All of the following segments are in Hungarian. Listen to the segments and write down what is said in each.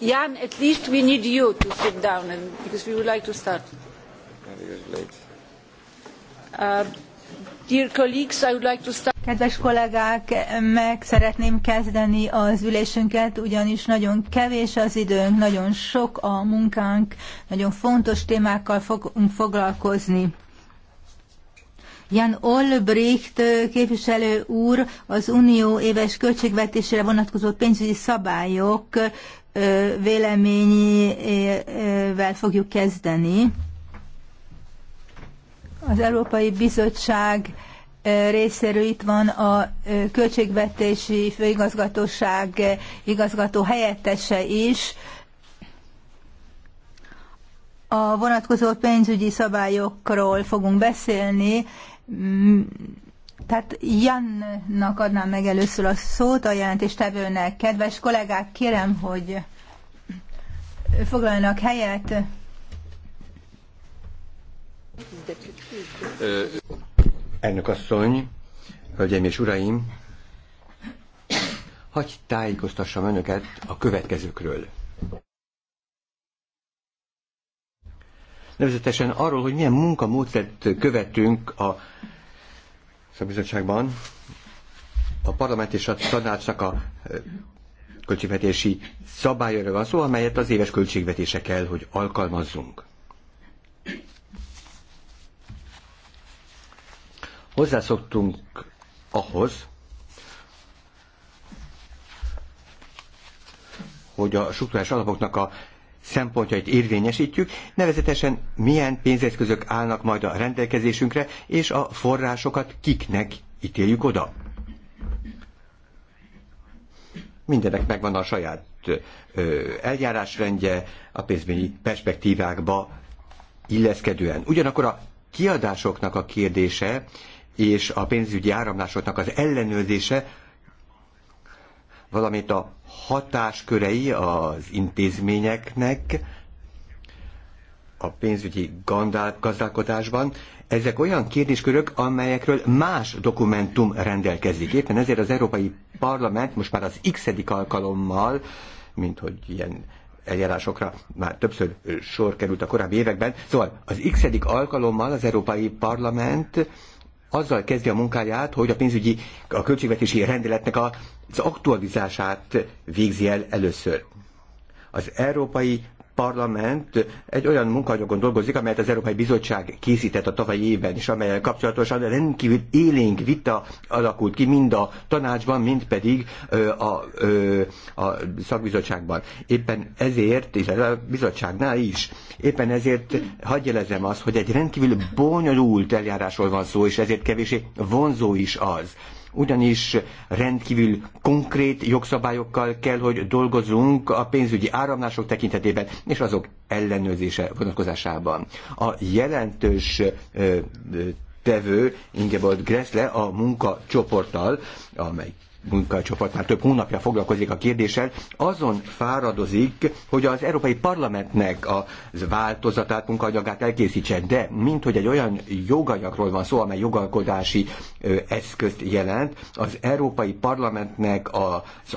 Jan, at least we need you to sit down and, because we would like to start. Uh, dear colleagues, I would like to start. Kedves kollégák, meg szeretném kezdeni az ülésünket, ugyanis nagyon kevés az időnk, nagyon sok a munkánk, nagyon fontos témákkal fogunk foglalkozni. Jan Olbricht képviselő úr az unió éves költségvetésére vonatkozó pénzügyi szabályok véleményével fogjuk kezdeni. Az Európai Bizottság részéről itt van a költségvetési főigazgatóság igazgató helyettese is. A vonatkozó pénzügyi szabályokról fogunk beszélni, Mm, tehát Jannak adnám meg először a szót a jelentéstevőnek. Kedves kollégák, kérem, hogy foglaljanak helyet. Elnök asszony, hölgyeim és uraim, hagyj tájékoztassam önöket a következőkről. nevezetesen arról, hogy milyen munkamódszert követünk a szabizottságban, a parlament és a tanácsnak a költségvetési szabályára van szó, amelyet az éves költségvetése kell, hogy alkalmazzunk. Hozzászoktunk ahhoz, hogy a struktúrás alapoknak a szempontjait érvényesítjük, nevezetesen milyen pénzeszközök állnak majd a rendelkezésünkre, és a forrásokat kiknek ítéljük oda. Mindenek megvan a saját eljárásrendje a pénzügyi perspektívákba illeszkedően. Ugyanakkor a kiadásoknak a kérdése és a pénzügyi áramlásoknak az ellenőrzése, valamint a hatáskörei az intézményeknek a pénzügyi gazdálkodásban, ezek olyan kérdéskörök, amelyekről más dokumentum rendelkezik. Éppen ezért az Európai Parlament most már az x alkalommal, mint hogy ilyen eljárásokra már többször sor került a korábbi években, szóval az x alkalommal az Európai Parlament azzal kezdi a munkáját, hogy a pénzügyi, a költségvetési rendeletnek az aktualizását végzi el először. Az Európai Parlament egy olyan munkanyagon dolgozik, amelyet az Európai Bizottság készített a tavalyi évben, és amelyel kapcsolatosan rendkívül élénk vita alakult ki mind a tanácsban, mind pedig ö, a, ö, a szakbizottságban. Éppen ezért, és a bizottságnál is, éppen ezért hagyjelezem azt, hogy egy rendkívül bonyolult eljárásról van szó, és ezért kevésé vonzó is az ugyanis rendkívül konkrét jogszabályokkal kell, hogy dolgozunk a pénzügyi áramlások tekintetében, és azok ellenőrzése vonatkozásában. A jelentős tevő Ingeborg Gressle a munkacsoporttal, amely munkacsoport már több hónapja foglalkozik a kérdéssel, azon fáradozik, hogy az Európai Parlamentnek a változatát, munkaanyagát elkészítse, de mint hogy egy olyan joganyagról van szó, amely jogalkodási eszközt jelent, az Európai Parlamentnek az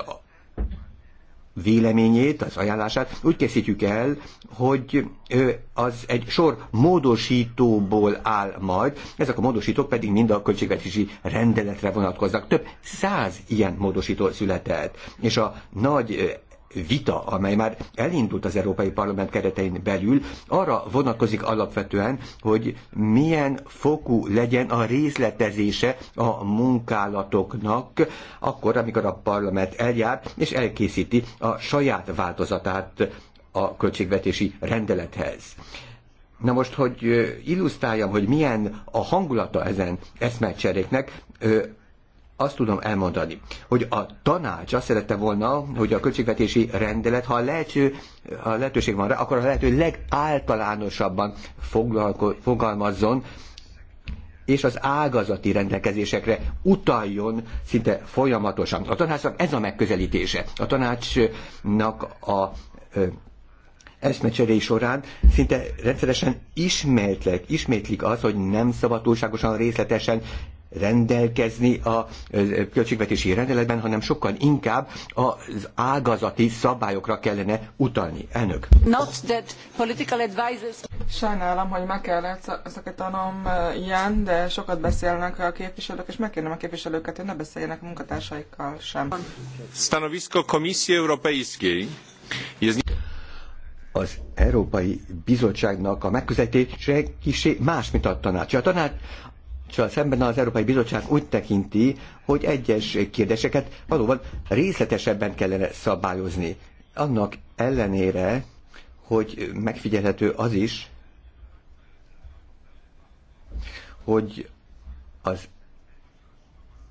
véleményét, az ajánlását úgy készítjük el, hogy az egy sor módosítóból áll majd, ezek a módosítók pedig mind a költségvetési rendeletre vonatkoznak. Több száz ilyen módosító született, és a nagy vita, amely már elindult az Európai Parlament keretein belül, arra vonatkozik alapvetően, hogy milyen fokú legyen a részletezése a munkálatoknak, akkor, amikor a parlament eljár és elkészíti a saját változatát a költségvetési rendelethez. Na most, hogy illusztráljam, hogy milyen a hangulata ezen eszmecseréknek, azt tudom elmondani, hogy a tanács azt szerette volna, hogy a költségvetési rendelet, ha a, lehető, a lehetőség van rá, akkor a lehető legáltalánosabban fogalmazzon, és az ágazati rendelkezésekre utaljon szinte folyamatosan. A tanácsnak ez a megközelítése. A tanácsnak a eszmecserei során szinte rendszeresen ismétlik, ismétlik az, hogy nem szabad túlságosan részletesen rendelkezni a költségvetési rendeletben, hanem sokkal inkább az ágazati szabályokra kellene utalni. Elnök. Not that political advisors... Sajnálom, hogy meg kellett tanom, ilyen, de sokat beszélnek a képviselők, és megkérném a képviselőket, hogy ne beszéljenek a munkatársaikkal sem. Stanovisko Komisji Europejskiej az Európai Bizottságnak a megközelítése kisé más, mint a tanács. A tanács Szóval szemben az Európai Bizottság úgy tekinti, hogy egyes kérdéseket valóban részletesebben kellene szabályozni. Annak ellenére, hogy megfigyelhető az is, hogy az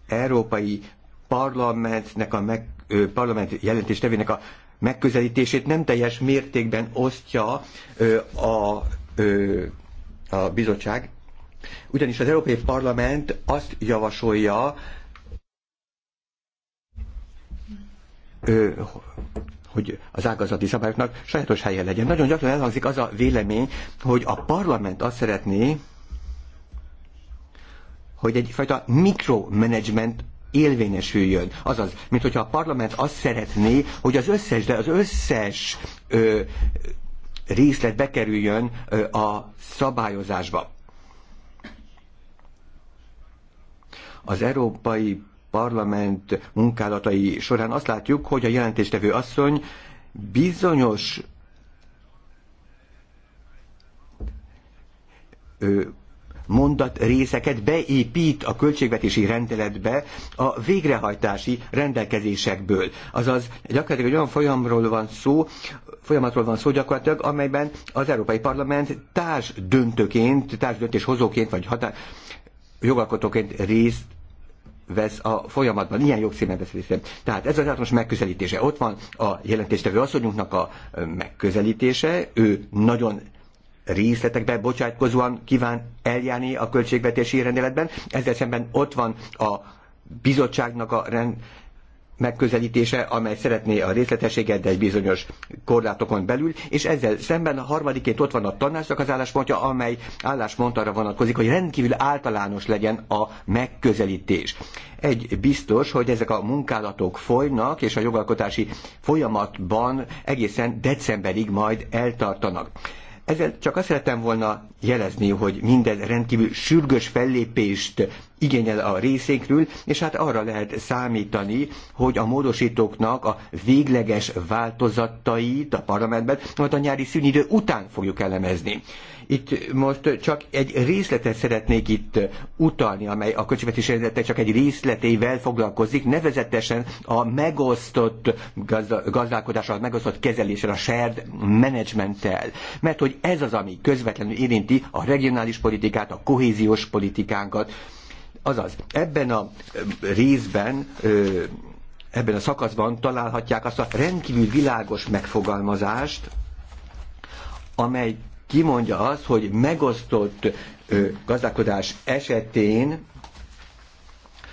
Európai Parlamentnek a meg, parlament jelentéstevének a megközelítését nem teljes mértékben osztja a, a bizottság, ugyanis az Európai Parlament azt javasolja, hogy az ágazati szabályoknak sajátos helye legyen. Nagyon gyakran elhangzik az a vélemény, hogy a parlament azt szeretné, hogy egyfajta mikromanagement élvényesüljön. Azaz, mint hogyha a parlament azt szeretné, hogy az összes, de az összes ö, részlet bekerüljön ö, a szabályozásba. Az Európai Parlament munkálatai során azt látjuk, hogy a jelentéstevő asszony bizonyos ö, mondat részeket beépít a költségvetési rendeletbe a végrehajtási rendelkezésekből. Azaz gyakorlatilag egy olyan folyamról van szó, folyamatról van szó gyakorlatilag, amelyben az Európai Parlament társ döntőként, társ döntéshozóként vagy határ, jogalkotóként részt vesz a folyamatban, ilyen jogszínben vesz részt. Tehát ez az általános megközelítése. Ott van a jelentéstevő asszonyunknak a megközelítése, ő nagyon részletekbe bocsátkozóan kíván eljárni a költségvetési rendeletben. Ezzel szemben ott van a bizottságnak a rend, megközelítése, amely szeretné a részletességet, de egy bizonyos korlátokon belül, és ezzel szemben a harmadiként ott van a tanácsnak az álláspontja, amely álláspont arra vonatkozik, hogy rendkívül általános legyen a megközelítés. Egy biztos, hogy ezek a munkálatok folynak, és a jogalkotási folyamatban egészen decemberig majd eltartanak. Ezzel csak azt szerettem volna jelezni, hogy minden rendkívül sürgős fellépést igényel a részénkről, és hát arra lehet számítani, hogy a módosítóknak a végleges változatait a parlamentben, majd a nyári szűnidő után fogjuk elemezni. Itt most csak egy részletet szeretnék itt utalni, amely a költségvetési rendeletnek csak egy részletével foglalkozik, nevezetesen a megosztott gazdálkodással, a megosztott kezeléssel, a shared managementtel. Mert hogy ez az, ami közvetlenül érinti a regionális politikát, a kohéziós politikánkat, Azaz, ebben a részben, ebben a szakaszban találhatják azt a rendkívül világos megfogalmazást, amely kimondja azt, hogy megosztott ö, gazdálkodás esetén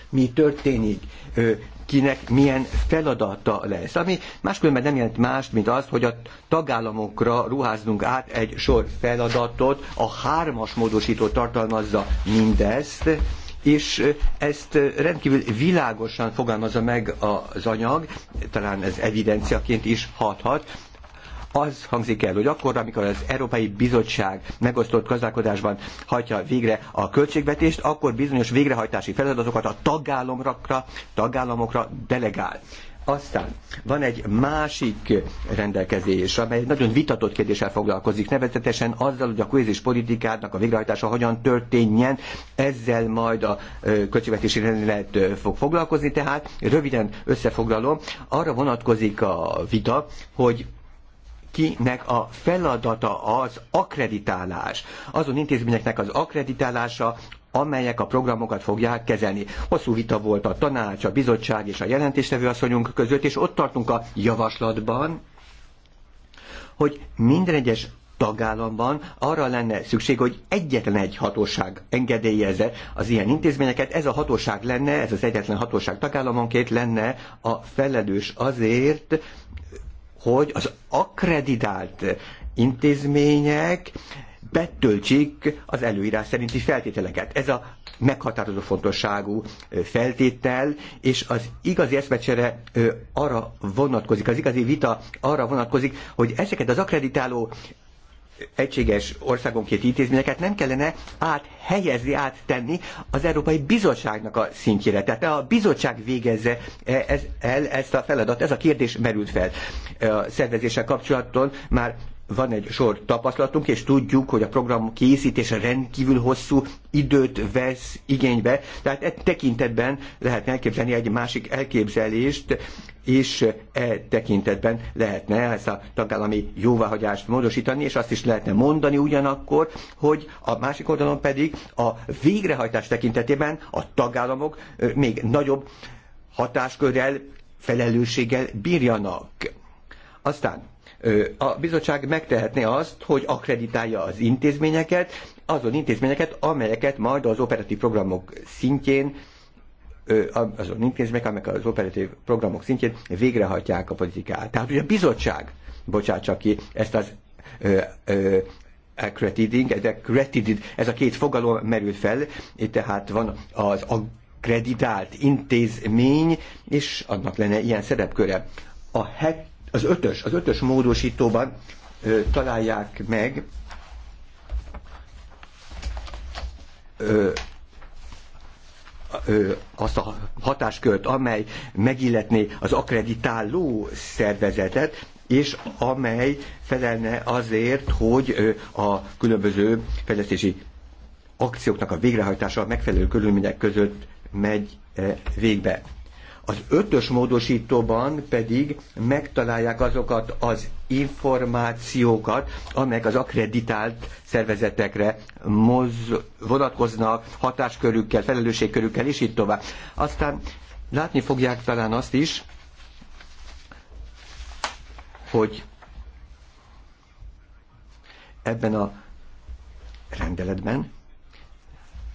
mi történik, ö, kinek milyen feladata lesz. Ami máskülönben nem jelent mást, mint az, hogy a tagállamokra ruháznunk át egy sor feladatot, a hármas módosító tartalmazza mindezt, és ezt rendkívül világosan fogalmazza meg az anyag, talán ez evidenciaként is hathat, az hangzik el, hogy akkor, amikor az Európai Bizottság megosztott gazdálkodásban hajtja végre a költségvetést, akkor bizonyos végrehajtási feladatokat a tagállamokra, tagállamokra delegál. Aztán van egy másik rendelkezés, amely nagyon vitatott kérdéssel foglalkozik, nevezetesen azzal, hogy a kohézis politikának a végrehajtása hogyan történjen, ezzel majd a költségvetési rendelet fog foglalkozni, tehát röviden összefoglalom, arra vonatkozik a vita, hogy kinek a feladata az akreditálás. Azon intézményeknek az akreditálása, amelyek a programokat fogják kezelni. Hosszú vita volt a tanács, a bizottság és a jelentéstevő asszonyunk között, és ott tartunk a javaslatban, hogy minden egyes tagállamban arra lenne szükség, hogy egyetlen egy hatóság engedélyezze az ilyen intézményeket. Ez a hatóság lenne, ez az egyetlen hatóság tagállamonként lenne a felelős azért, hogy az akreditált intézmények betöltsék az előírás szerinti feltételeket. Ez a meghatározó fontosságú feltétel, és az igazi eszmecsere arra vonatkozik, az igazi vita arra vonatkozik, hogy ezeket az akreditáló egységes országonként intézményeket nem kellene áthelyezni, áttenni az Európai Bizottságnak a szintjére. Tehát a bizottság végezze e- ez, el ezt a feladat, ez a kérdés merült fel e- a szervezéssel kapcsolatban már van egy sor tapasztalatunk, és tudjuk, hogy a program készítése rendkívül hosszú időt vesz igénybe, tehát e tekintetben lehet elképzelni egy másik elképzelést, és eh, e tekintetben lehetne ezt a tagállami jóváhagyást módosítani, és azt is lehetne mondani ugyanakkor, hogy a másik oldalon pedig a végrehajtás tekintetében a tagállamok eh, még nagyobb hatáskörrel, felelősséggel bírjanak. Aztán eh, a bizottság megtehetné azt, hogy akreditálja az intézményeket, azon intézményeket, amelyeket majd az operatív programok szintjén azon intézmények, amelyek az operatív programok szintjén végrehajtják a politikát. Tehát ugye a bizottság bocsátsa ki ezt az ö, ö, accrediting, accredited, ez a két fogalom merült fel, tehát van az akreditált intézmény, és annak lenne ilyen szerepköre. A het, az ötös, az ötös módosítóban ö, találják meg ö, azt a hatáskört, amely megilletné az akreditáló szervezetet, és amely felelne azért, hogy a különböző fejlesztési akcióknak a végrehajtása a megfelelő körülmények között megy végbe. Az ötös módosítóban pedig megtalálják azokat az információkat, amelyek az akreditált szervezetekre moz, vonatkoznak, hatáskörükkel, felelősségkörükkel, és így tovább. Aztán látni fogják talán azt is, hogy ebben a rendeletben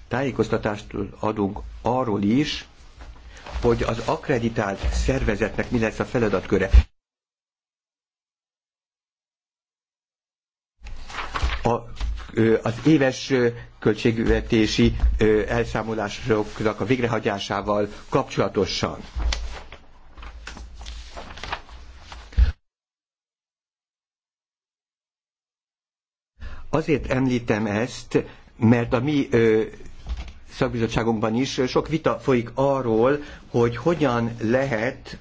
tájékoztatást adunk arról is, hogy az akreditált szervezetnek mi lesz a feladatköre. A az éves költségvetési elszámolásoknak a végrehajtásával kapcsolatosan. Azért említem ezt, mert a mi szakbizottságunkban is sok vita folyik arról, hogy hogyan lehet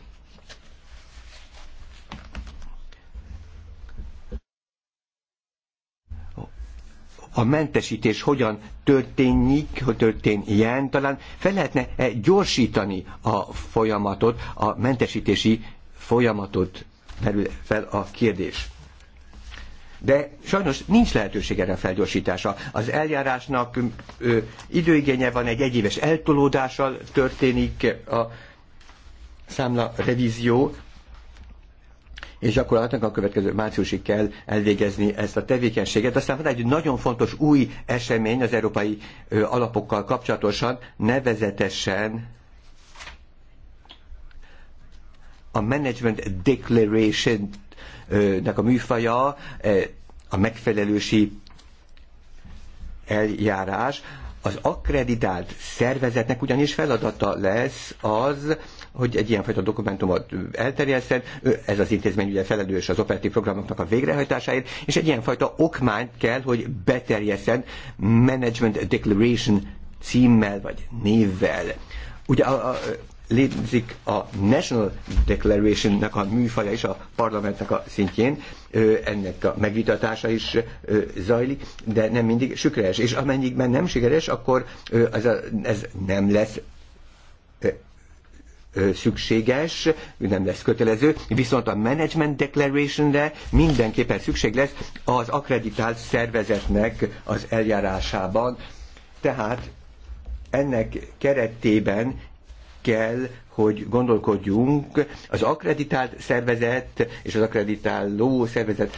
a mentesítés hogyan történik, hogy történjen, talán fel lehetne -e gyorsítani a folyamatot, a mentesítési folyamatot merül fel a kérdés de sajnos nincs lehetőség erre a felgyorsításra. Az eljárásnak ö, időigénye van, egy egyéves eltolódással történik a számla revízió, és akkor a következő márciusig kell elvégezni ezt a tevékenységet. Aztán van egy nagyon fontos új esemény az európai ö, alapokkal kapcsolatosan, nevezetesen a Management Declaration nek a műfaja a megfelelősi eljárás, az akkreditált szervezetnek ugyanis feladata lesz az, hogy egy ilyenfajta dokumentumot elterjeszted, ez az intézmény ugye felelős az operatív programoknak a végrehajtásáért, és egy ilyenfajta okmányt kell, hogy beterjeszed Management Declaration címmel vagy névvel. Ugye a, a, létezik a National Declaration-nek a műfaja is a parlamentnek a szintjén, ennek a megvitatása is zajlik, de nem mindig sikeres. És amennyiben nem sikeres, akkor ez, a, ez nem lesz szükséges, nem lesz kötelező, viszont a Management Declaration-re mindenképpen szükség lesz az akreditált szervezetnek az eljárásában. Tehát ennek keretében kell, hogy gondolkodjunk az akreditált szervezet és az akreditáló szervezet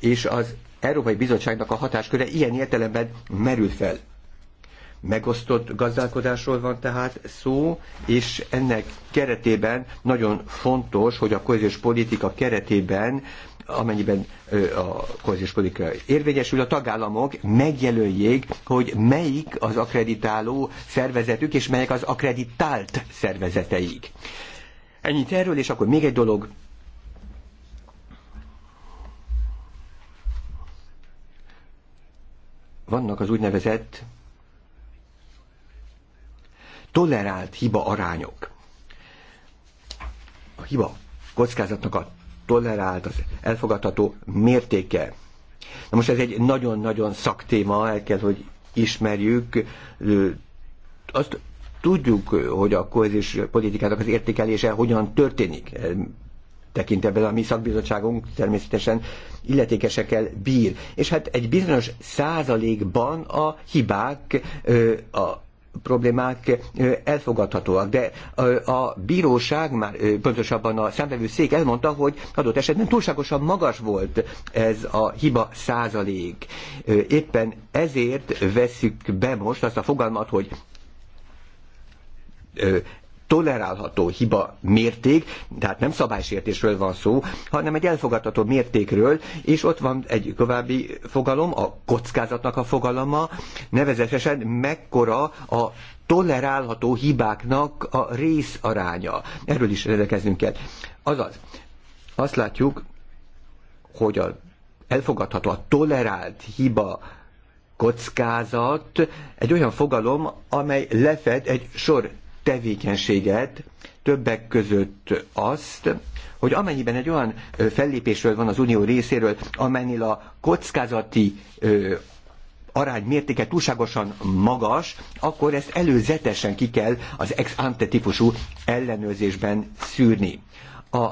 és az Európai Bizottságnak a hatásköre ilyen értelemben merül fel. Megosztott gazdálkodásról van tehát szó, és ennek keretében nagyon fontos, hogy a közös politika keretében amennyiben a kohéziós politika érvényesül, a tagállamok megjelöljék, hogy melyik az akreditáló szervezetük, és melyek az akreditált szervezeteik. Ennyit erről, és akkor még egy dolog. Vannak az úgynevezett tolerált hiba arányok. A hiba kockázatnak a tolerált, az elfogadható mértéke. Na most ez egy nagyon-nagyon szaktéma, el kell, hogy ismerjük. Azt tudjuk, hogy a kohézis politikának az értékelése hogyan történik. E, tekintetben a mi szakbizottságunk természetesen illetékesekkel bír. És hát egy bizonyos százalékban a hibák a problémák elfogadhatóak, de a bíróság már pontosabban a szék elmondta, hogy adott esetben túlságosan magas volt ez a hiba százalék. Éppen ezért veszük be most azt a fogalmat, hogy tolerálható hiba mérték, tehát nem szabálysértésről van szó, hanem egy elfogadható mértékről, és ott van egy további fogalom, a kockázatnak a fogalma, nevezetesen mekkora a tolerálható hibáknak a részaránya. Erről is rendelkezünk kell. Azaz, azt látjuk, hogy a elfogadható, a tolerált hiba kockázat egy olyan fogalom, amely lefed egy sor tevékenységet, többek között azt, hogy amennyiben egy olyan fellépésről van az Unió részéről, amennél a kockázati arány mértéke túlságosan magas, akkor ezt előzetesen ki kell az ex ante típusú ellenőrzésben szűrni. A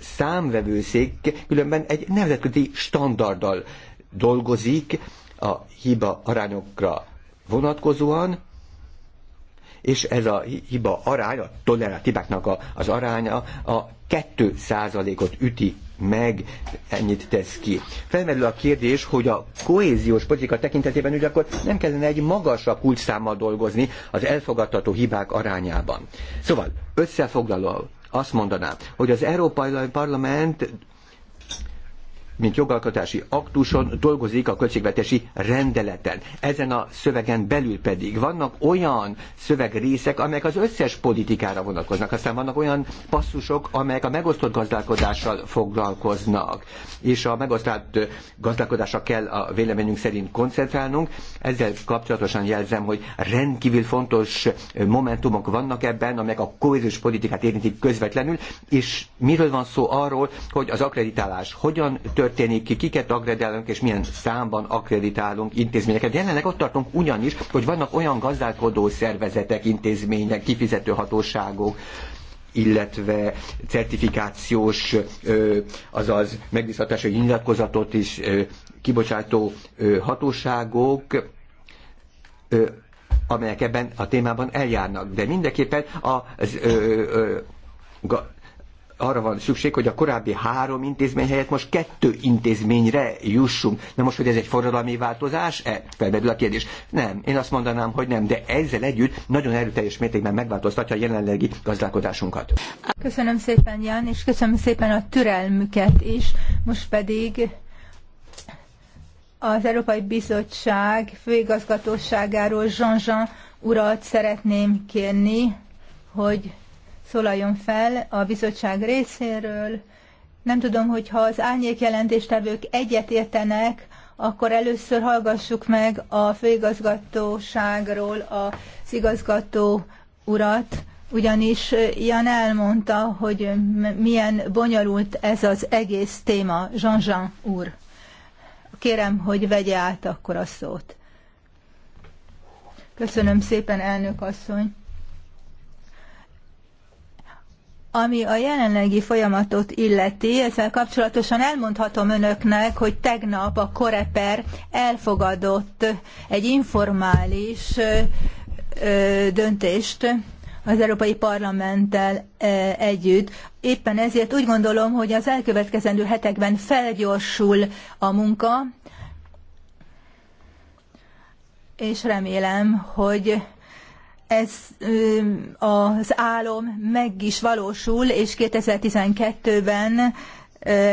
számvevőszék különben egy nemzetközi standarddal dolgozik a hiba arányokra vonatkozóan, és ez a hiba arány, a tolerált hibáknak a, az aránya a 2 ot üti meg, ennyit tesz ki. Felmerül a kérdés, hogy a kohéziós politika tekintetében ugye akkor nem kellene egy magasabb kulcsszámmal dolgozni az elfogadható hibák arányában. Szóval összefoglaló azt mondanám, hogy az Európai Parlament mint jogalkotási aktuson dolgozik a költségvetési rendeleten. Ezen a szövegen belül pedig vannak olyan szövegrészek, amelyek az összes politikára vonatkoznak. Aztán vannak olyan passzusok, amelyek a megosztott gazdálkodással foglalkoznak. És a megosztott gazdálkodásra kell a véleményünk szerint koncentrálnunk. Ezzel kapcsolatosan jelzem, hogy rendkívül fontos momentumok vannak ebben, amelyek a kohéziós politikát érintik közvetlenül, és miről van szó arról, hogy az akreditálás hogyan történik, történik, kiket agredálunk és milyen számban akreditálunk intézményeket. Jelenleg ott tartunk ugyanis, hogy vannak olyan gazdálkodó szervezetek, intézmények, kifizető hatóságok, illetve certifikációs, azaz megbízhatási nyilatkozatot is kibocsátó hatóságok, amelyek ebben a témában eljárnak. De mindenképpen az arra van szükség, hogy a korábbi három intézmény helyett most kettő intézményre jussunk. Na most, hogy ez egy forradalmi változás-e? felvedül a kérdés. Nem, én azt mondanám, hogy nem, de ezzel együtt nagyon erőteljes mértékben megváltoztatja a jelenlegi gazdálkodásunkat. Köszönöm szépen, Jan, és köszönöm szépen a türelmüket is. Most pedig az Európai Bizottság főigazgatóságáról Jean-Jean urat szeretném kérni, hogy szólaljon fel a bizottság részéről. Nem tudom, hogy ha az árnyék jelentéstevők egyet értenek, akkor először hallgassuk meg a főigazgatóságról az igazgató urat, ugyanis Jan elmondta, hogy milyen bonyolult ez az egész téma. Jean-Jean úr, kérem, hogy vegye át akkor a szót. Köszönöm szépen, elnök asszony. Ami a jelenlegi folyamatot illeti, ezzel kapcsolatosan elmondhatom önöknek, hogy tegnap a Koreper elfogadott egy informális döntést az Európai Parlamenttel együtt. Éppen ezért úgy gondolom, hogy az elkövetkezendő hetekben felgyorsul a munka, és remélem, hogy ez az álom meg is valósul, és 2012-ben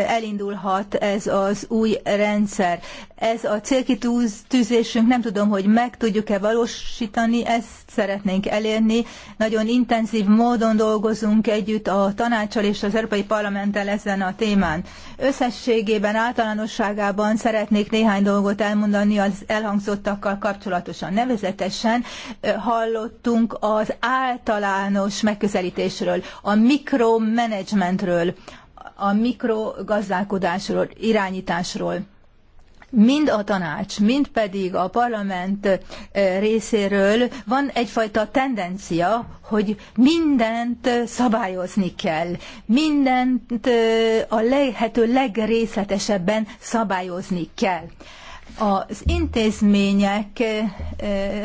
elindulhat ez az új rendszer. Ez a célkitűzésünk, nem tudom, hogy meg tudjuk-e valósítani, ezt szeretnénk elérni. Nagyon intenzív módon dolgozunk együtt a tanácsal és az Európai Parlamenttel ezen a témán. Összességében, általánosságában szeretnék néhány dolgot elmondani az elhangzottakkal kapcsolatosan. Nevezetesen hallottunk az általános megközelítésről, a mikromanagementről, a mikrogazdálkodásról, irányításról. Mind a tanács, mind pedig a parlament eh, részéről van egyfajta tendencia, hogy mindent eh, szabályozni kell, mindent eh, a lehető legrészletesebben szabályozni kell. Az intézmények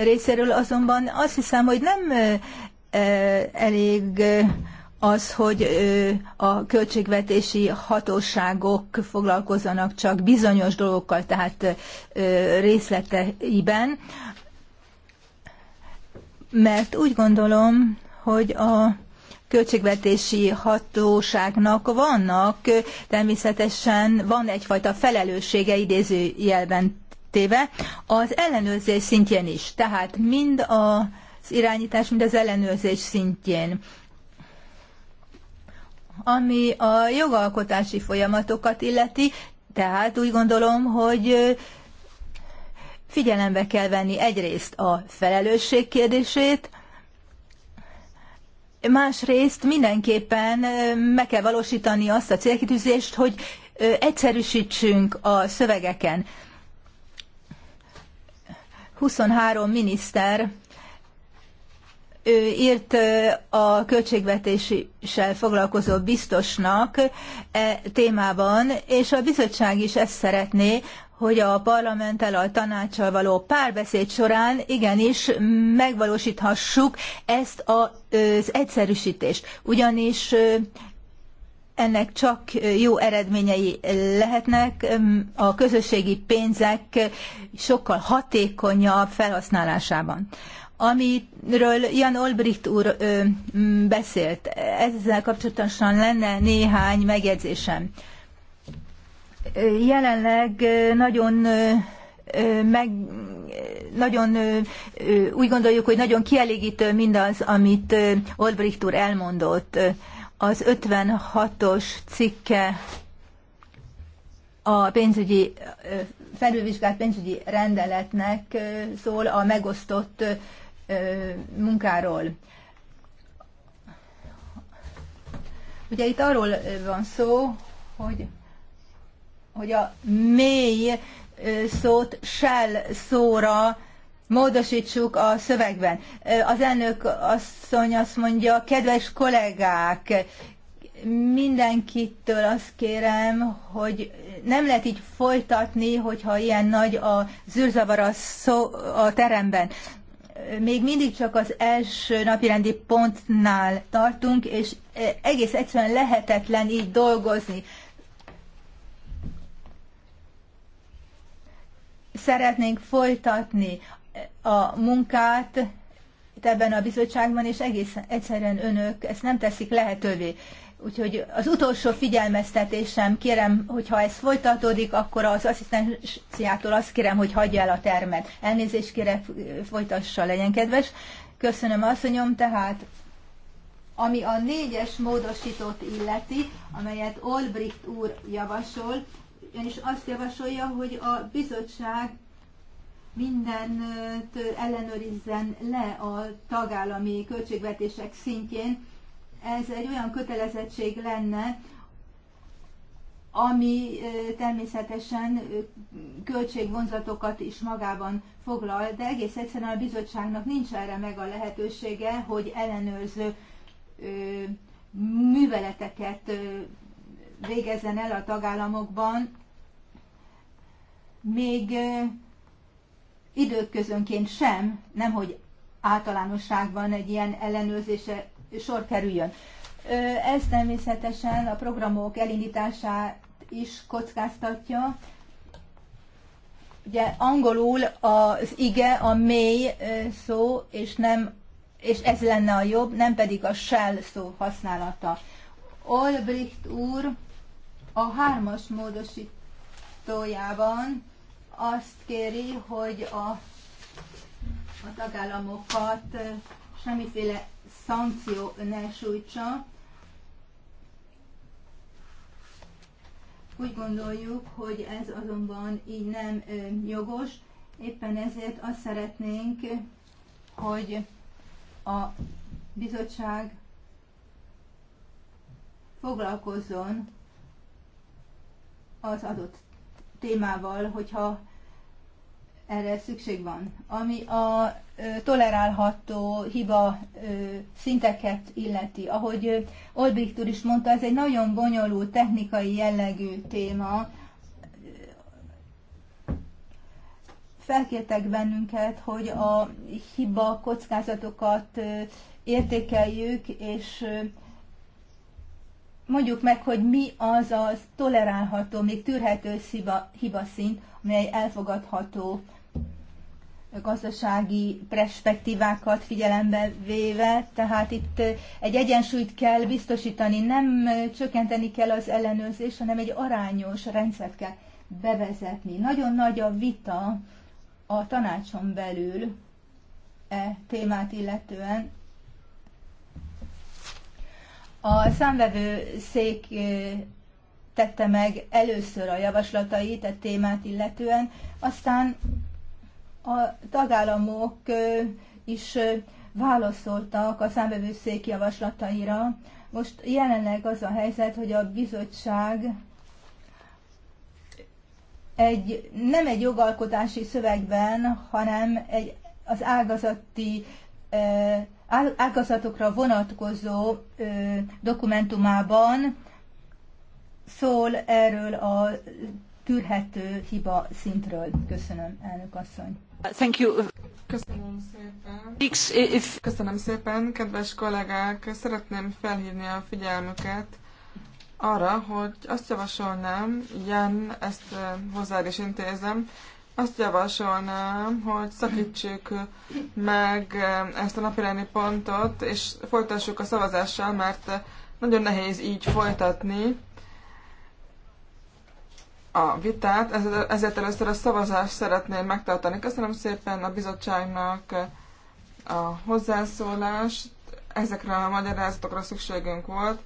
részéről azonban azt hiszem, hogy nem elég az, hogy a költségvetési hatóságok foglalkozzanak csak bizonyos dolgokkal, tehát részleteiben, mert úgy gondolom, hogy a költségvetési hatóságnak vannak, természetesen van egyfajta felelőssége idézőjelben téve, az ellenőrzés szintjén is, tehát mind az irányítás, mind az ellenőrzés szintjén. Ami a jogalkotási folyamatokat illeti, tehát úgy gondolom, hogy figyelembe kell venni egyrészt a felelősség kérdését, másrészt mindenképpen meg kell valósítani azt a célkitűzést, hogy egyszerűsítsünk a szövegeken. 23 miniszter írt a költségvetéssel foglalkozó biztosnak e témában, és a bizottság is ezt szeretné, hogy a parlamenttel, a tanácssal való párbeszéd során igenis megvalósíthassuk ezt az egyszerűsítést. Ugyanis ennek csak jó eredményei lehetnek, a közösségi pénzek sokkal hatékonyabb felhasználásában amiről Jan Olbricht úr ö, beszélt. Ezzel kapcsolatosan lenne néhány megjegyzésem. Jelenleg nagyon meg nagyon úgy gondoljuk, hogy nagyon kielégítő mindaz, amit Olbricht úr elmondott. Az 56-os cikke a pénzügyi felülvizsgált pénzügyi rendeletnek szól a megosztott munkáról. Ugye itt arról van szó, hogy, hogy a mély szót shell szóra módosítsuk a szövegben. Az elnök asszony azt mondja, kedves kollégák, mindenkitől azt kérem, hogy nem lehet így folytatni, hogyha ilyen nagy a zűrzavar a, szó, a teremben még mindig csak az első napirendi pontnál tartunk, és e, egész egyszerűen lehetetlen így dolgozni. Szeretnénk folytatni a munkát ebben a bizottságban, és egész egyszerűen önök ezt nem teszik lehetővé. Úgyhogy az utolsó figyelmeztetésem, kérem, hogyha ez folytatódik, akkor az asszisztenciától azt kérem, hogy hagyja el a termet. Elnézést kérek, folytassa, legyen kedves. Köszönöm, asszonyom, tehát ami a négyes módosítót illeti, amelyet Olbricht úr javasol, ugyanis azt javasolja, hogy a bizottság mindent ellenőrizzen le a tagállami költségvetések szintjén, ez egy olyan kötelezettség lenne, ami természetesen költségvonzatokat is magában foglal, de egész egyszerűen a bizottságnak nincs erre meg a lehetősége, hogy ellenőrző műveleteket végezzen el a tagállamokban, még időközönként sem, nem hogy általánosságban egy ilyen ellenőrzése sor kerüljön. Ez természetesen a programok elindítását is kockáztatja. Ugye angolul az ige a mély szó, és, nem, és ez lenne a jobb, nem pedig a shell szó használata. Olbricht úr a hármas módosítójában azt kéri, hogy a, a tagállamokat semmiféle szankció ne sújtsa. Úgy gondoljuk, hogy ez azonban így nem jogos, éppen ezért azt szeretnénk, hogy a bizottság foglalkozzon az adott témával, hogyha erre szükség van. Ami a tolerálható hiba szinteket illeti. Ahogy Olbricht is mondta, ez egy nagyon bonyolult technikai jellegű téma. Felkértek bennünket, hogy a hiba kockázatokat értékeljük, és mondjuk meg, hogy mi az az tolerálható, még tűrhető hiba, hiba szint, amely elfogadható gazdasági perspektívákat figyelembe véve, tehát itt egy egyensúlyt kell biztosítani, nem csökkenteni kell az ellenőrzés, hanem egy arányos rendszert kell bevezetni. Nagyon nagy a vita a tanácson belül e témát illetően. A számvevő szék tette meg először a javaslatait a e témát illetően, aztán a tagállamok is válaszoltak a számbevőszék javaslataira. Most jelenleg az a helyzet, hogy a bizottság egy, nem egy jogalkotási szövegben, hanem egy, az ágazati ágazatokra vonatkozó dokumentumában szól erről a tűrhető hiba szintről. Köszönöm, elnök asszony. Köszönöm szépen. Köszönöm szépen, kedves kollégák! Szeretném felhívni a figyelmüket arra, hogy azt javasolnám, Jan, ezt hozzád is intézem, azt javasolnám, hogy szakítsuk meg ezt a napirendi pontot, és folytassuk a szavazással, mert nagyon nehéz így folytatni a vitát, ezért először a szavazást szeretném megtartani. Köszönöm szépen a bizottságnak a hozzászólást, ezekre a magyarázatokra szükségünk volt.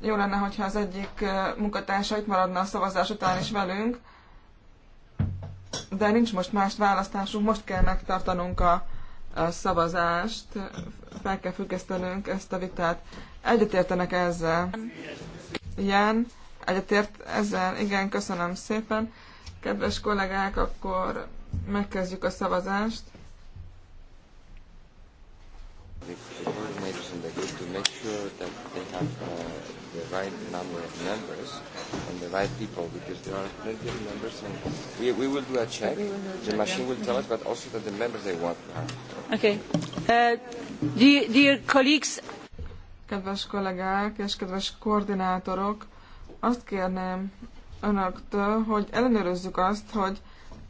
Jó lenne, hogyha az egyik munkatársa itt maradna a szavazás után is velünk, de nincs most más választásunk, most kell megtartanunk a, a szavazást, fel kell függesztenünk ezt a vitát. Egyetértenek ezzel. Ilyen egyetért ezzel. Igen, köszönöm szépen. Kedves kollégák, akkor megkezdjük a szavazást. the right number of members and the right people because there are plenty of members and we, we will do a check. The machine will tell us, but also that the members they want Okay. Uh, dear, dear colleagues. Kedves kollégák és kedves koordinátorok, azt kérném önöktől, hogy ellenőrizzük azt, hogy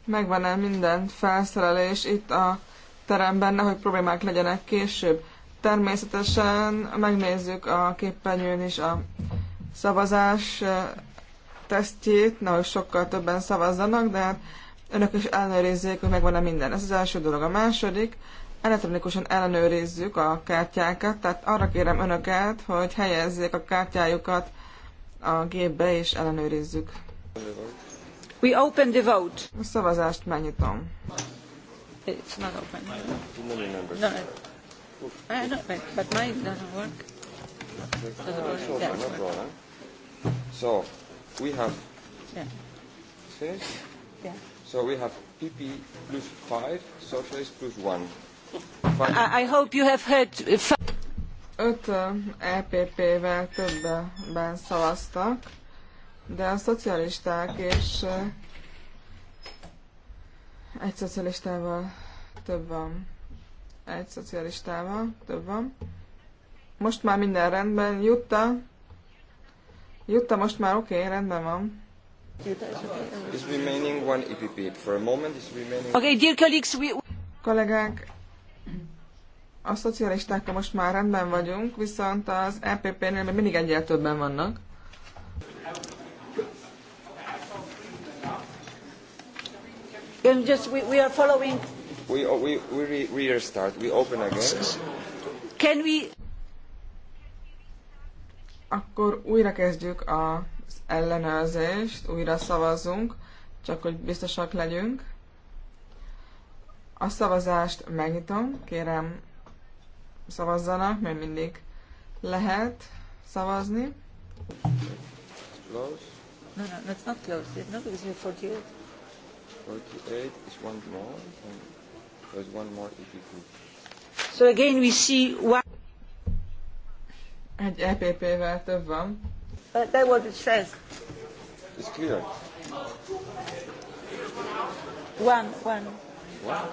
megvan-e minden felszerelés itt a teremben, nehogy problémák legyenek később. Természetesen megnézzük a képernyőn is a szavazás eh, tesztjét, nehogy sokkal többen szavazzanak, de hát önök is ellenőrizzék, hogy megvan-e minden. Ez az első dolog. A második, elektronikusan ellenőrizzük a kártyákat, tehát arra kérem önöket, hogy helyezzék a kártyájukat a gépbe, és ellenőrizzük. We open the vote. A szavazást megnyitom. It's not open. No, I don't, but mine doesn't work. Doesn't work. Doesn't work. So, we have... Yeah. Finished? Yeah. So we have PP plus five, socialist plus 1. I, I hope you have heard... 5 EPP-vel többen szavaztak, de a szocialisták és egy szocialistával több van. Egy szocialistával több van. Most már minden rendben. Jutta? Jutta, most már oké, okay, rendben van. E okay, dear colleagues, we... Kollégák, a szocialistákkal most már rendben vagyunk, viszont az EPP-nél még mindig egyel többen vannak. And um, just we, we are following. We oh, we we re, restart. We open again. Can we? Akkor újra kezdjük az ellenőrzést, újra szavazunk, csak hogy biztosak legyünk. A szavazást megnyitom, kérem szavazzanak, mert mindig lehet szavazni. Close. No, no, it's not close. It's not because you're 48. 48 is one more. And there's one more EP group. So again we see one... Egy EPP-vel több van. But that what it says. It's clear. One, one. One?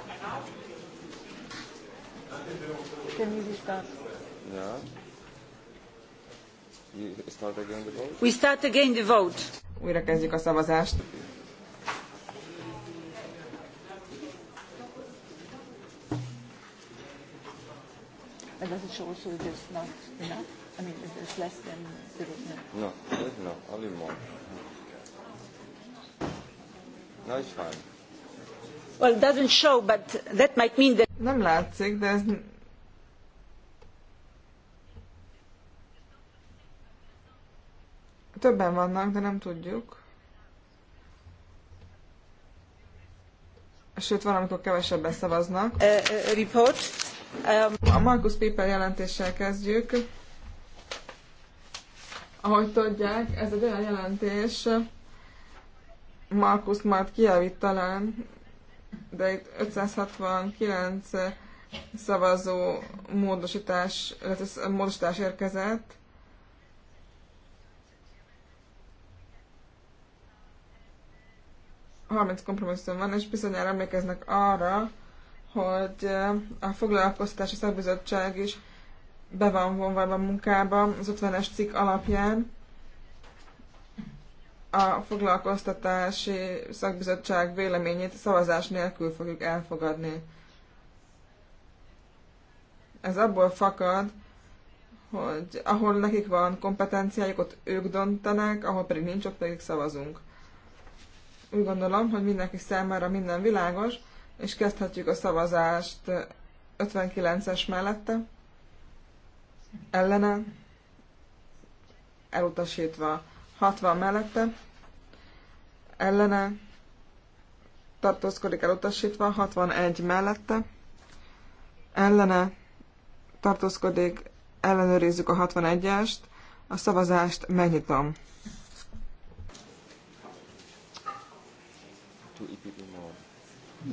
we start? again the vote? Újra kezdjük a szavazást. But does show also there's not enough? I mean, if less than zero? No, no, no only more. No, it's fine. Well, it doesn't show, but that might mean that nem látszik, de ez... Többen vannak, de nem tudjuk. Sőt, valamikor kevesebben szavaznak. Uh, report. Um... A Markus Piper jelentéssel kezdjük. Ahogy tudják, ez egy olyan jelentés, Markus már kijavít talán, de itt 569 szavazó módosítás, illetve módosítás érkezett. harminc kompromisszum van, és bizonyára emlékeznek arra, hogy eh, a foglalkoztatási szakbizottság is be van vonva a munkába az 50-es cikk alapján, a foglalkoztatási szakbizottság véleményét szavazás nélkül fogjuk elfogadni. Ez abból fakad, hogy ahol nekik van kompetenciájuk, ott ők döntenek, ahol pedig nincs, ott pedig szavazunk. Úgy gondolom, hogy mindenki számára minden világos, és kezdhetjük a szavazást 59-es mellette, ellene, elutasítva 60 mellette, ellene tartózkodik elutasítva, 61 mellette, ellene tartózkodik, ellenőrizzük a 61-est, a szavazást megnyitom.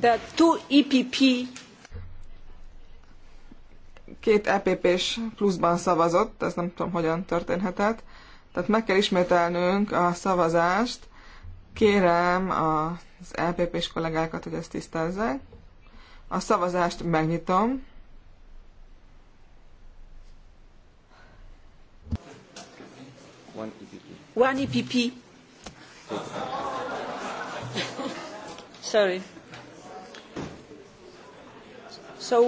E The two EPP. Két EPP-s pluszban szavazott, ez nem tudom, hogyan történhetett. Tehát meg kell ismételnünk a szavazást. Kérem az LPP-s e kollégákat, hogy ezt tisztázzák. A szavazást megnyitom. One EPP. E Sorry. So,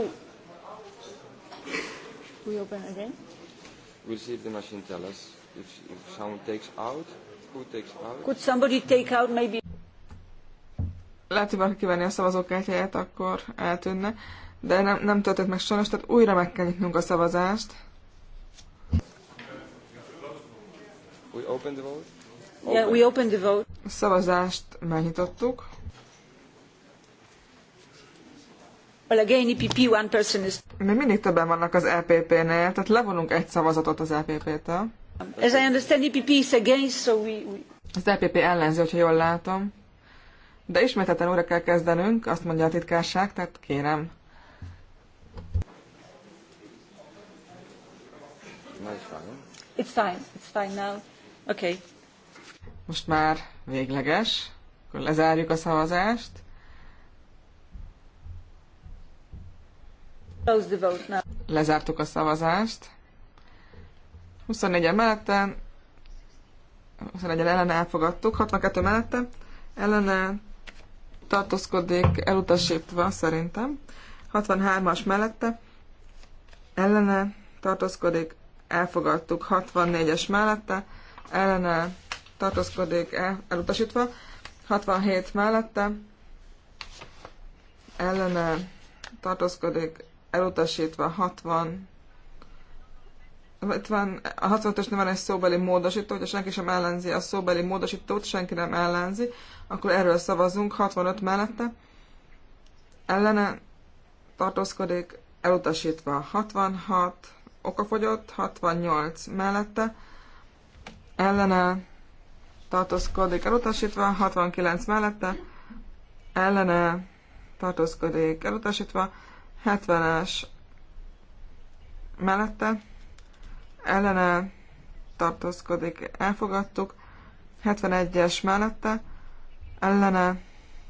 we open again? We'll see if the machine tells us if, if someone takes out, who takes out? Could somebody take out maybe? Lehet, hogy valaki kivenni a szavazókártyáját, akkor eltűnne. De nem, nem történt meg sajnos, tehát újra meg kell nyitnunk a szavazást. We open the vote? Open. Yeah, we open the vote. A szavazást megnyitottuk. Well, again, EPP, one person is... Még mindig többen vannak az EPP-nél, tehát levonunk egy szavazatot az EPP-től. Az EPP ellenzi, hogyha jól látom. De ismételten újra kell kezdenünk, azt mondja a titkárság, tehát kérem. It's fine, it's fine now. Okay. Most már végleges. Akkor lezárjuk a szavazást. Close the vote now. Lezártuk a szavazást. 24 emeleten, mellette, 21 ellen elfogadtuk, 62 mellette, ellene tartózkodik elutasítva szerintem, 63-as mellette, ellene tartózkodik, elfogadtuk, 64-es mellette, ellene tartózkodik, el, elutasítva, 67 mellette, ellene tartózkodik, elutasítva, 60 itt van, a 65 ös van egy szóbeli módosító, hogyha senki sem ellenzi a szóbeli módosítót, senki nem ellenzi, akkor erről szavazunk, 65 mellette, ellene tartózkodik, elutasítva 66, okafogyott, 68 mellette, ellene tartózkodik, elutasítva 69 mellette, ellene tartózkodik, elutasítva 70-es mellette, ellene tartózkodik, elfogadtuk. 71-es mellette ellene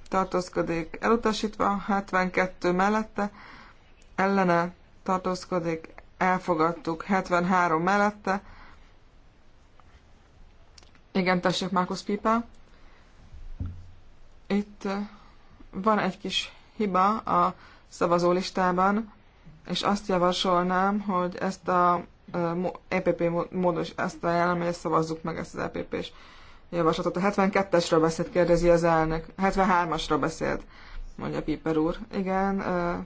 tartózkodik, elutasítva. 72 mellette ellene tartózkodik, elfogadtuk. 73 mellette igen, tessék, Markus Pipa. Itt eh, van egy kis hiba a szavazólistában, és azt javasolnám, hogy ezt a EPP módos ezt ajánlom, hogy ezt szavazzuk meg ezt az EPP-s javaslatot. A 72-esről beszélt, kérdezi az elnök. 73-asról beszélt, mondja Piper úr. Igen,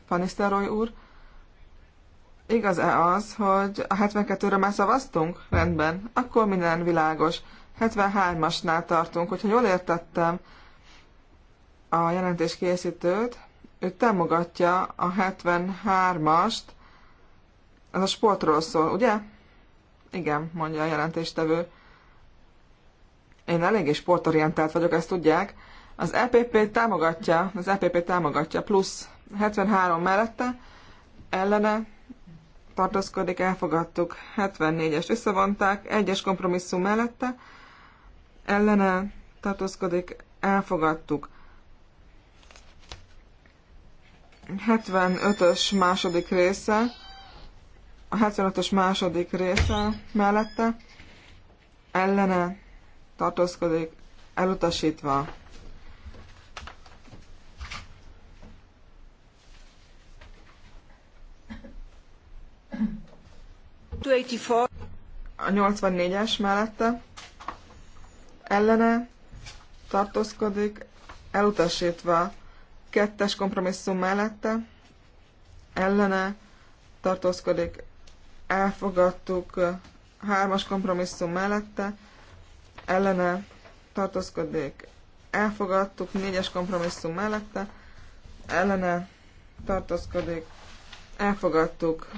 Panisztároly úr. Igaz-e az, hogy a 72-ről már szavaztunk? Rendben, akkor minden világos. 73-asnál tartunk, hogyha jól értettem a jelentés készítőt, ő támogatja a 73-ast, ez a sportról szól, ugye? Igen, mondja a jelentéstevő. Én eléggé sportorientált vagyok, ezt tudják. Az EPP támogatja, az EPP támogatja, plusz 73 mellette, ellene tartozkodik, elfogadtuk, 74-es visszavonták, Egyes kompromisszum mellette, ellene tartozkodik, elfogadtuk. 75-ös második része, a 75-ös második része mellette ellene tartózkodik, elutasítva. A 84-es mellette ellene tartózkodik, elutasítva kettes kompromisszum mellette, ellene tartózkodik, elfogadtuk hármas kompromisszum mellette, ellene tartózkodik, elfogadtuk négyes kompromisszum mellette, ellene tartózkodik, elfogadtuk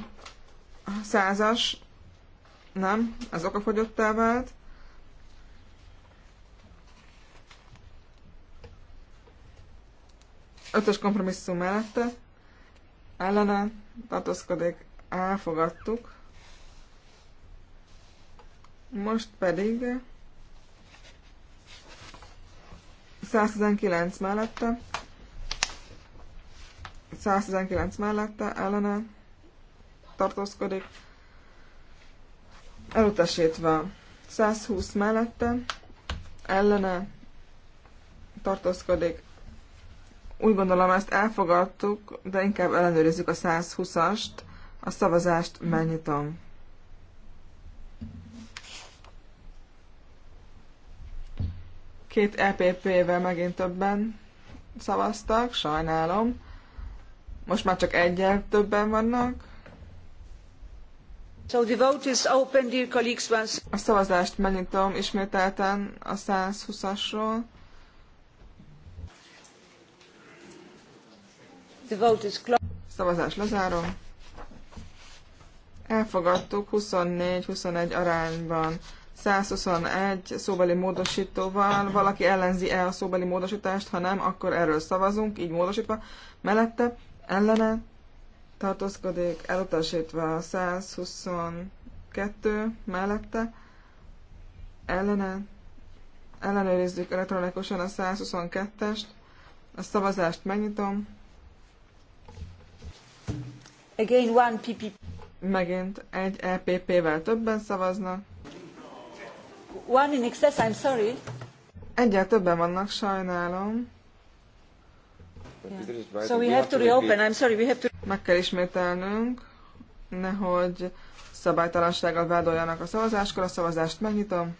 százas, nem, az okafogyottá vált, ötös kompromisszum mellette, ellene tartózkodik, elfogadtuk, most pedig 119 mellette, 119 mellette ellene tartózkodik, elutasítva 120 mellette ellene tartózkodik. Úgy gondolom, ezt elfogadtuk, de inkább ellenőrizzük a 120-ast, a szavazást megnyitom. Két EPP-vel megint többen szavaztak, sajnálom. Most már csak egyel többen vannak. So the vote is open, dear colleagues, once... A szavazást megnyitom ismételten a 120-asról. The vote is closed. Szavazás lezárom. Elfogadtuk 24-21 arányban. 121 szóbeli módosítóval. Valaki ellenzi-e a szóbeli módosítást? Ha nem, akkor erről szavazunk, így módosítva. Mellette ellene tartózkodik, elutasítva 122 mellette ellene ellenőrizzük elektronikusan a 122-est. A szavazást megnyitom. Again one PPP. Megint egy EPP-vel többen szavaznak. One in excess, I'm sorry. Egyel többen vannak, sajnálom. Yeah. So we have to reopen. I'm sorry, we have to... Meg kell ismételnünk, nehogy szabálytalansággal vádoljanak a szavazáskor. A szavazást megnyitom.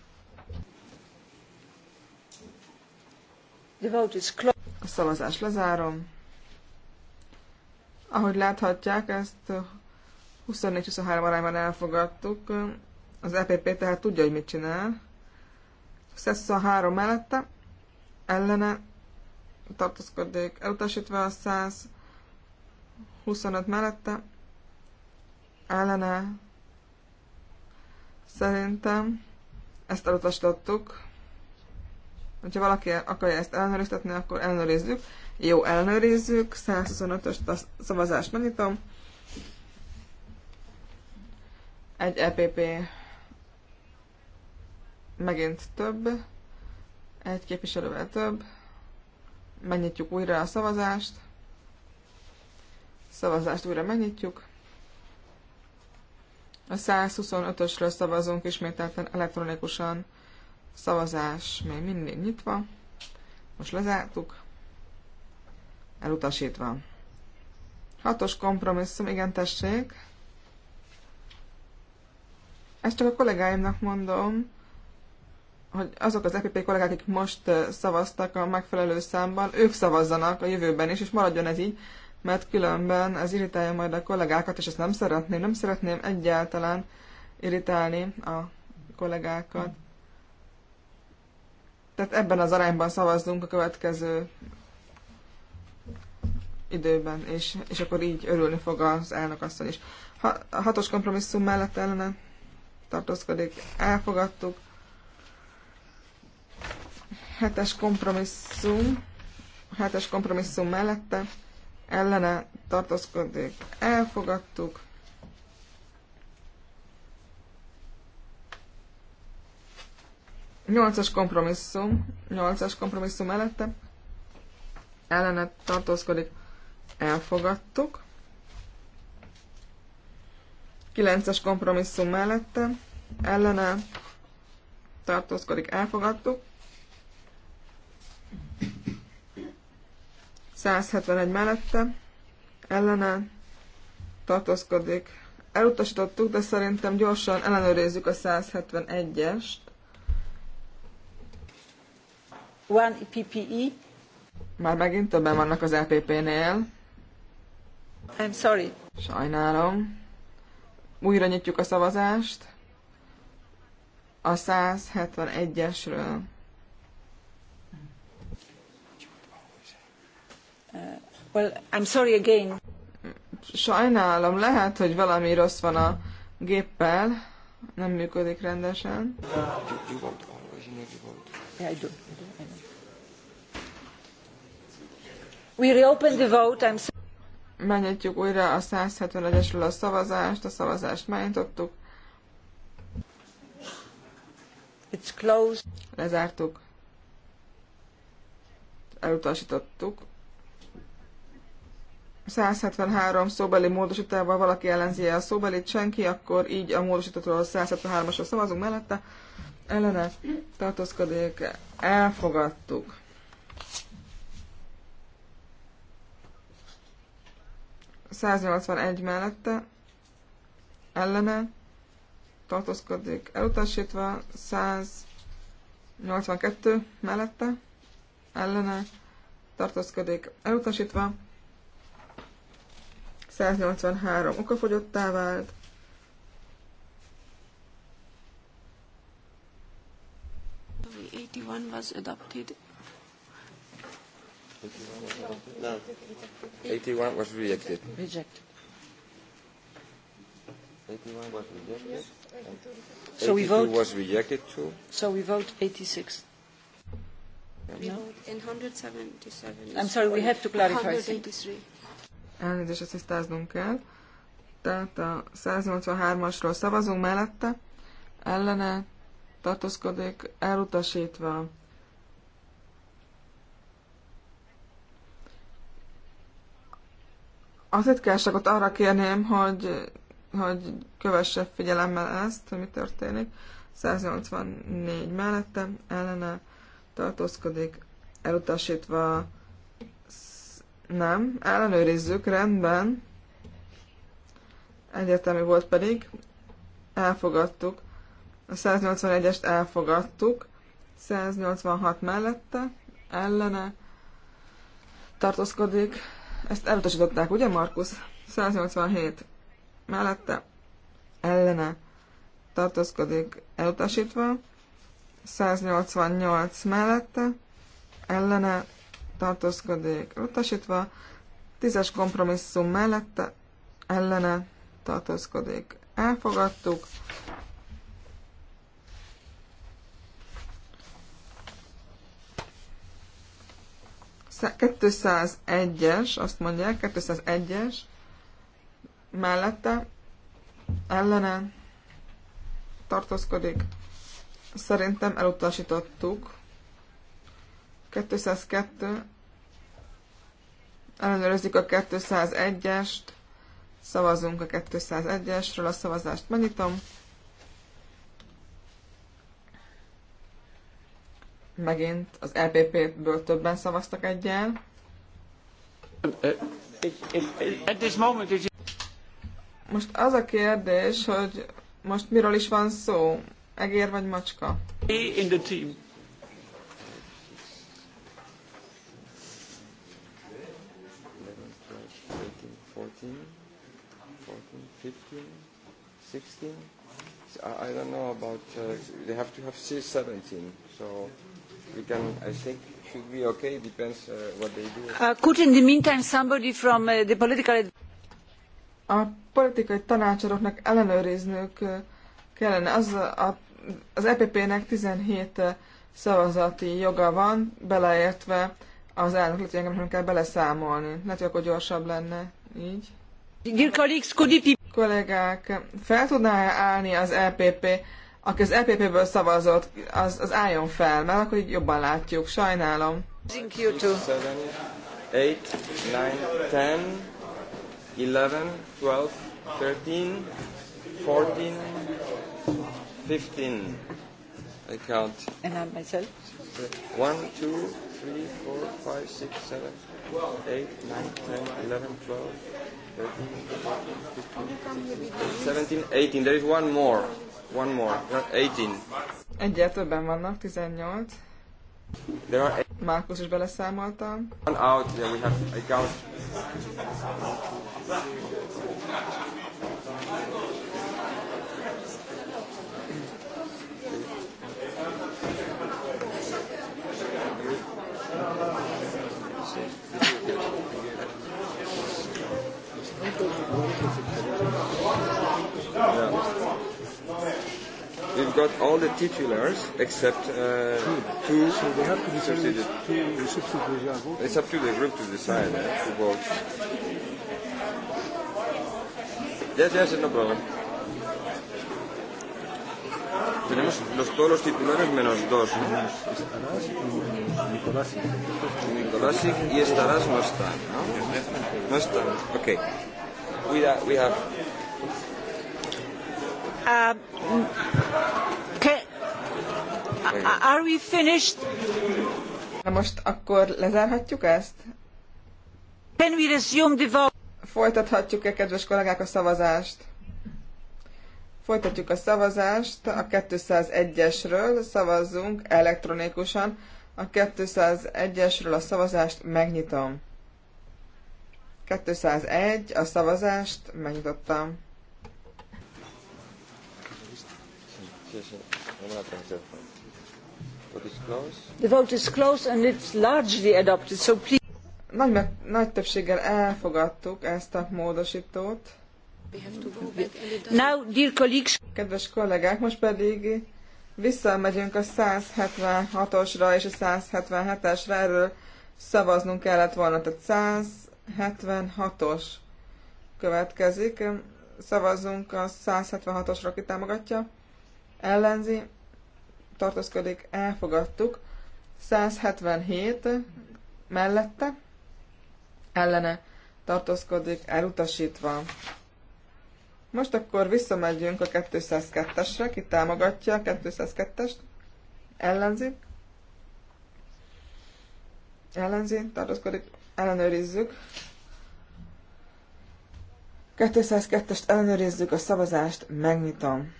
The vote is closed. A szavazást lezárom. Ahogy láthatják, ezt 24-23 arányban elfogadtuk. Az EPP tehát tudja, hogy mit csinál három mellette, ellene tartózkodik, elutasítva a 125 mellette, ellene szerintem ezt elutasítottuk. Ha valaki akarja ezt ellenőriztetni, akkor ellenőrizzük. Jó, ellenőrizzük. 125-ös szavazást megnyitom. Egy EPP megint több, egy képviselővel több. Megnyitjuk újra a szavazást. Szavazást újra megnyitjuk. A 125-ösről szavazunk ismételten elektronikusan. Szavazás még mindig nyitva. Most lezártuk. Elutasítva. Hatos kompromisszum, igen, tessék. Ezt csak a kollégáimnak mondom, hogy azok az EPP kollégák, akik most szavaztak a megfelelő számban, ők szavazzanak a jövőben is, és maradjon ez így, mert különben ez irritálja majd a kollégákat, és ezt nem szeretném, nem szeretném egyáltalán irritálni a kollégákat. Tehát ebben az arányban szavazzunk a következő időben, és, és akkor így örülni fog az asszony is. Ha, a hatos kompromisszum mellett ellene tartózkodik, elfogadtuk. Hetes kompromisszum, hetes kompromisszum mellette ellene tartózkodik. Elfogadtuk. Nyolcas kompromisszum, nyolcas kompromisszum mellette ellene tartózkodik. Elfogadtuk. Kilences kompromisszum mellette ellene tartózkodik. Elfogadtuk. 171 mellette, ellene tartózkodik. Elutasítottuk, de szerintem gyorsan ellenőrizzük a 171-est. One PPE. E. Már megint többen vannak az EPP-nél. I'm sorry. Sajnálom. Újra nyitjuk a szavazást a 171-esről. Uh, well, I'm sorry again. Sajnálom, lehet, hogy valami rossz van a géppel, nem működik rendesen. We reopen the vote. I'm sorry. Megnyitjuk újra a 171-esről a szavazást, a szavazást megnyitottuk. It's closed. Lezártuk. Elutasítottuk. 173 szóbeli módosítával valaki ellenzi a szóbelit, senki, akkor így a módosítótól 173-asra szavazunk mellette. Ellene tartózkodik, elfogadtuk. egy mellette ellene tartózkodik, elutasítva 182 mellette ellene tartózkodik, elutasítva 183 okafogyottá vált, was adopted. 81 was rejected. Rejected. 81 was rejected. So we vote. was rejected too. So we vote 86. We no? vote in 177. I'm sorry, we have to clarify. 183 elnézést, ezt tisztáznunk kell. Tehát a 183-asról szavazunk mellette, ellene tartózkodik, elutasítva. A titkárságot arra kérném, hogy, hogy kövesse figyelemmel ezt, hogy mi történik. 184 mellette, ellene tartózkodik, elutasítva nem, ellenőrizzük, rendben. Egyértelmű volt pedig. Elfogadtuk. A 181-est elfogadtuk. 186 mellette, ellene tartózkodik. Ezt elutasították, ugye Markus? 187 mellette, ellene tartózkodik elutasítva. 188 mellette, ellene tartózkodik utasítva, tízes kompromisszum mellette ellene tartózkodik. Elfogadtuk. Sze 201-es, azt mondják, 201-es mellette ellene tartózkodik. Szerintem elutasítottuk. 202, ellenőrizzük a 201-est, szavazunk a 201-esről, a szavazást megnyitom. Megint az EPP-ből többen szavaztak egyel. Most az a kérdés, hogy most miről is van szó? Egér vagy macska? In the team. 13, 14, 15, 16. I, don't know about, uh, they have to have C17, so we can, I think, should be okay, depends uh, what they do. Uh, could in the meantime somebody from uh, the political... A politikai tanácsadóknak ellenőriznünk uh, kellene. Az, a, az EPP-nek 17 uh, szavazati joga van, beleértve az elnök, lehet, hogy engem nem kell beleszámolni. Lehet, hogy akkor gyorsabb lenne. Így. Kollégák, fel tudná -e állni az EPP, aki az EPP-ből szavazott, az, az álljon fel, mert akkor így jobban látjuk. Sajnálom. Thank you too. 8, 9, 10, 11, 12, 13, 14, 15. I count. And I'm myself. 1, 2, 3, 4, 5, 6, 7, 17, 18. There is one more. One more. 18. Egyel többen vannak, 18. There are eight. Márkusz is beleszámoltam. One out, yeah, we have count. got all the titulars except uh, two. two. So they have to be substituted. It's up to the group to decide uh, eh, to vote. Yes, yes, no problem. Tenemos los, todos los titulares menos dos. ¿no? Nicolasic. Nicolasic y Estarás no está, ¿no? No está. Ok. We, uh, we have. Uh, Are we finished? Na most akkor lezárhatjuk ezt? Can we resume the vote? Folytathatjuk-e, kedves kollégák, a szavazást? Folytatjuk a szavazást a 201-esről, szavazzunk elektronikusan. A 201-esről a szavazást megnyitom. 201, a szavazást megnyitottam. Köszönöm. The vote is closed and it's largely adopted, so please... Nagy, meg, nagy többséggel elfogadtuk ezt a módosítót. Now, dear colleagues... Kedves kollégák, most pedig visszamegyünk a 176-osra és a 177-esre, erről szavaznunk kellett volna, tehát 176-os következik. Szavazzunk a 176-osra, aki támogatja, ellenzi, tartózkodik, elfogadtuk. 177 mellette, ellene tartózkodik, elutasítva. Most akkor visszamegyünk a 202-esre, ki támogatja a 202-est, ellenzi, ellenzi, tartózkodik, ellenőrizzük. 202-est ellenőrizzük, a szavazást megnyitom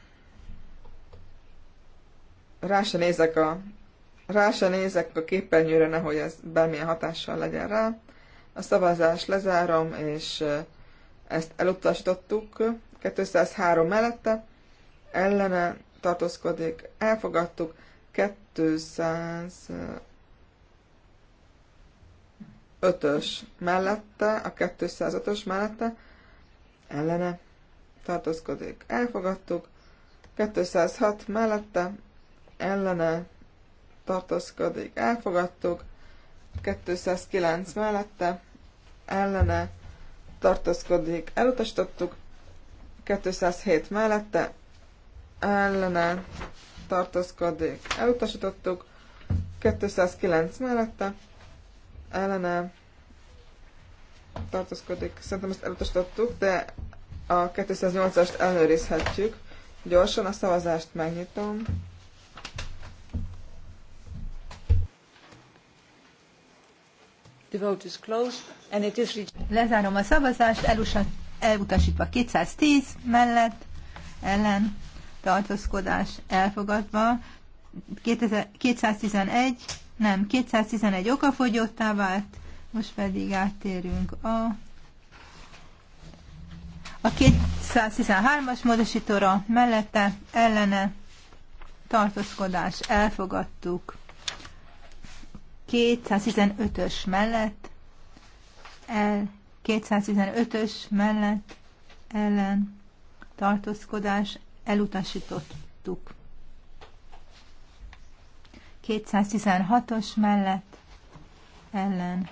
rá se nézek a, rá se nézek a képernyőre, nehogy ez bármilyen hatással legyen rá. A szavazás lezárom, és ezt elutasítottuk 203 mellette, ellene tartózkodik, elfogadtuk 205-ös mellette, a 205-ös mellette, ellene tartózkodik, elfogadtuk 206 mellette, ellene tartózkodik, elfogadtuk, 209 mellette ellene tartózkodik, elutasítottuk, 207 mellette ellene tartózkodik, elutasítottuk, 209 mellette ellene tartózkodik. Szerintem ezt elutasítottuk, de a 208-ast ellenőrizhetjük. Gyorsan a szavazást megnyitom. The vote is closed, and it is Lezárom a szavazást, elutasítva 210 mellett, ellen tartózkodás elfogadva, 211, nem, 211 okafogyottá vált, most pedig áttérünk a a 213-as módosítóra mellette ellene tartózkodás elfogadtuk. 215-ös mellett el 215-ös mellett ellen tartózkodás elutasítottuk. 216-os mellett ellen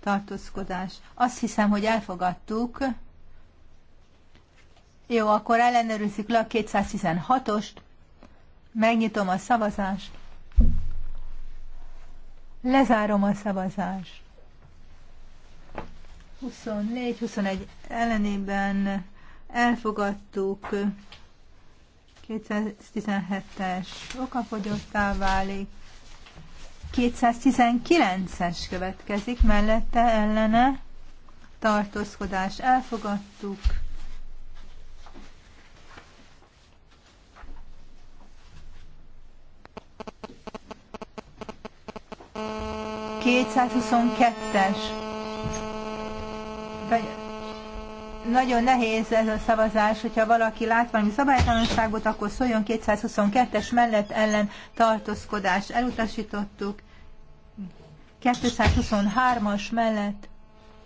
tartózkodás. Azt hiszem, hogy elfogadtuk. Jó, akkor ellenőrizzük le a 216-ost. Megnyitom a szavazást. Lezárom a szavazás. 24-21 ellenében elfogadtuk 217-es okafogyottá válik. 219-es következik mellette ellene tartózkodás elfogadtuk. 222-es. Nagyon nehéz ez a szavazás, hogyha valaki lát valami szabálytalanságot, akkor szóljon 222-es mellett ellen tartózkodás. Elutasítottuk. 223-as mellett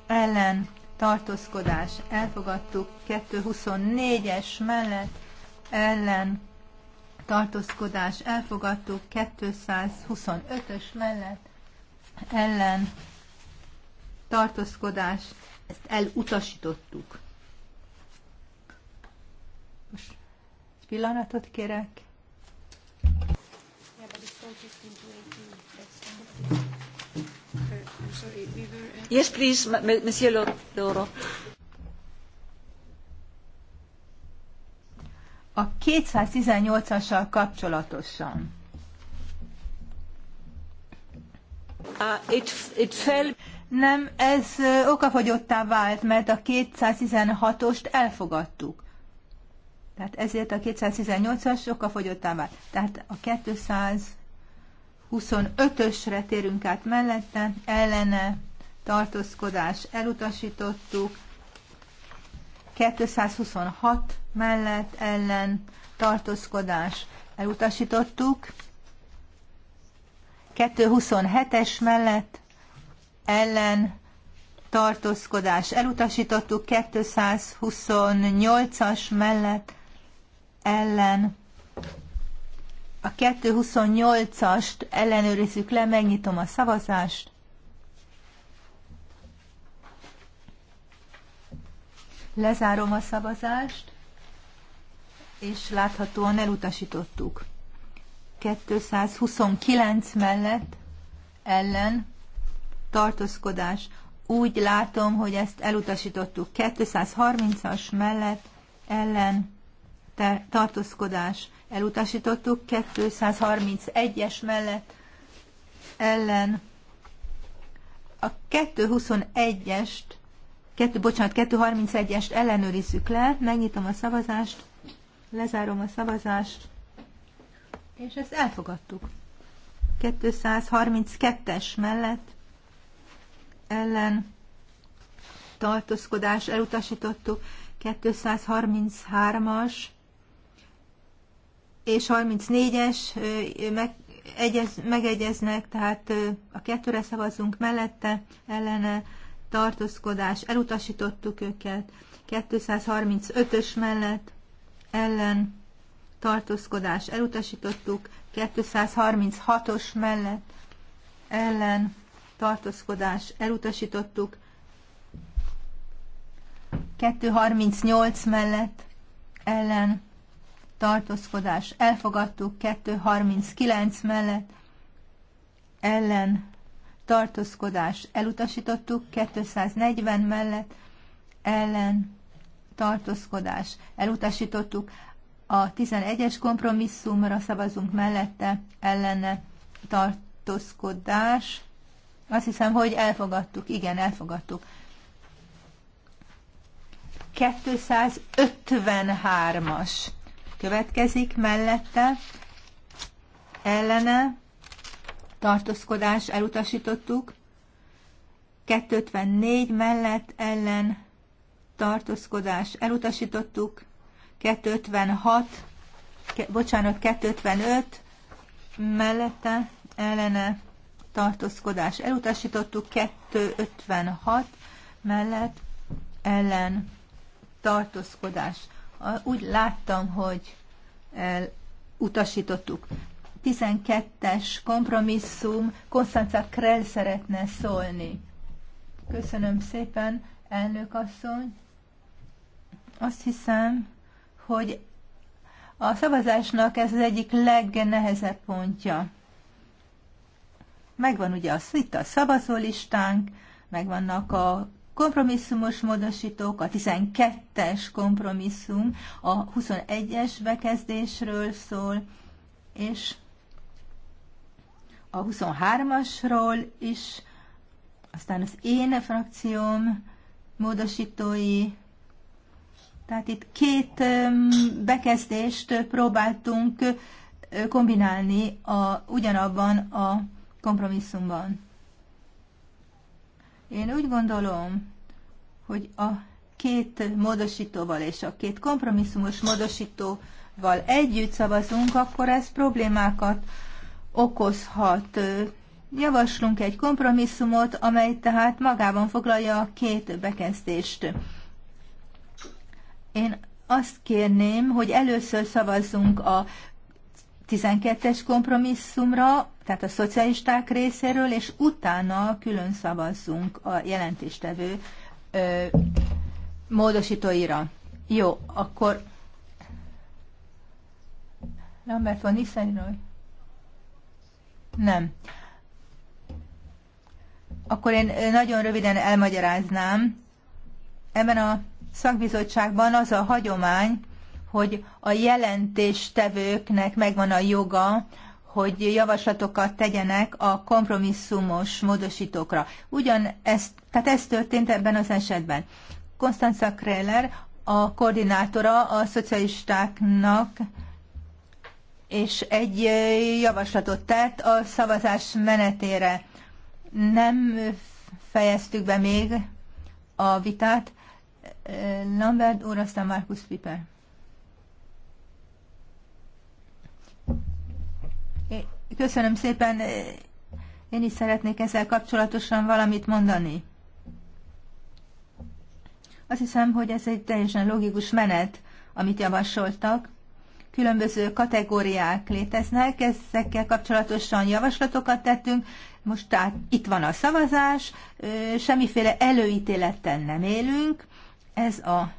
ellen tartózkodás. Elfogadtuk 224-es mellett ellen tartózkodás. Elfogadtuk 225-ös mellett ellen tartózkodás, ezt elutasítottuk. Most egy pillanatot kérek. Yes, please, Monsieur Loro. A 218-assal kapcsolatosan. Uh, Nem, ez okafogyottá vált, mert a 216-ost elfogadtuk. Tehát ezért a 218-as okafogyottá vált. Tehát a 225-ösre térünk át mellette, ellene tartózkodás elutasítottuk, 226 mellett ellen tartózkodás elutasítottuk, 227-es mellett ellen tartózkodás elutasítottuk, 228-as mellett ellen a 228-ast ellenőrizzük le, megnyitom a szavazást. Lezárom a szavazást, és láthatóan elutasítottuk. 229 mellett ellen tartózkodás. Úgy látom, hogy ezt elutasítottuk. 230-as mellett ellen tartózkodás elutasítottuk. 231-es mellett ellen a 221-est, bocsánat, 231-est ellenőrizzük le, megnyitom a szavazást, lezárom a szavazást, és ezt elfogadtuk. 232-es mellett ellen tartózkodás elutasítottuk, 233-as és 34-es meg, egyez, megegyeznek, tehát a kettőre szavazunk mellette, ellene tartózkodás, elutasítottuk őket, 235-ös mellett ellen tartózkodás elutasítottuk, 236-os mellett ellen tartózkodás elutasítottuk, 238 mellett ellen tartózkodás elfogadtuk, 239 mellett ellen tartózkodás elutasítottuk, 240 mellett ellen tartózkodás elutasítottuk, a 11-es kompromisszumra szavazunk mellette, ellene tartózkodás. Azt hiszem, hogy elfogadtuk. Igen, elfogadtuk. 253-as következik mellette, ellene tartózkodás elutasítottuk, 254 mellett ellen tartózkodás elutasítottuk, 256, bocsánat, 255 mellette ellene tartózkodás elutasítottuk, 256 mellett ellen tartózkodás. Úgy láttam, hogy elutasítottuk. 12-es kompromisszum, Konstanca Krell szeretne szólni. Köszönöm szépen, elnök asszony. Azt hiszem, hogy a szavazásnak ez az egyik legnehezebb pontja. Megvan ugye a, itt a szavazólistánk, megvannak a kompromisszumos módosítók, a 12-es kompromisszum a 21-es bekezdésről szól, és a 23-asról is, aztán az én frakcióm módosítói tehát itt két bekezdést próbáltunk kombinálni a, ugyanabban a kompromisszumban. Én úgy gondolom, hogy a két módosítóval és a két kompromisszumos módosítóval együtt szavazunk, akkor ez problémákat okozhat. Javaslunk egy kompromisszumot, amely tehát magában foglalja a két bekezdést. Én azt kérném, hogy először szavazzunk a 12-es kompromisszumra, tehát a szocialisták részéről, és utána külön szavazzunk a jelentéstevő ö, módosítóira. Jó, akkor Lambert von Iszenyről? Nem. Akkor én nagyon röviden elmagyaráznám. Ebben a szakbizottságban az a hagyomány, hogy a jelentéstevőknek megvan a joga, hogy javaslatokat tegyenek a kompromisszumos módosítókra. Ugyan ez, tehát ez történt ebben az esetben. Konstanza Kreller, a koordinátora a szocialistáknak, és egy javaslatot tett a szavazás menetére. Nem fejeztük be még a vitát, Lambert úr, aztán Markus Piper. Köszönöm szépen. Én is szeretnék ezzel kapcsolatosan valamit mondani. Azt hiszem, hogy ez egy teljesen logikus menet, amit javasoltak. Különböző kategóriák léteznek, ezekkel kapcsolatosan javaslatokat tettünk. Most tehát itt van a szavazás, semmiféle előítélettel nem élünk, ez a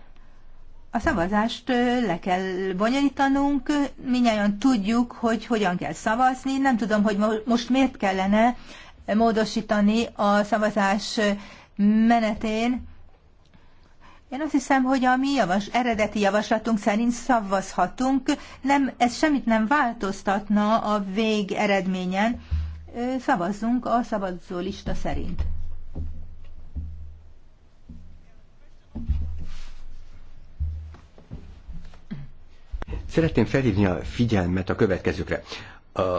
a szavazást le kell bonyolítanunk, minnyáján tudjuk, hogy hogyan kell szavazni. Nem tudom, hogy most miért kellene módosítani a szavazás menetén. Én azt hiszem, hogy a mi javas, eredeti javaslatunk szerint szavazhatunk, nem, ez semmit nem változtatna a végeredményen. Szavazzunk a szavazólista szerint. Szeretném felhívni a figyelmet a következőkre. A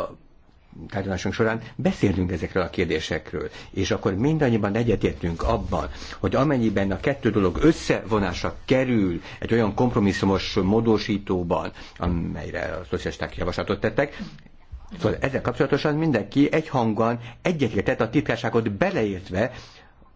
tárgyalásunk során beszélünk ezekről a kérdésekről, és akkor mindannyiban egyetértünk abban, hogy amennyiben a kettő dolog összevonása kerül egy olyan kompromisszumos módosítóban, amelyre a szociálisták javaslatot tettek, Szóval ezzel kapcsolatosan mindenki egyhangon egyetértett a titkárságot beleértve,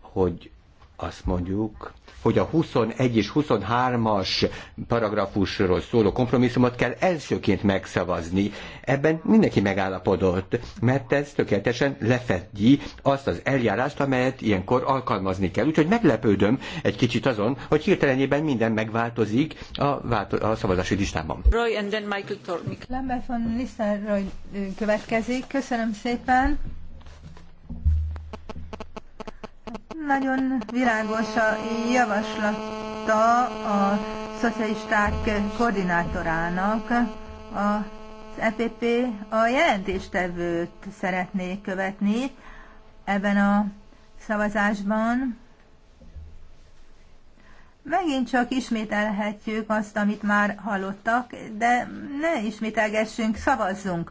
hogy azt mondjuk, hogy a 21 és 23-as paragrafusról szóló kompromisszumot kell elsőként megszavazni. Ebben mindenki megállapodott, mert ez tökéletesen lefedi azt az eljárást, amelyet ilyenkor alkalmazni kell. Úgyhogy meglepődöm egy kicsit azon, hogy hirtelenében minden megváltozik a, válto- a szavazási listában. Roy and then Michael Tormik. Lambert von Roy, következik. Köszönöm szépen. Nagyon világos a javaslata a szocialisták koordinátorának. Az EPP a jelentéstevőt szeretné követni ebben a szavazásban. Megint csak ismételhetjük azt, amit már hallottak, de ne ismételgessünk, szavazzunk.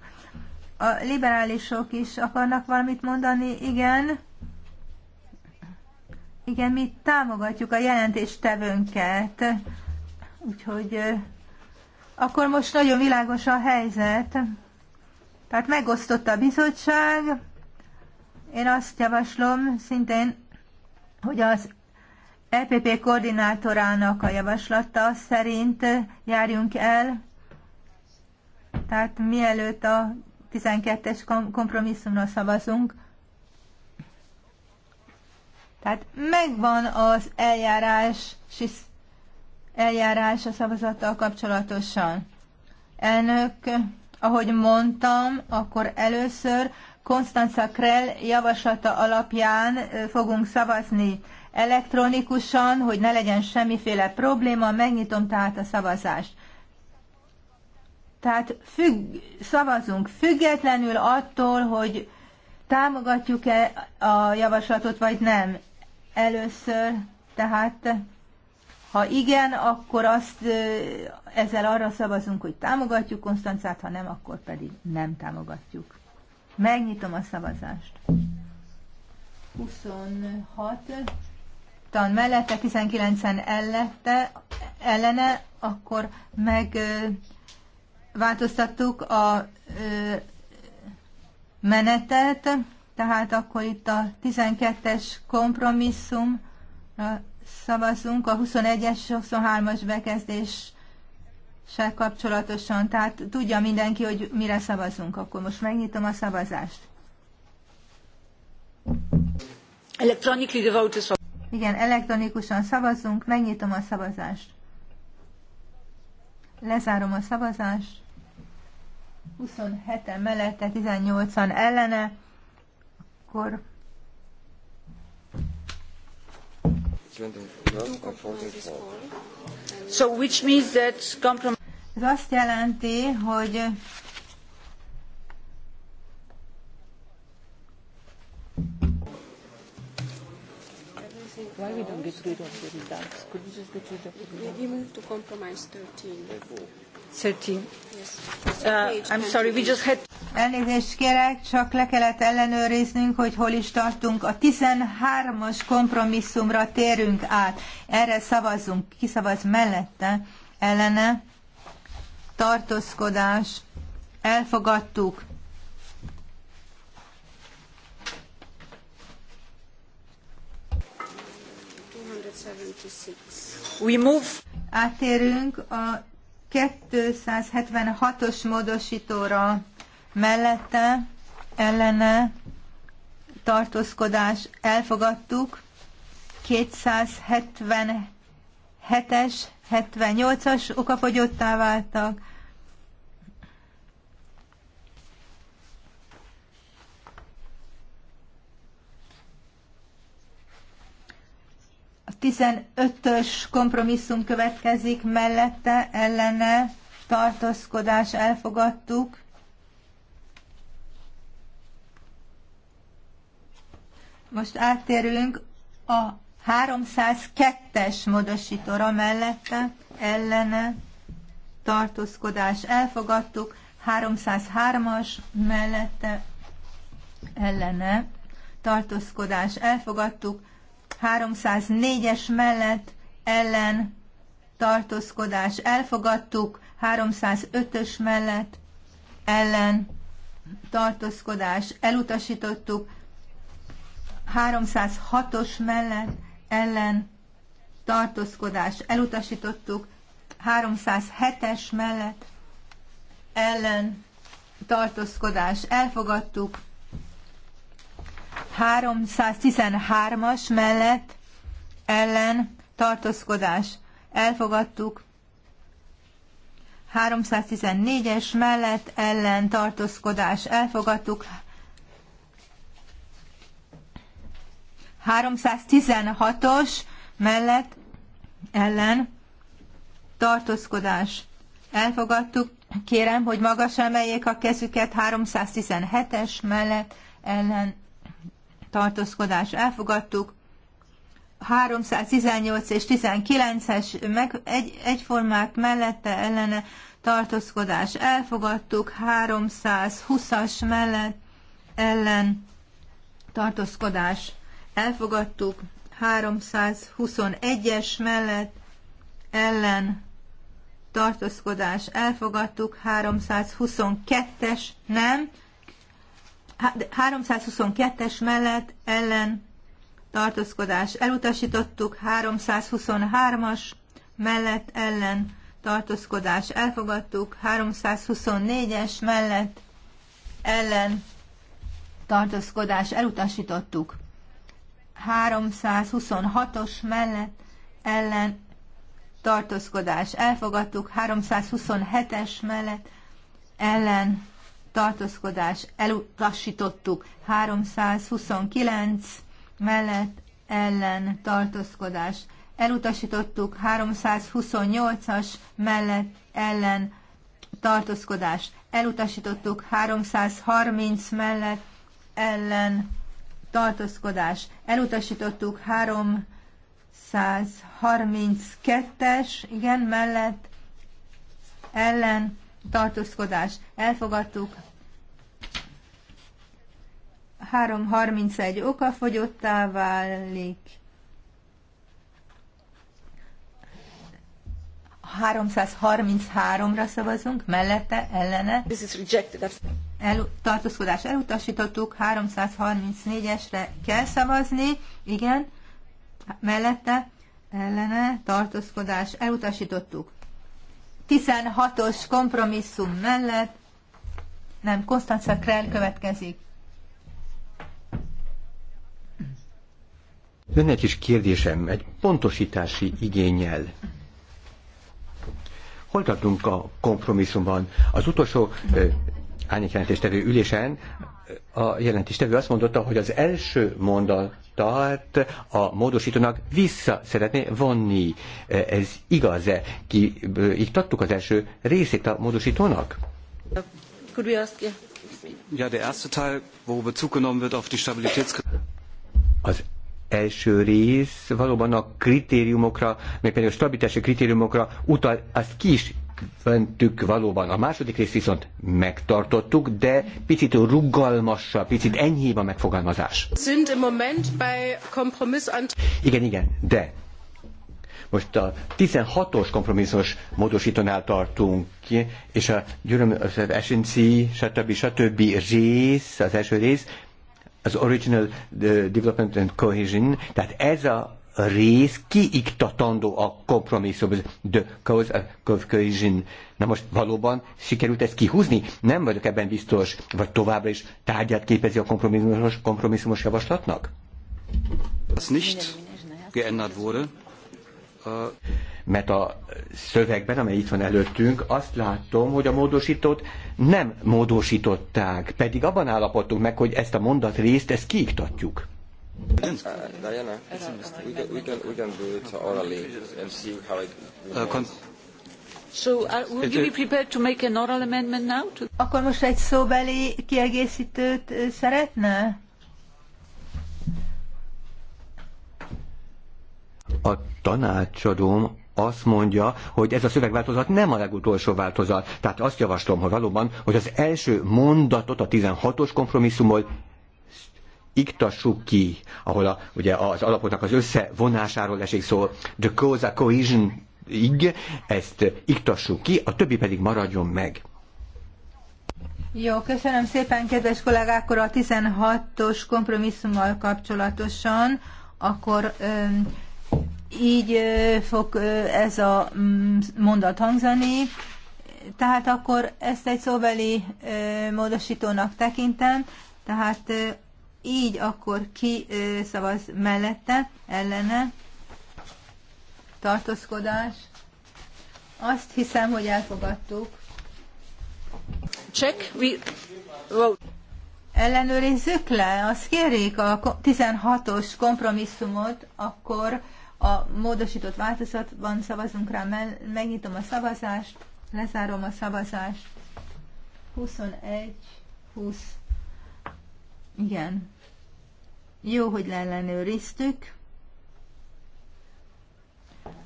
A liberálisok is akarnak valamit mondani, igen. Igen, mi támogatjuk a jelentéstevőnket, úgyhogy akkor most nagyon világos a helyzet. Tehát megosztott a bizottság. Én azt javaslom szintén, hogy az EPP koordinátorának a javaslata szerint járjunk el, tehát mielőtt a 12-es kompromisszumra szavazunk, tehát megvan az eljárás, eljárás a szavazattal kapcsolatosan. Elnök, ahogy mondtam, akkor először Konstanza Krell javaslata alapján fogunk szavazni elektronikusan, hogy ne legyen semmiféle probléma, megnyitom tehát a szavazást. Tehát függ, szavazunk függetlenül attól, hogy támogatjuk-e a javaslatot, vagy nem. Először tehát, ha igen, akkor azt ezzel arra szavazunk, hogy támogatjuk Konstancát, ha nem, akkor pedig nem támogatjuk. Megnyitom a szavazást. 26 tan mellette, 19-en ellette, ellene, akkor meg változtattuk a menetet tehát akkor itt a 12-es kompromisszum szavazunk, a 21-es, 23-as bekezdéssel kapcsolatosan. Tehát tudja mindenki, hogy mire szavazunk. Akkor most megnyitom a szavazást. Electronically the vote is... Igen, elektronikusan szavazunk, megnyitom a szavazást. Lezárom a szavazást. 27-en mellette, 18-an ellene akkor... So which means that Ez azt jelenti, hogy Why we don't get rid of the results? Could we just get rid of the results? We move to compromise 13. Uh, Elnézést kérek, csak le kellett ellenőriznünk, hogy hol is tartunk. A 13-as kompromisszumra térünk át. Erre szavazzunk. Ki szavaz mellette? Ellene? Tartózkodás? Elfogadtuk. We move. Átérünk a 276-os módosítóra mellette ellene tartózkodás elfogadtuk, 277-es, 78-as okafogyottá váltak, 15-ös kompromisszum következik, mellette ellene tartózkodás elfogadtuk. Most áttérünk a 302-es módosítóra mellette ellene tartózkodás elfogadtuk, 303-as mellette ellene tartózkodás elfogadtuk, 304-es mellett ellen tartózkodás elfogadtuk, 305-ös mellett ellen tartózkodás elutasítottuk, 306-os mellett ellen tartózkodás elutasítottuk, 307-es mellett ellen tartózkodás elfogadtuk, 313-as mellett ellen tartózkodás elfogadtuk. 314-es mellett ellen tartózkodás elfogadtuk. 316-os mellett ellen tartózkodás elfogadtuk. Kérem, hogy magas emeljék a kezüket 317-es mellett ellen tartózkodás elfogadtuk, 318 és 19-es meg egy, egyformák mellette ellene tartózkodás elfogadtuk, 320-as mellett ellen tartózkodás elfogadtuk, 321-es mellett ellen tartózkodás elfogadtuk, 322-es nem, 322-es mellett ellen tartózkodás elutasítottuk, 323-as mellett ellen tartózkodás elfogadtuk, 324-es mellett ellen tartózkodás elutasítottuk, 326-os mellett ellen tartózkodás elfogadtuk, 327-es mellett ellen tartózkodás elutasítottuk 329 mellett ellen tartózkodás elutasítottuk 328-as mellett ellen tartózkodás elutasítottuk 330 mellett ellen tartózkodás elutasítottuk 332-es igen mellett ellen tartózkodás. Elfogadtuk 331 oka fogyottá válik. 333-ra szavazunk, mellette, ellene. This is rejected. El, tartózkodás elutasítottuk, 334-esre kell szavazni, igen, mellette, ellene, tartózkodás elutasítottuk. 16-os kompromisszum mellett, nem, Konstanza Krell következik. Önnek is kérdésem, egy pontosítási igényel. Hol a kompromisszumban? Az utolsó árnyékjelentéstevő ülésen a jelentéstevő azt mondotta, hogy az első mondatát a módosítónak vissza szeretné vonni. Ez igaz-e? Ki, így tattuk az első részét a módosítónak? Could we ask Ja, der erste Teil, wo Bezug genommen wird auf die Stabilitäts... Az első rész valóban a kritériumokra, még például a stabilitási kritériumokra utal, azt ki is Fentük valóban. A második rész viszont megtartottuk, de picit rugalmasabb, picit enyhébb a megfogalmazás. Igen, igen, de most a 16-os kompromisszos módosítónál tartunk, és a Gyuröm Essency, stb. stb. rész, az első rész, az Original uh, Development and Cohesion, tehát ez a rész kiiktatandó a kompromisszum, the cause of cohesion. Na most valóban sikerült ezt kihúzni? Nem vagyok ebben biztos, vagy továbbra is tárgyát képezi a kompromisszumos, kompromisszumos javaslatnak? Az nicht geändert wurde. Uh mert a szövegben, amely itt van előttünk, azt látom, hogy a módosítót nem módosították, pedig abban állapodtunk meg, hogy ezt a mondat részt, ezt kiiktatjuk. Diana, we can do it orally and see how it So, uh, would you be prepared to make oral amendment now? Akkor most egy szóbeli kiegészítőt szeretne? A tanácsadóm azt mondja, hogy ez a szövegváltozat nem a legutolsó változat. Tehát azt javaslom, hogy valóban, hogy az első mondatot a 16-os kompromisszumból iktassuk ki, ahol a, ugye az alapoknak az összevonásáról esik szó, the cause a cohesion ig, ezt iktassuk ki, a többi pedig maradjon meg. Jó, köszönöm szépen, kedves kollégák, akkor a 16-os kompromisszummal kapcsolatosan, akkor öm, így fog ez a mm, mondat hangzani, tehát akkor ezt egy szóbeli módosítónak tekintem, tehát így akkor ki szavaz mellette, ellene, tartózkodás. Azt hiszem, hogy elfogadtuk. Check. We... vote. Ellenőrizzük le, azt kérik a 16-os kompromisszumot, akkor a módosított változatban szavazunk rá, megnyitom a szavazást, lezárom a szavazást. 21, 20. Igen. Jó, hogy leellenőriztük.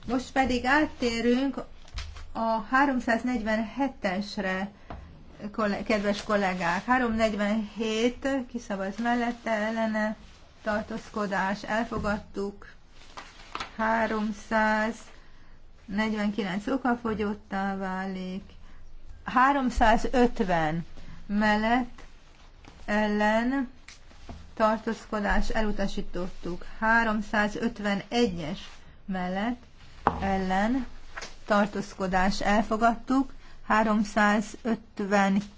Most pedig áttérünk a 347-esre, kedves kollégák. 347, kiszavaz mellette, ellene, tartózkodás, elfogadtuk. 349 okafogyottá válik, 350 mellett ellen tartózkodás elutasítottuk. 351-es mellett ellen tartózkodás elfogadtuk. 352-es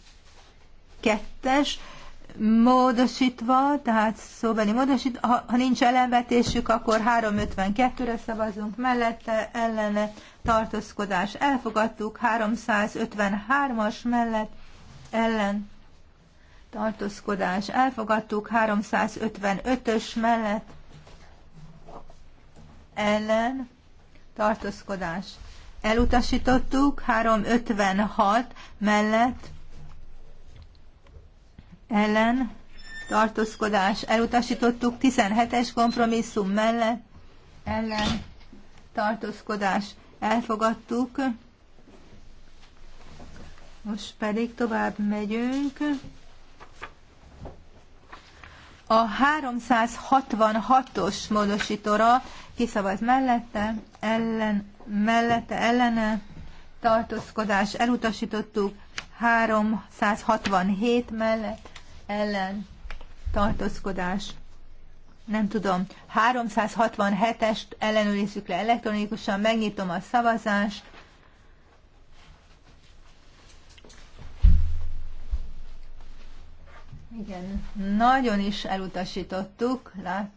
módosítva, tehát szóbeli módosítva, ha, ha nincs ellenvetésük, akkor 352-re szavazunk mellette, ellene tartózkodás elfogadtuk, 353-as mellett ellen tartózkodás elfogadtuk, 355-ös mellett ellen tartózkodás elutasítottuk, 356 mellett ellen tartózkodás elutasítottuk, 17-es kompromisszum mellett ellen tartózkodás elfogadtuk. Most pedig tovább megyünk. A 366-os módosítóra kiszavaz mellette, ellen, mellette, ellene, tartózkodás elutasítottuk, 367 mellett, ellen tartózkodás. Nem tudom, 367-est ellenőrizzük le elektronikusan, megnyitom a szavazást. Igen, nagyon is elutasítottuk, lát,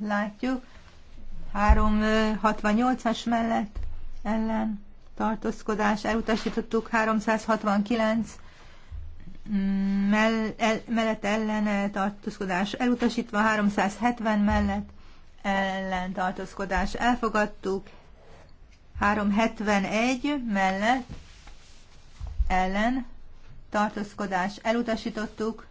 látjuk. 368-as mellett ellen tartózkodás, elutasítottuk 369 mell, el, mellett ellen tartózkodás elutasítva, 370 mellett ellen tartózkodás elfogadtuk, 371 mellett ellen tartózkodás elutasítottuk.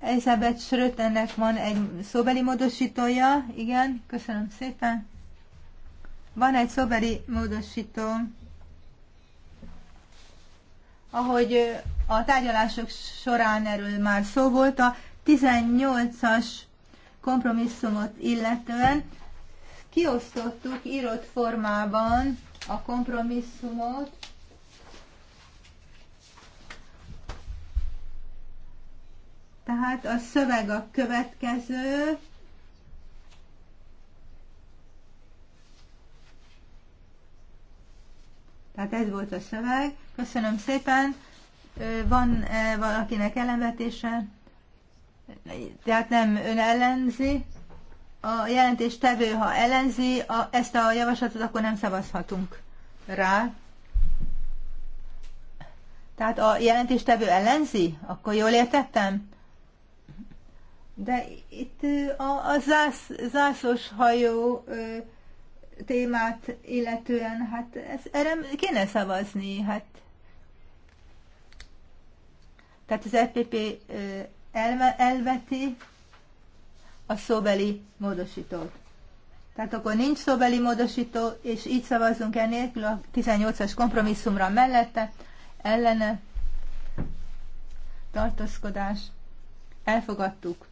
Elizabeth Schrötennek van egy szóbeli módosítója, igen, köszönöm szépen. Van egy szóbeli módosító, ahogy a tárgyalások során erről már szó volt, a 18-as kompromisszumot illetően kiosztottuk írott formában a kompromisszumot, tehát a szöveg a következő, Tehát ez volt a szöveg. Köszönöm szépen. Van -e valakinek ellenvetése? Tehát nem ön ellenzi? A jelentés tevő, ha ellenzi a, ezt a javaslatot, akkor nem szavazhatunk rá. Tehát a jelentés tevő ellenzi? Akkor jól értettem? De itt a, a zász, zászlós hajó ö, témát illetően, hát ez, erre kéne szavazni, hát tehát az FPP elve, elveti a szóbeli módosítót. Tehát akkor nincs szóbeli módosító, és így szavazunk enélkül a 18-as kompromisszumra mellette, ellene, tartózkodás, elfogadtuk.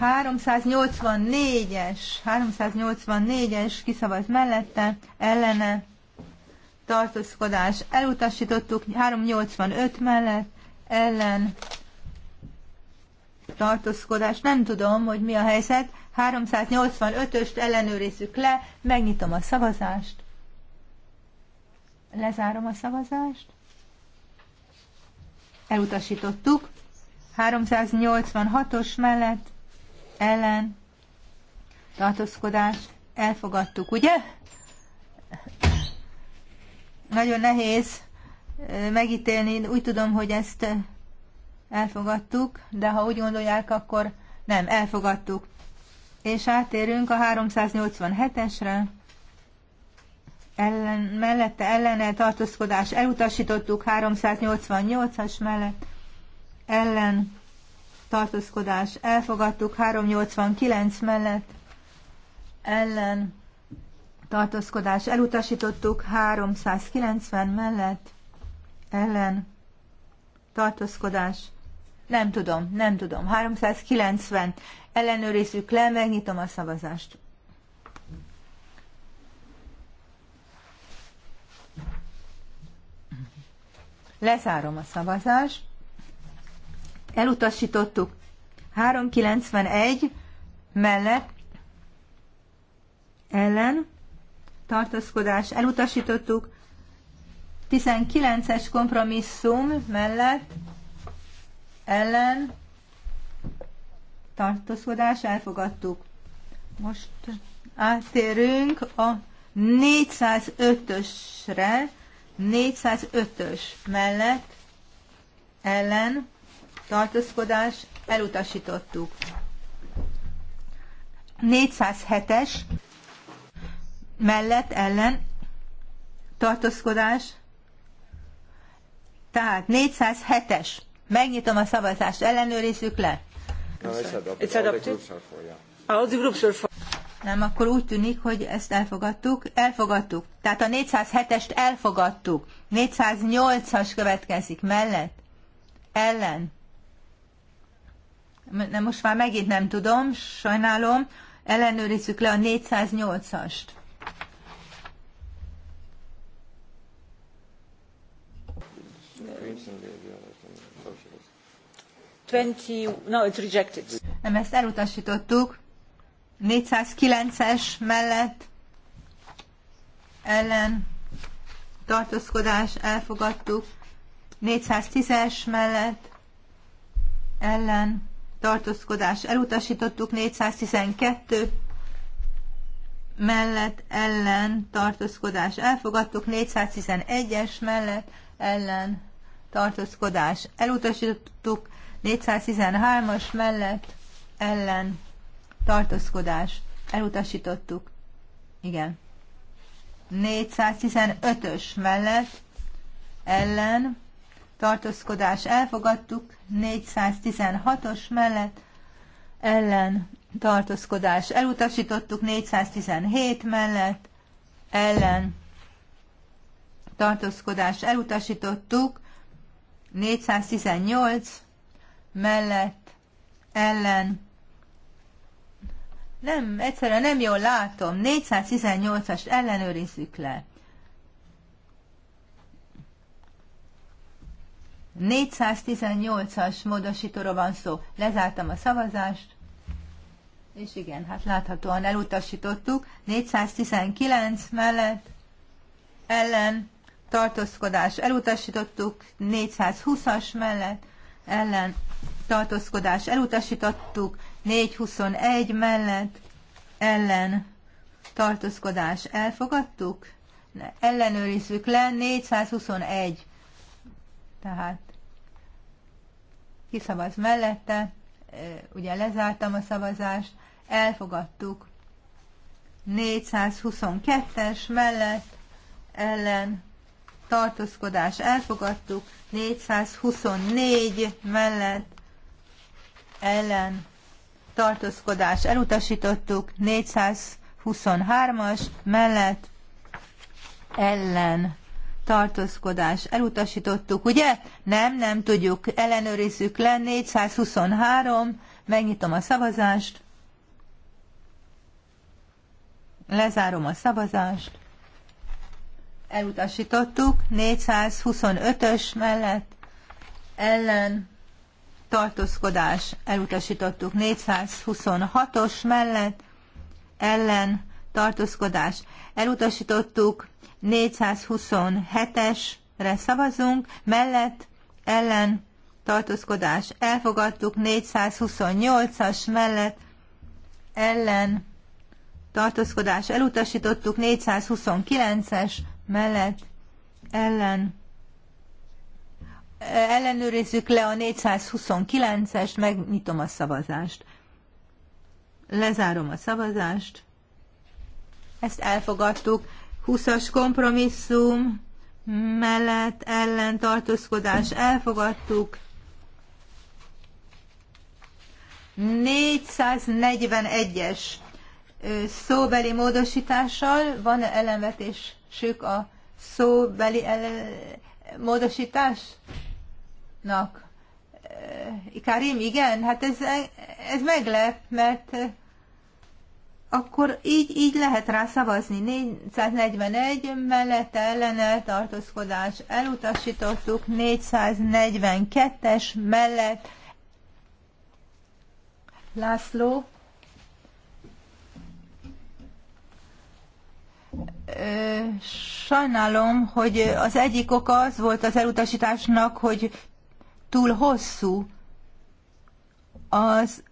384-es, 384-es kiszavaz mellette, ellene, tartózkodás elutasítottuk, 385 mellett, ellen, tartózkodás, nem tudom, hogy mi a helyzet, 385-öst ellenőrizzük le, megnyitom a szavazást, lezárom a szavazást, elutasítottuk, 386-os mellett, ellen tartózkodás elfogadtuk, ugye? Nagyon nehéz megítélni, úgy tudom, hogy ezt elfogadtuk, de ha úgy gondolják, akkor nem, elfogadtuk. És átérünk a 387-esre. Ellen, mellette ellene tartózkodás elutasítottuk 388-as mellett ellen tartózkodás elfogadtuk, 389 mellett ellen tartózkodás elutasítottuk, 390 mellett ellen tartózkodás nem tudom, nem tudom. 390 ellenőrizzük le, megnyitom a szavazást. Lezárom a szavazást elutasítottuk. 391 mellett ellen tartózkodás elutasítottuk. 19-es kompromisszum mellett ellen tartózkodás elfogadtuk. Most átérünk a 405-ösre, 405-ös mellett ellen tartózkodás, elutasítottuk. 407-es mellett ellen tartózkodás, tehát 407-es. Megnyitom a szavazást, ellenőrizzük le. Nem, akkor úgy tűnik, hogy ezt elfogadtuk. Elfogadtuk. Tehát a 407-est elfogadtuk. 408-as következik mellett. Ellen nem, most már megint nem tudom, sajnálom, ellenőrizzük le a 408-ast. No, it's rejected. Nem, ezt elutasítottuk. 409-es mellett ellen tartózkodás elfogadtuk. 410-es mellett ellen tartózkodás elutasítottuk, 412 mellett ellen tartózkodás elfogadtuk, 411-es mellett ellen tartózkodás elutasítottuk, 413-as mellett ellen tartózkodás elutasítottuk. Igen. 415-ös mellett ellen tartózkodás elfogadtuk, 416-os mellett ellen tartózkodás elutasítottuk, 417 mellett ellen tartózkodás elutasítottuk, 418 mellett ellen nem, egyszerűen nem jól látom. 418-ast ellenőrizzük le. 418-as módosítóról van szó. Lezártam a szavazást, és igen, hát láthatóan elutasítottuk. 419 mellett ellen tartózkodás elutasítottuk, 420-as mellett ellen tartózkodás elutasítottuk, 421 mellett ellen tartózkodás elfogadtuk, ellenőrizzük le, 421. Tehát kiszavaz mellette, ugye lezártam a szavazást, elfogadtuk 422-es mellett ellen tartózkodás elfogadtuk, 424 mellett ellen tartózkodás elutasítottuk, 423-as mellett ellen tartózkodás. Elutasítottuk, ugye? Nem, nem tudjuk. Ellenőrizzük le. 423. Megnyitom a szavazást. Lezárom a szavazást. Elutasítottuk. 425-ös mellett ellen tartózkodás. Elutasítottuk. 426-os mellett ellen tartózkodás elutasítottuk, 427-esre szavazunk, mellett, ellen, tartózkodás elfogadtuk, 428-as mellett, ellen, tartózkodás elutasítottuk, 429-es mellett, ellen, e, ellenőrizzük le a 429-est, megnyitom a szavazást. Lezárom a szavazást ezt elfogadtuk. 20-as kompromisszum mellett ellen tartózkodás elfogadtuk. 441-es szóbeli módosítással van -e ellenvetésük a szóbeli el- módosításnak? Karim, igen, hát ez, ez meglep, mert akkor így, így lehet rá szavazni. 441 mellette ellene tartózkodás elutasítottuk, 442-es mellett László Sajnálom, hogy az egyik oka az volt az elutasításnak, hogy túl hosszú az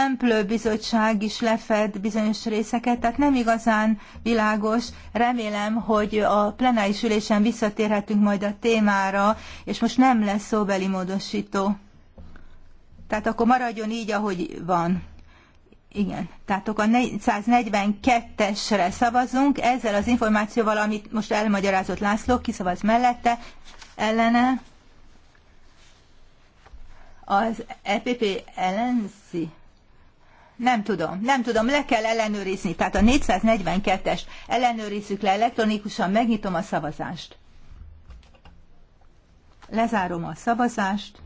Emplő bizottság is lefed bizonyos részeket, tehát nem igazán világos. Remélem, hogy a plenáris ülésen visszatérhetünk majd a témára, és most nem lesz szóbeli módosító. Tehát akkor maradjon így, ahogy van. Igen, tehát a 442-esre szavazunk, ezzel az információval, amit most elmagyarázott László, kiszavaz mellette, ellene, az EPP ellenzi. Nem tudom, nem tudom, le kell ellenőrizni. Tehát a 442-es ellenőrizzük le elektronikusan, megnyitom a szavazást. Lezárom a szavazást.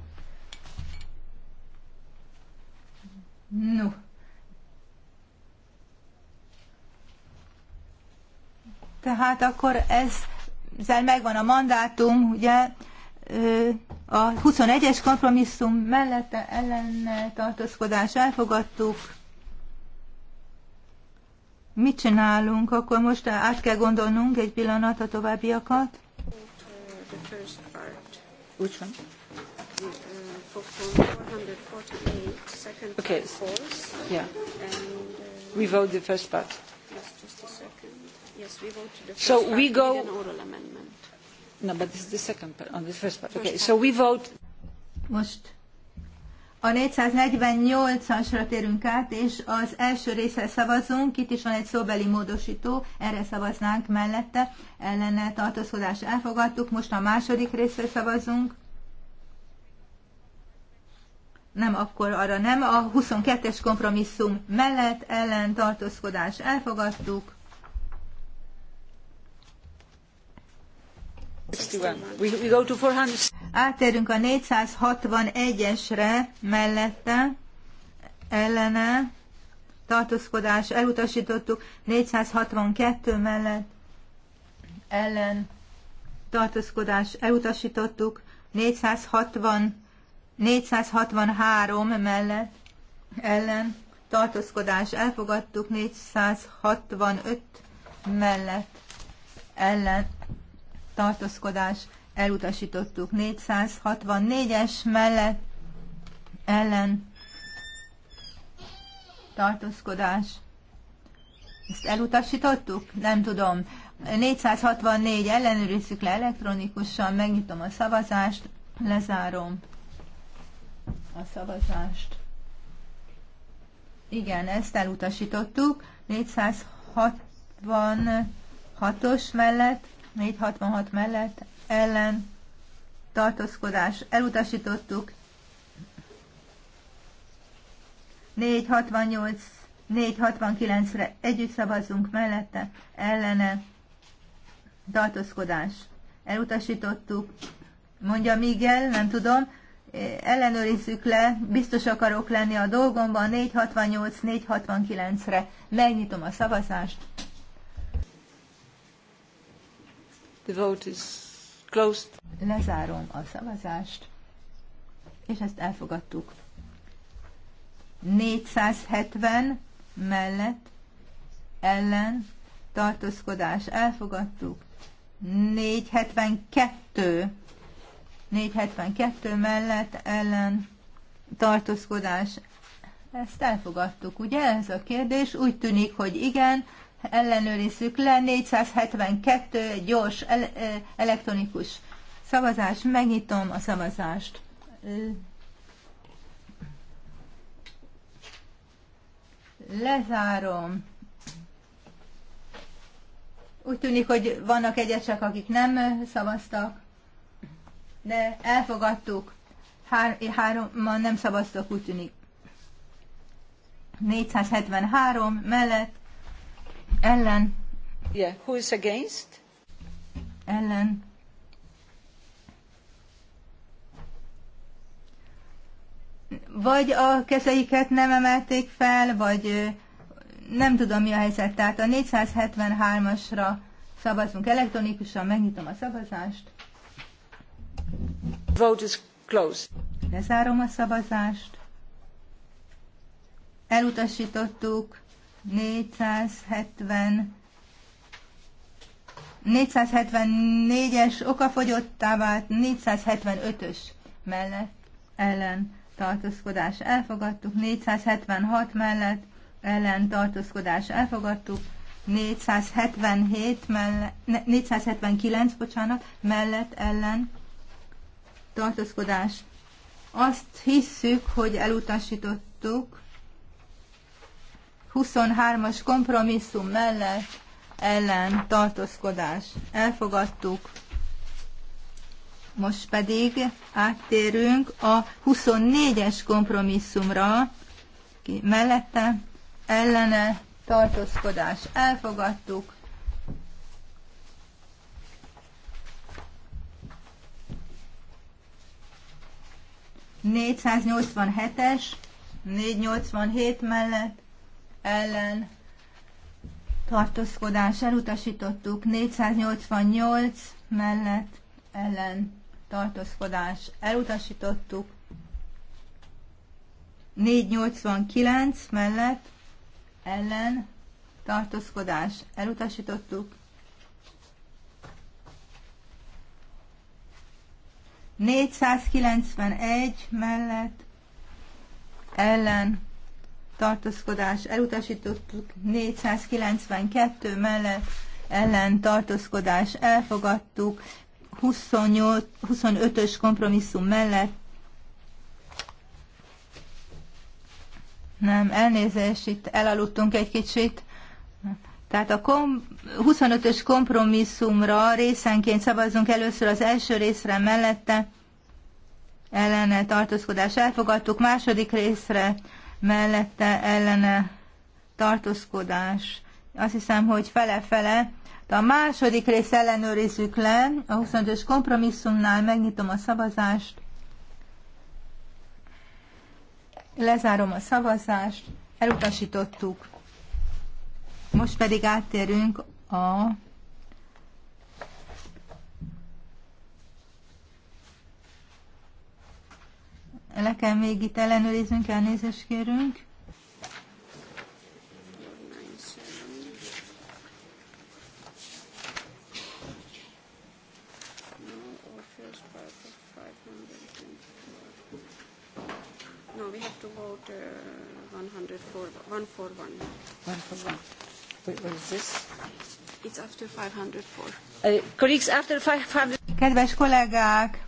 No. Tehát akkor ez, ezzel megvan a mandátum, ugye, a 21-es kompromisszum mellette ellen tartózkodás elfogadtuk, mit csinálunk, akkor most át kell gondolnunk egy pillanat a továbbiakat. Which one? Okay. Yeah. We vote the first part. Yes, we vote the first so part we go. an oral amendment. No, but this is the second part, on the first part. Okay, so we vote. Most a 448-asra térünk át, és az első része szavazunk. Itt is van egy szóbeli módosító, erre szavaznánk mellette. Ellene tartózkodás elfogadtuk. Most a második részre szavazunk. Nem, akkor arra nem. A 22-es kompromisszum mellett ellen tartózkodás elfogadtuk. Átérünk a 461-esre mellette, ellene, tartózkodás, elutasítottuk, 462 mellett, ellen, tartózkodás, elutasítottuk, 460, 463 mellett, ellen, tartózkodás, elfogadtuk, 465 mellett, ellen, tartózkodás elutasítottuk. 464-es mellett ellen tartózkodás. Ezt elutasítottuk? Nem tudom. 464 ellenőrizzük le elektronikusan, megnyitom a szavazást, lezárom a szavazást. Igen, ezt elutasítottuk. 466-os mellett 466 mellett ellen tartózkodás elutasítottuk. 468, 469-re együtt szavazunk mellette, ellene tartózkodás elutasítottuk. Mondja Miguel, nem tudom, ellenőrizzük le, biztos akarok lenni a dolgomban, 468, 469-re megnyitom a szavazást. The vote is closed. Lezárom a szavazást, és ezt elfogadtuk. 470 mellett ellen tartózkodás elfogadtuk. 472 472 mellett ellen tartózkodás. Ezt elfogadtuk, ugye? Ez a kérdés. Úgy tűnik, hogy igen, ellenőrizzük le, 472 gyors elektronikus szavazás, megnyitom a szavazást. Lezárom. Úgy tűnik, hogy vannak egyesek, akik nem szavaztak, de elfogadtuk. három, hárommal nem szavaztak, úgy tűnik. 473 mellett ellen. Yeah, who is against? Ellen. Vagy a kezeiket nem emelték fel, vagy nem tudom mi a helyzet. Tehát a 473-asra szavazunk elektronikusan, megnyitom a szavazást. Vote is closed. Lezárom a szavazást. Elutasítottuk 470 474-es okafogyottá vált, 475-ös mellett ellen tartózkodás elfogadtuk, 476 mellett ellen tartózkodás elfogadtuk, 477 mellett, 479, bocsánat, mellett ellen tartózkodás. Azt hisszük, hogy elutasítottuk, 23-as kompromisszum mellett ellen tartózkodás. Elfogadtuk. Most pedig áttérünk a 24-es kompromisszumra, ki mellette ellene tartózkodás. Elfogadtuk. Négyszáznyolcvanhetes, négynyolcvanhét mellett ellen tartózkodás elutasítottuk, 488 mellett ellen tartózkodás elutasítottuk, 489 mellett ellen tartózkodás elutasítottuk, 491 mellett ellen tartózkodás elutasítottuk, 492 mellett ellen tartózkodás elfogadtuk, 28, 25-ös kompromisszum mellett nem, elnézés, itt elaludtunk egy kicsit. Tehát a kom 25-ös kompromisszumra részenként szavazunk először az első részre mellette, ellene tartózkodás elfogadtuk, második részre mellette ellene tartózkodás. Azt hiszem, hogy fele-fele. De a második rész ellenőrizzük le. A 25-ös kompromisszumnál megnyitom a szavazást. Lezárom a szavazást. Elutasítottuk. Most pedig áttérünk a Le kell még itt ellenőriznünk, elnézést kérünk. No, we have to vote uh, 104, 141. 141. Wait, what is this? It's after 504. Uh, colleagues, after 500. Kedves kollégák,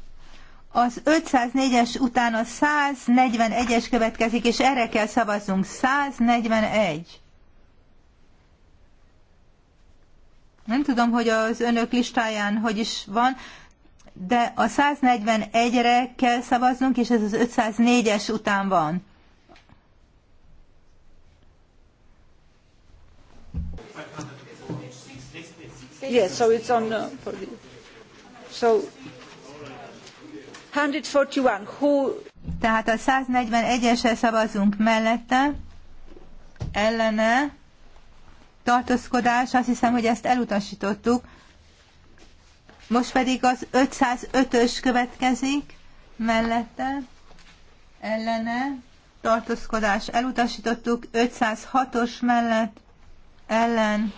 az 504-es után a 141-es következik, és erre kell szavaznunk. 141. Nem tudom, hogy az önök listáján hogy is van, de a 141-re kell szavaznunk, és ez az 504-es után van. Yes, so it's on uh, for the, so tehát a 141-esre szavazunk mellette, ellene, tartózkodás, azt hiszem, hogy ezt elutasítottuk. Most pedig az 505-ös következik, mellette, ellene, tartózkodás elutasítottuk, 506-os mellett, ellen,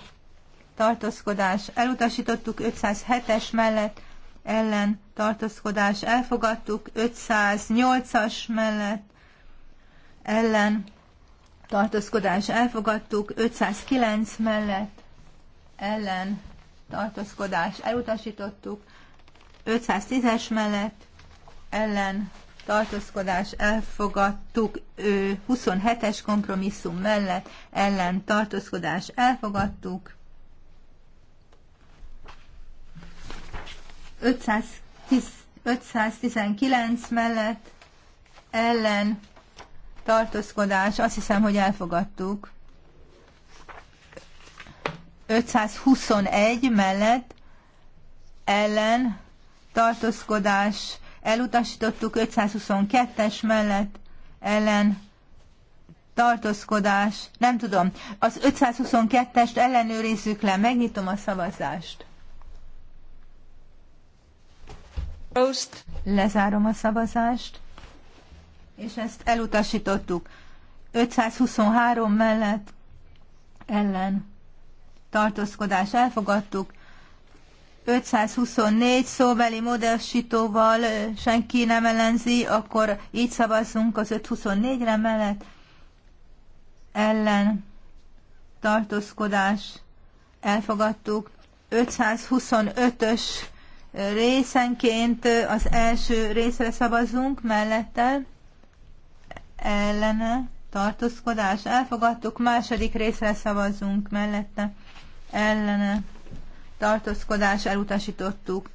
tartózkodás elutasítottuk, 507-es mellett, ellen, tartózkodás elfogadtuk, 508-as mellett ellen tartózkodás elfogadtuk, 509 mellett ellen tartózkodás elutasítottuk, 510-es mellett ellen tartózkodás elfogadtuk, 27-es kompromisszum mellett ellen tartózkodás elfogadtuk, 500 519 mellett ellen tartózkodás, azt hiszem, hogy elfogadtuk. 521 mellett ellen tartózkodás, elutasítottuk 522-es mellett ellen tartózkodás, nem tudom, az 522-est ellenőrizzük le, megnyitom a szavazást. Lezárom a szavazást, és ezt elutasítottuk. 523 mellett ellen tartózkodás elfogadtuk. 524 szóbeli módosítóval senki nem ellenzi, akkor így szavazzunk az 524-re mellett ellen tartózkodás elfogadtuk. 525-ös Részenként az első részre szavazunk, mellette ellene tartózkodás. Elfogadtuk, második részre szavazunk, mellette ellene tartózkodás. Elutasítottuk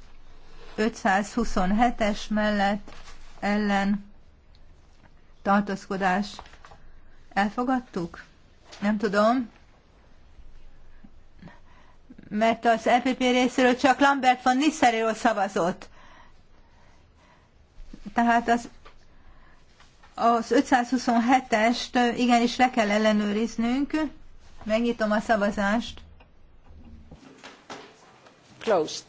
527-es mellett ellen tartózkodás. Elfogadtuk? Nem tudom mert az EPP részéről csak Lambert von Nisseréről szavazott. Tehát az, az 527-est igenis le kell ellenőriznünk. Megnyitom a szavazást. Closed.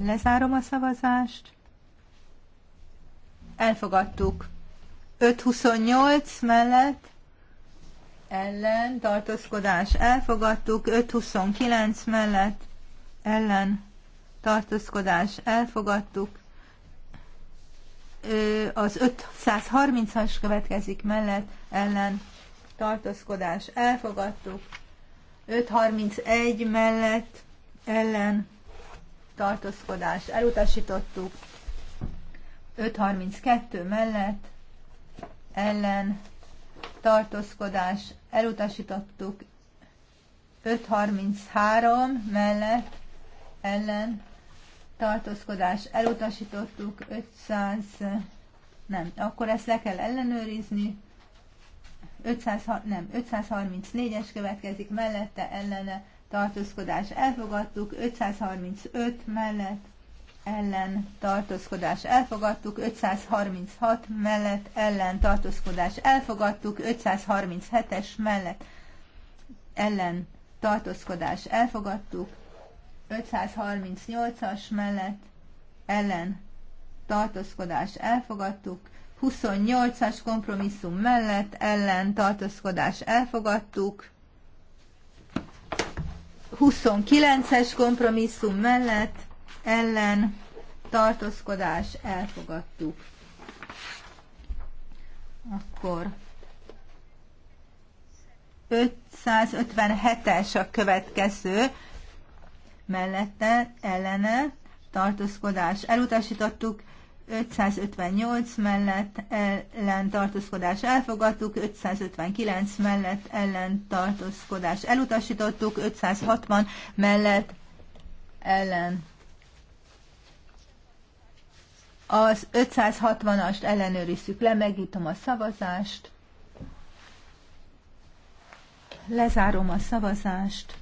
Lezárom a szavazást. Elfogadtuk. 528 mellett ellen tartózkodás elfogadtuk, 529 mellett ellen tartózkodás elfogadtuk, az 530-as következik mellett ellen tartózkodás elfogadtuk, 531 mellett ellen tartózkodás elutasítottuk, 532 mellett ellen tartózkodás elutasítottuk 533 mellett ellen tartózkodás elutasítottuk 500 nem, akkor ezt le kell ellenőrizni 500, nem, 534-es következik mellette ellene tartózkodás elfogadtuk 535 mellett ellen tartózkodás elfogadtuk, 536 mellett ellen tartózkodás elfogadtuk, 537-es mellett ellen tartózkodás elfogadtuk, 538-as mellett ellen tartózkodás elfogadtuk, 28-as kompromisszum mellett ellen tartózkodás elfogadtuk, 29-es kompromisszum mellett ellen tartózkodás elfogadtuk. Akkor 557-es a következő, mellette ellene tartózkodás elutasítottuk, 558 mellett ellen tartózkodás elfogadtuk, 559 mellett ellen tartózkodás elutasítottuk, 560 mellett ellen az 560-ast ellenőrizzük le, megítom a szavazást. Lezárom a szavazást.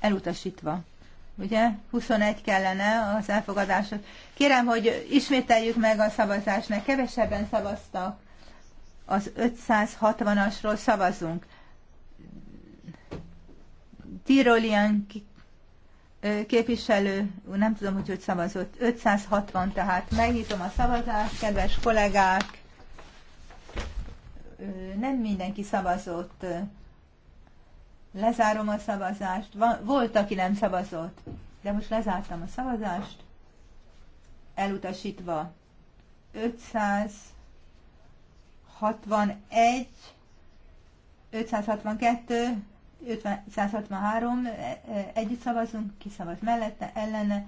Elutasítva. Ugye? 21 kellene az elfogadáshoz. Kérem, hogy ismételjük meg a szavazást, mert kevesebben szavaztak. Az 560-asról szavazunk. Tirolian képviselő, nem tudom, hogy hogy szavazott, 560, tehát megnyitom a szavazást, kedves kollégák, nem mindenki szavazott, lezárom a szavazást, volt, aki nem szavazott, de most lezártam a szavazást, elutasítva 561, 562, 163, együtt szavazunk, szavaz mellette, ellene,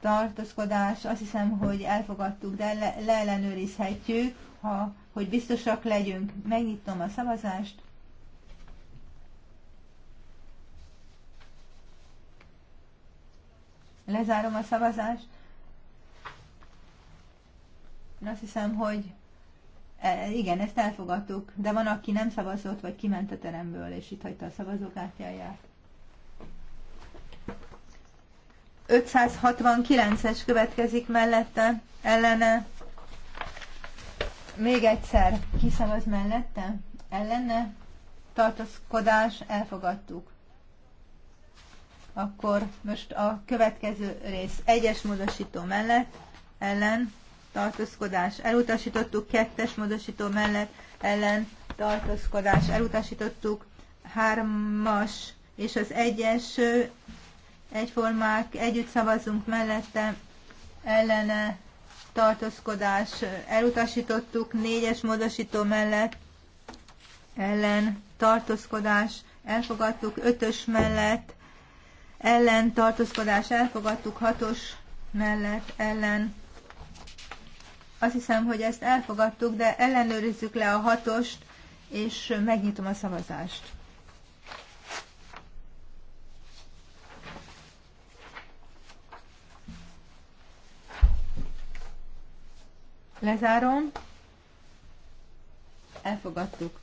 tartózkodás, azt hiszem, hogy elfogadtuk, de le, leellenőrizhetjük, ha, hogy biztosak legyünk. Megnyitom a szavazást. Lezárom a szavazást. azt hiszem, hogy E, igen, ezt elfogadtuk, de van, aki nem szavazott, vagy kiment a teremből, és itt hagyta a szavazókártyáját. 569-es következik mellette, ellene. Még egyszer, kiszavaz mellette, ellene. Tartozkodás, elfogadtuk. Akkor most a következő rész. Egyes módosító mellett, ellen tartózkodás elutasítottuk, kettes módosító mellett ellen tartózkodás elutasítottuk, hármas és az egyes egyformák együtt szavazunk mellette ellene tartózkodás elutasítottuk, négyes módosító mellett ellen tartózkodás elfogadtuk, ötös mellett ellen tartózkodás elfogadtuk, hatos mellett ellen azt hiszem, hogy ezt elfogadtuk, de ellenőrizzük le a hatost, és megnyitom a szavazást. Lezárom. Elfogadtuk.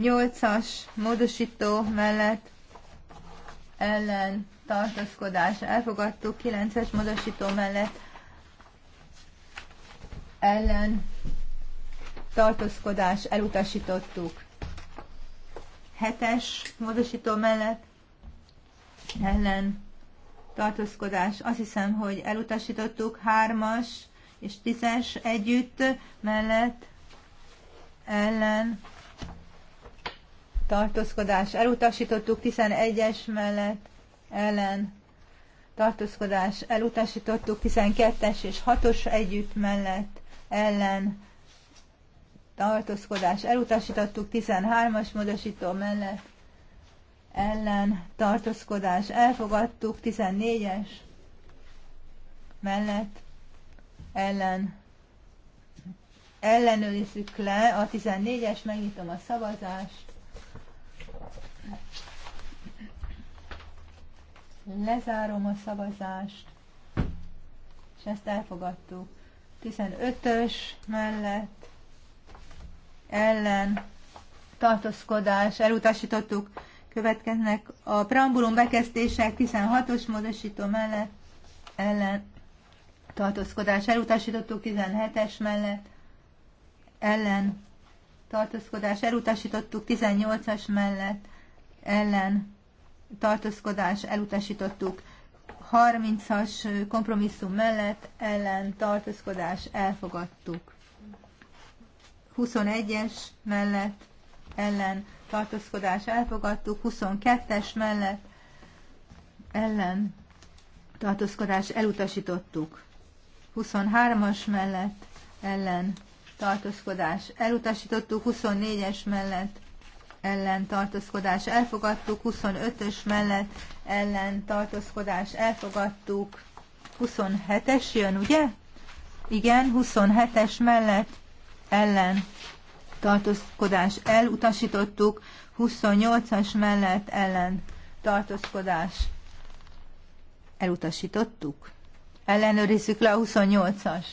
8-as módosító mellett ellen tartózkodás. Elfogadtuk 9-es módosító mellett ellen tartózkodás elutasítottuk. Hetes módosító mellett ellen tartózkodás. Azt hiszem, hogy elutasítottuk hármas és tízes együtt mellett ellen tartózkodás. Elutasítottuk 11-es mellett ellen tartózkodás. Elutasítottuk 12-es és 6-os együtt mellett ellen tartózkodás elutasítottuk, 13-as módosító mellett ellen tartózkodás elfogadtuk, 14-es mellett ellen ellenőrizzük le a 14-es, megnyitom a szavazást. Lezárom a szavazást, és ezt elfogadtuk. 15-ös mellett ellen tartózkodás elutasítottuk. Következnek a preambulum bekezdések 16-os módosító mellett ellen tartózkodás elutasítottuk 17-es mellett ellen tartózkodás elutasítottuk 18-as mellett ellen tartózkodás elutasítottuk 30-as kompromisszum mellett ellen tartózkodás elfogadtuk. 21-es mellett ellen tartózkodás elfogadtuk, 22-es mellett ellen tartózkodás elutasítottuk. 23-as mellett ellen tartózkodás elutasítottuk, 24-es mellett ellen tartózkodás elfogadtuk, 25-ös mellett ellen tartózkodás elfogadtuk, 27-es jön, ugye? Igen, 27-es mellett ellen tartózkodás elutasítottuk, 28-as mellett ellen tartózkodás elutasítottuk. Ellenőrizzük le a 28-ast.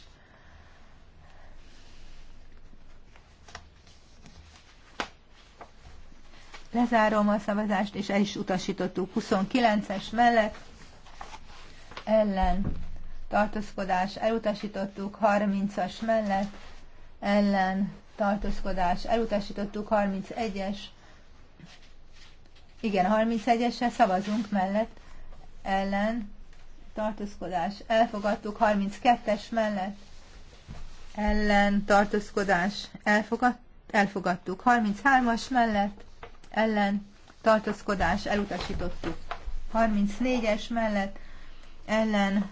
Lezárom a szavazást, és el is utasítottuk 29-es mellett ellen tartózkodás elutasítottuk, 30-as mellett ellen tartózkodás elutasítottuk, 31-es igen, 31-esre szavazunk mellett ellen tartózkodás elfogadtuk, 32-es mellett ellen tartózkodás elfogad, elfogadtuk, 33-as mellett ellen tartózkodás elutasítottuk. 34-es mellett ellen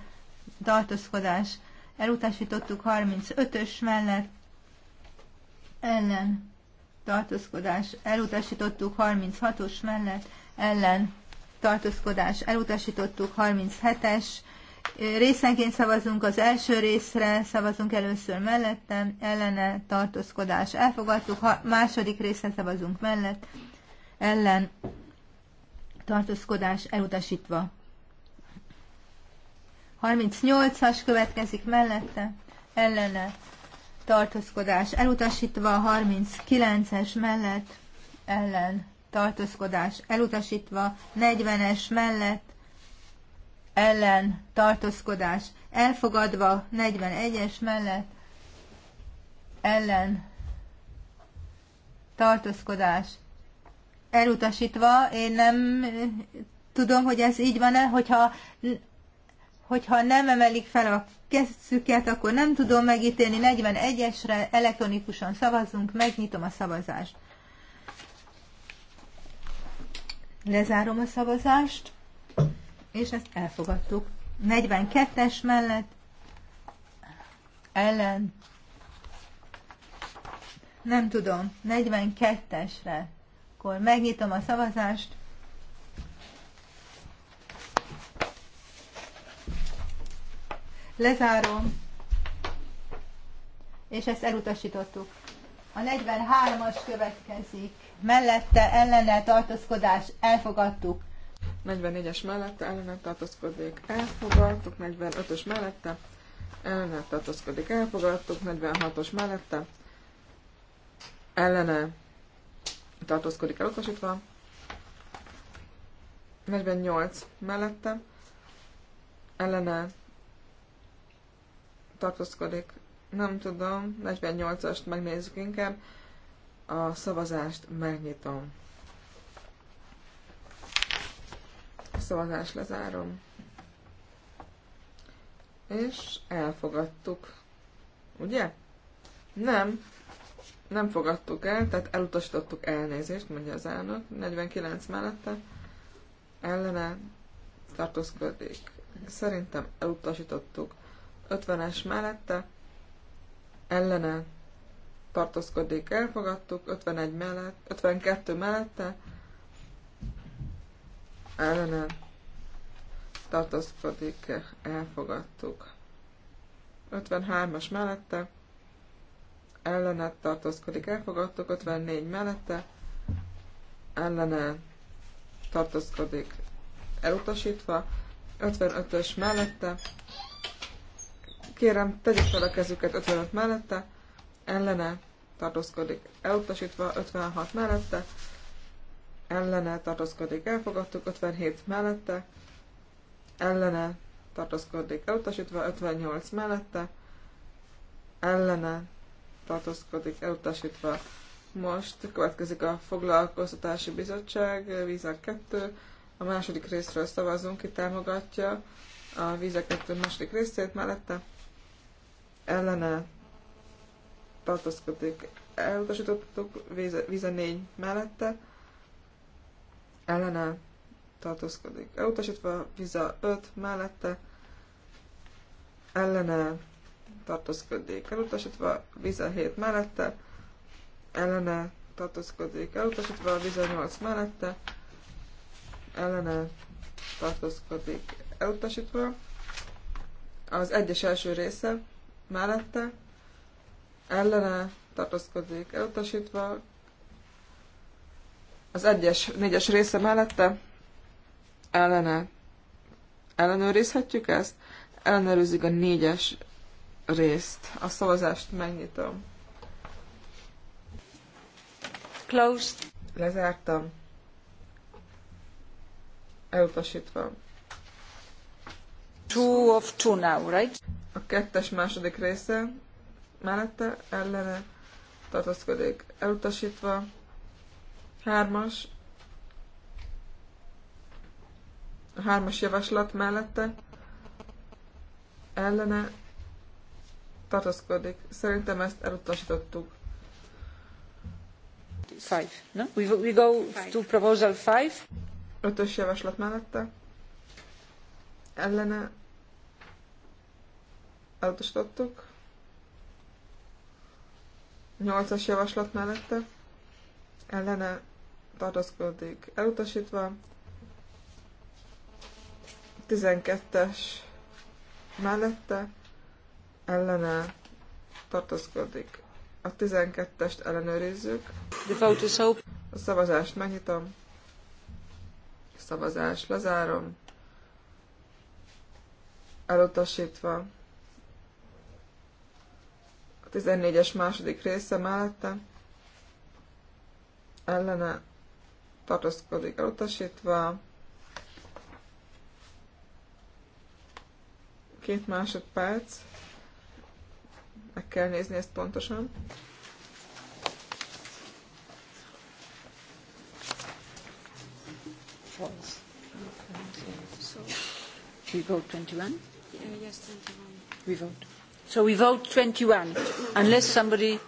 tartózkodás elutasítottuk. 35-ös mellett ellen tartózkodás elutasítottuk. 36-os mellett ellen tartózkodás elutasítottuk. 37-es Részenként szavazunk az első részre, szavazunk először mellettem, ellene tartózkodás elfogadtuk, ha második részre szavazunk mellett, ellen tartózkodás elutasítva. 38-as következik mellette, ellene tartózkodás elutasítva, 39-es mellett ellen tartózkodás elutasítva, 40-es mellett ellen tartózkodás elfogadva, 41-es mellett ellen tartózkodás elutasítva, én nem tudom, hogy ez így van-e, hogyha, hogyha nem emelik fel a kezüket, akkor nem tudom megítélni. 41-esre elektronikusan szavazunk, megnyitom a szavazást. Lezárom a szavazást, és ezt elfogadtuk. 42-es mellett ellen nem tudom, 42-esre akkor megnyitom a szavazást. Lezárom. És ezt elutasítottuk. A 43-as következik. Mellette ellene tartózkodás elfogadtuk. 44-es mellette ellene tartózkodik, elfogadtuk, 45-ös mellette ellene tartózkodik, elfogadtuk, 46-os mellette ellene tartózkodik elutasítva. 8 mellette ellene tartózkodik, nem tudom, 48-ast megnézzük inkább, a szavazást megnyitom. A szavazást lezárom. És elfogadtuk. Ugye? Nem, nem fogadtuk el, tehát elutasítottuk elnézést, mondja az elnök, 49 mellette ellene tartózkodik. Szerintem elutasítottuk 50-es mellette ellene tartózkodik, elfogadtuk, 51 mellett, 52 mellette ellene tartózkodik, elfogadtuk. 53-as mellette ellene tartózkodik, elfogadtuk, 54 mellette ellene tartózkodik, elutasítva, 55-ös mellette, kérem, tegyük fel a kezüket 55 mellette, ellene tartózkodik, elutasítva, 56 mellette, ellene tartózkodik, elfogadtuk, 57 mellette, ellene tartózkodik, elutasítva, 58 mellette, ellene tartózkodik elutasítva. Most következik a Foglalkoztatási Bizottság, Víza 2. A második részről szavazunk, ki támogatja a Víza 2 második részét mellette. Ellene tartózkodik elutasítottuk, Víza 4 mellette. Ellene tartózkodik elutasítva, Víza 5 mellette. Ellene tartózkodik elutasítva, vize 7 mellette, ellene tartózkodik elutasítva, vize 8 mellette, ellene tartózkodik elutasítva, az egyes első része mellette, ellene tartózkodik elutasítva, az egyes, négyes része mellette ellene ellenőrizhetjük ezt, ellenőrizik a négyes részt. A szavazást megnyitom. Closed. Lezártam. Elutasítva. Two of two now, right? A kettes második része mellette ellene tartózkodik. Elutasítva. Hármas. A hármas javaslat mellette ellene tartózkodik. Szerintem ezt elutasítottuk. Five. No? We, we go five. to proposal five. Ötös javaslat mellette. Ellene elutasítottuk. Nyolcas javaslat mellette. Ellene tartózkodik elutasítva. 12-es mellette ellene tartozkodik. A 12-est ellenőrizzük. The vote is open. A szavazást megnyitom. A szavazást lezárom. Elutasítva. A 14-es második része mellette ellene tartozkodik. elutasítva. Két másodperc. Meg kell nézni ezt pontosan. False. So we vote 21? Yeah, yes, 21. We vote. So we vote 21, unless somebody...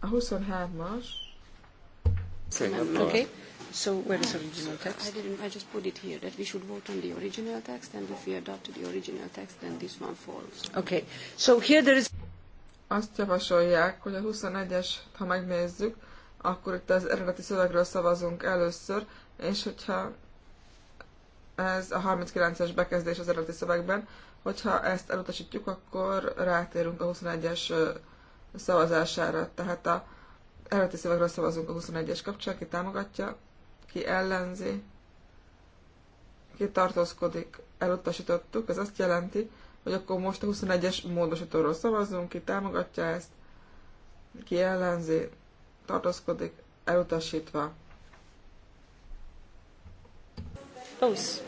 A 23-as. Okay. okay. So where is the original text? I didn't. I just put it here that we should vote on the original text, and if we adopt the original text, then this one falls. Okay. So here there is. Azt javasolják, hogy a 21-es, ha megnézzük, akkor itt az eredeti szövegről szavazunk először, és hogyha ez a 39-es bekezdés az eredeti szövegben, hogyha ezt elutasítjuk, akkor rátérünk a 21-es szavazására. Tehát a eredeti szövegről szavazunk a 21-es kapcsán, aki támogatja, ki ellenzi, ki tartózkodik, elutasítottuk. Ez azt jelenti, hogy akkor most a 21-es módosítóról szavazzunk, ki támogatja ezt, ki ellenzi, tartózkodik, elutasítva. Both.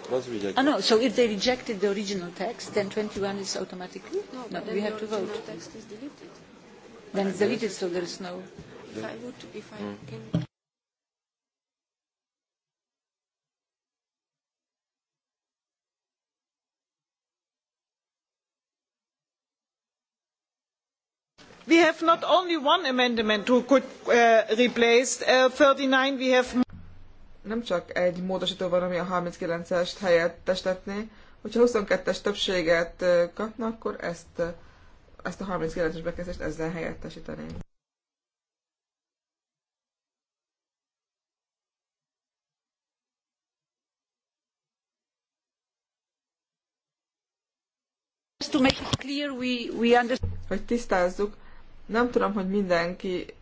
Ah, no, so if they rejected the original text, then 21 is automatically? No, no we have to vote. text is deleted. Then it's deleted, so there is no... If I would, if I mm. can... we have not only one amendment who could uh, replace uh, 39, we have nem csak egy módosító van, ami a 39-est helyettestetné, hogyha 22-es többséget uh, kapna, akkor ezt, uh, ezt a 39-es bekezdést ezzel helyettesíteném. Hogy tisztázzuk, nem tudom, hogy mindenki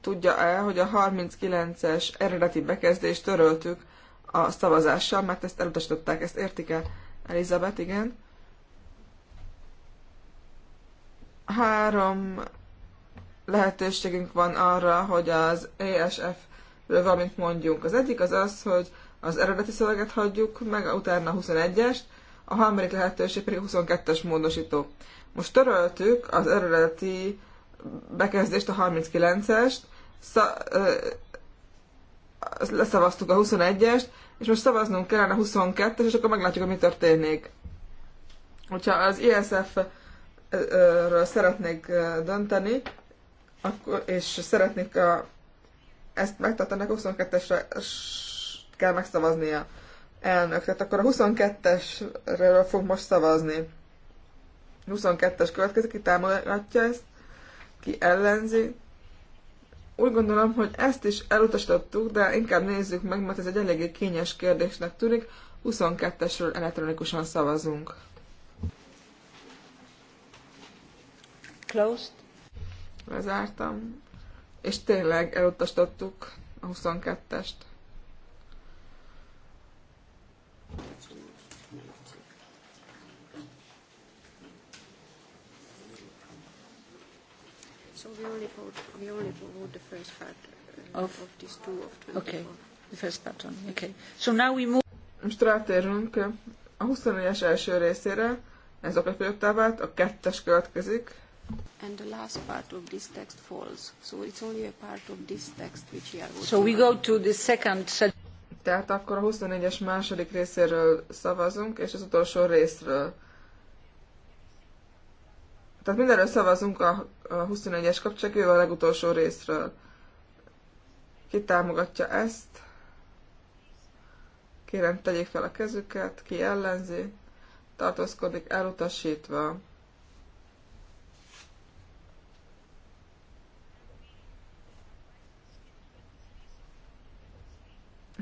tudja-e, hogy a 39-es eredeti bekezdést töröltük a szavazással, mert ezt elutasították, ezt értik-e? Elizabeth, igen. Három lehetőségünk van arra, hogy az ESF-ről valamit mondjunk. Az egyik az az, hogy az eredeti szöveget hagyjuk, meg utána 21-est, a harmadik lehetőség pedig 22-es módosító. Most töröltük az eredeti bekezdést, a 39-est, leszavaztuk a 21-est, és most szavaznunk kellene a 22-es, és akkor meglátjuk, hogy mi történik. Hogyha az ISF-ről szeretnék dönteni, akkor, és szeretnék a, ezt megtartani, a 22-esre kell megszavaznia elnök. Tehát akkor a 22-esről fog most szavazni. 22-es következő, ki támogatja ezt, ki ellenzi. Úgy gondolom, hogy ezt is elutasítottuk, de inkább nézzük meg, mert ez egy eléggé kényes kérdésnek tűnik. 22-esről elektronikusan szavazunk. Closed. Lezártam. És tényleg elutasítottuk a 22-est. we only vote, we only vote the first part uh, of, of these two of 24. Okay, the first part on. Okay. So now we move... Most rátérünk a 24-es első részére, ez a kapjogtá a kettes következik. And the last part of this text falls, so it's only a part of this text which we are voting. So we go to the second... Tehát akkor a 24-es második részéről szavazunk, és az utolsó részről tehát mindenről szavazunk a, a 21-es kapcsolóval a legutolsó részről. Ki támogatja ezt? Kérem, tegyék fel a kezüket, ki ellenzi, tartózkodik elutasítva.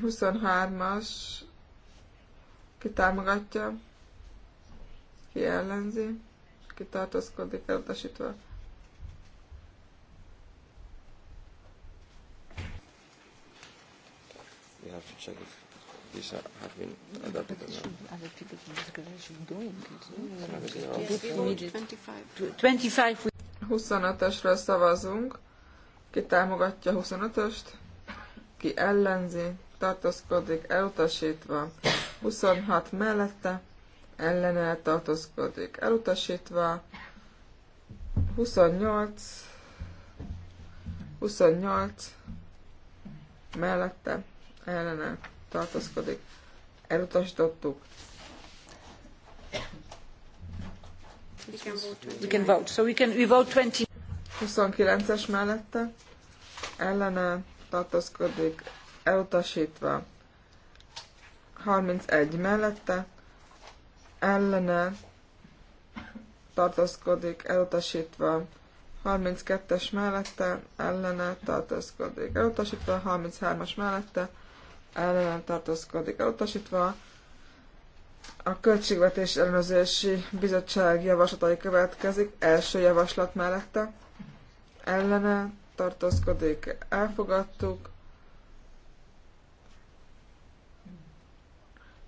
Huszonhármas, ki támogatja, ki ellenzi ki tartózkodik elutasítva. We have to check if these are, have been adopted or not. Other people from this generation going. Yes, 25-ösről szavazunk. Ki támogatja 25-öst? Ki ellenzi? Tartózkodik elutasítva. 26 mellette ellene tartózkodik elutasítva, 28, 28 mellette ellene tartózkodik, elutasítottuk. We can vote. So we can we vote 20. 29-es mellette ellene tartózkodik, elutasítva. 31 mellette ellene tartózkodik, elutasítva 32-es mellette, ellene tartózkodik, elutasítva 33-as mellette, ellene tartózkodik, elutasítva a Költségvetés Ellenőrzési Bizottság javaslatai következik, első javaslat mellette, ellene tartózkodik, elfogadtuk,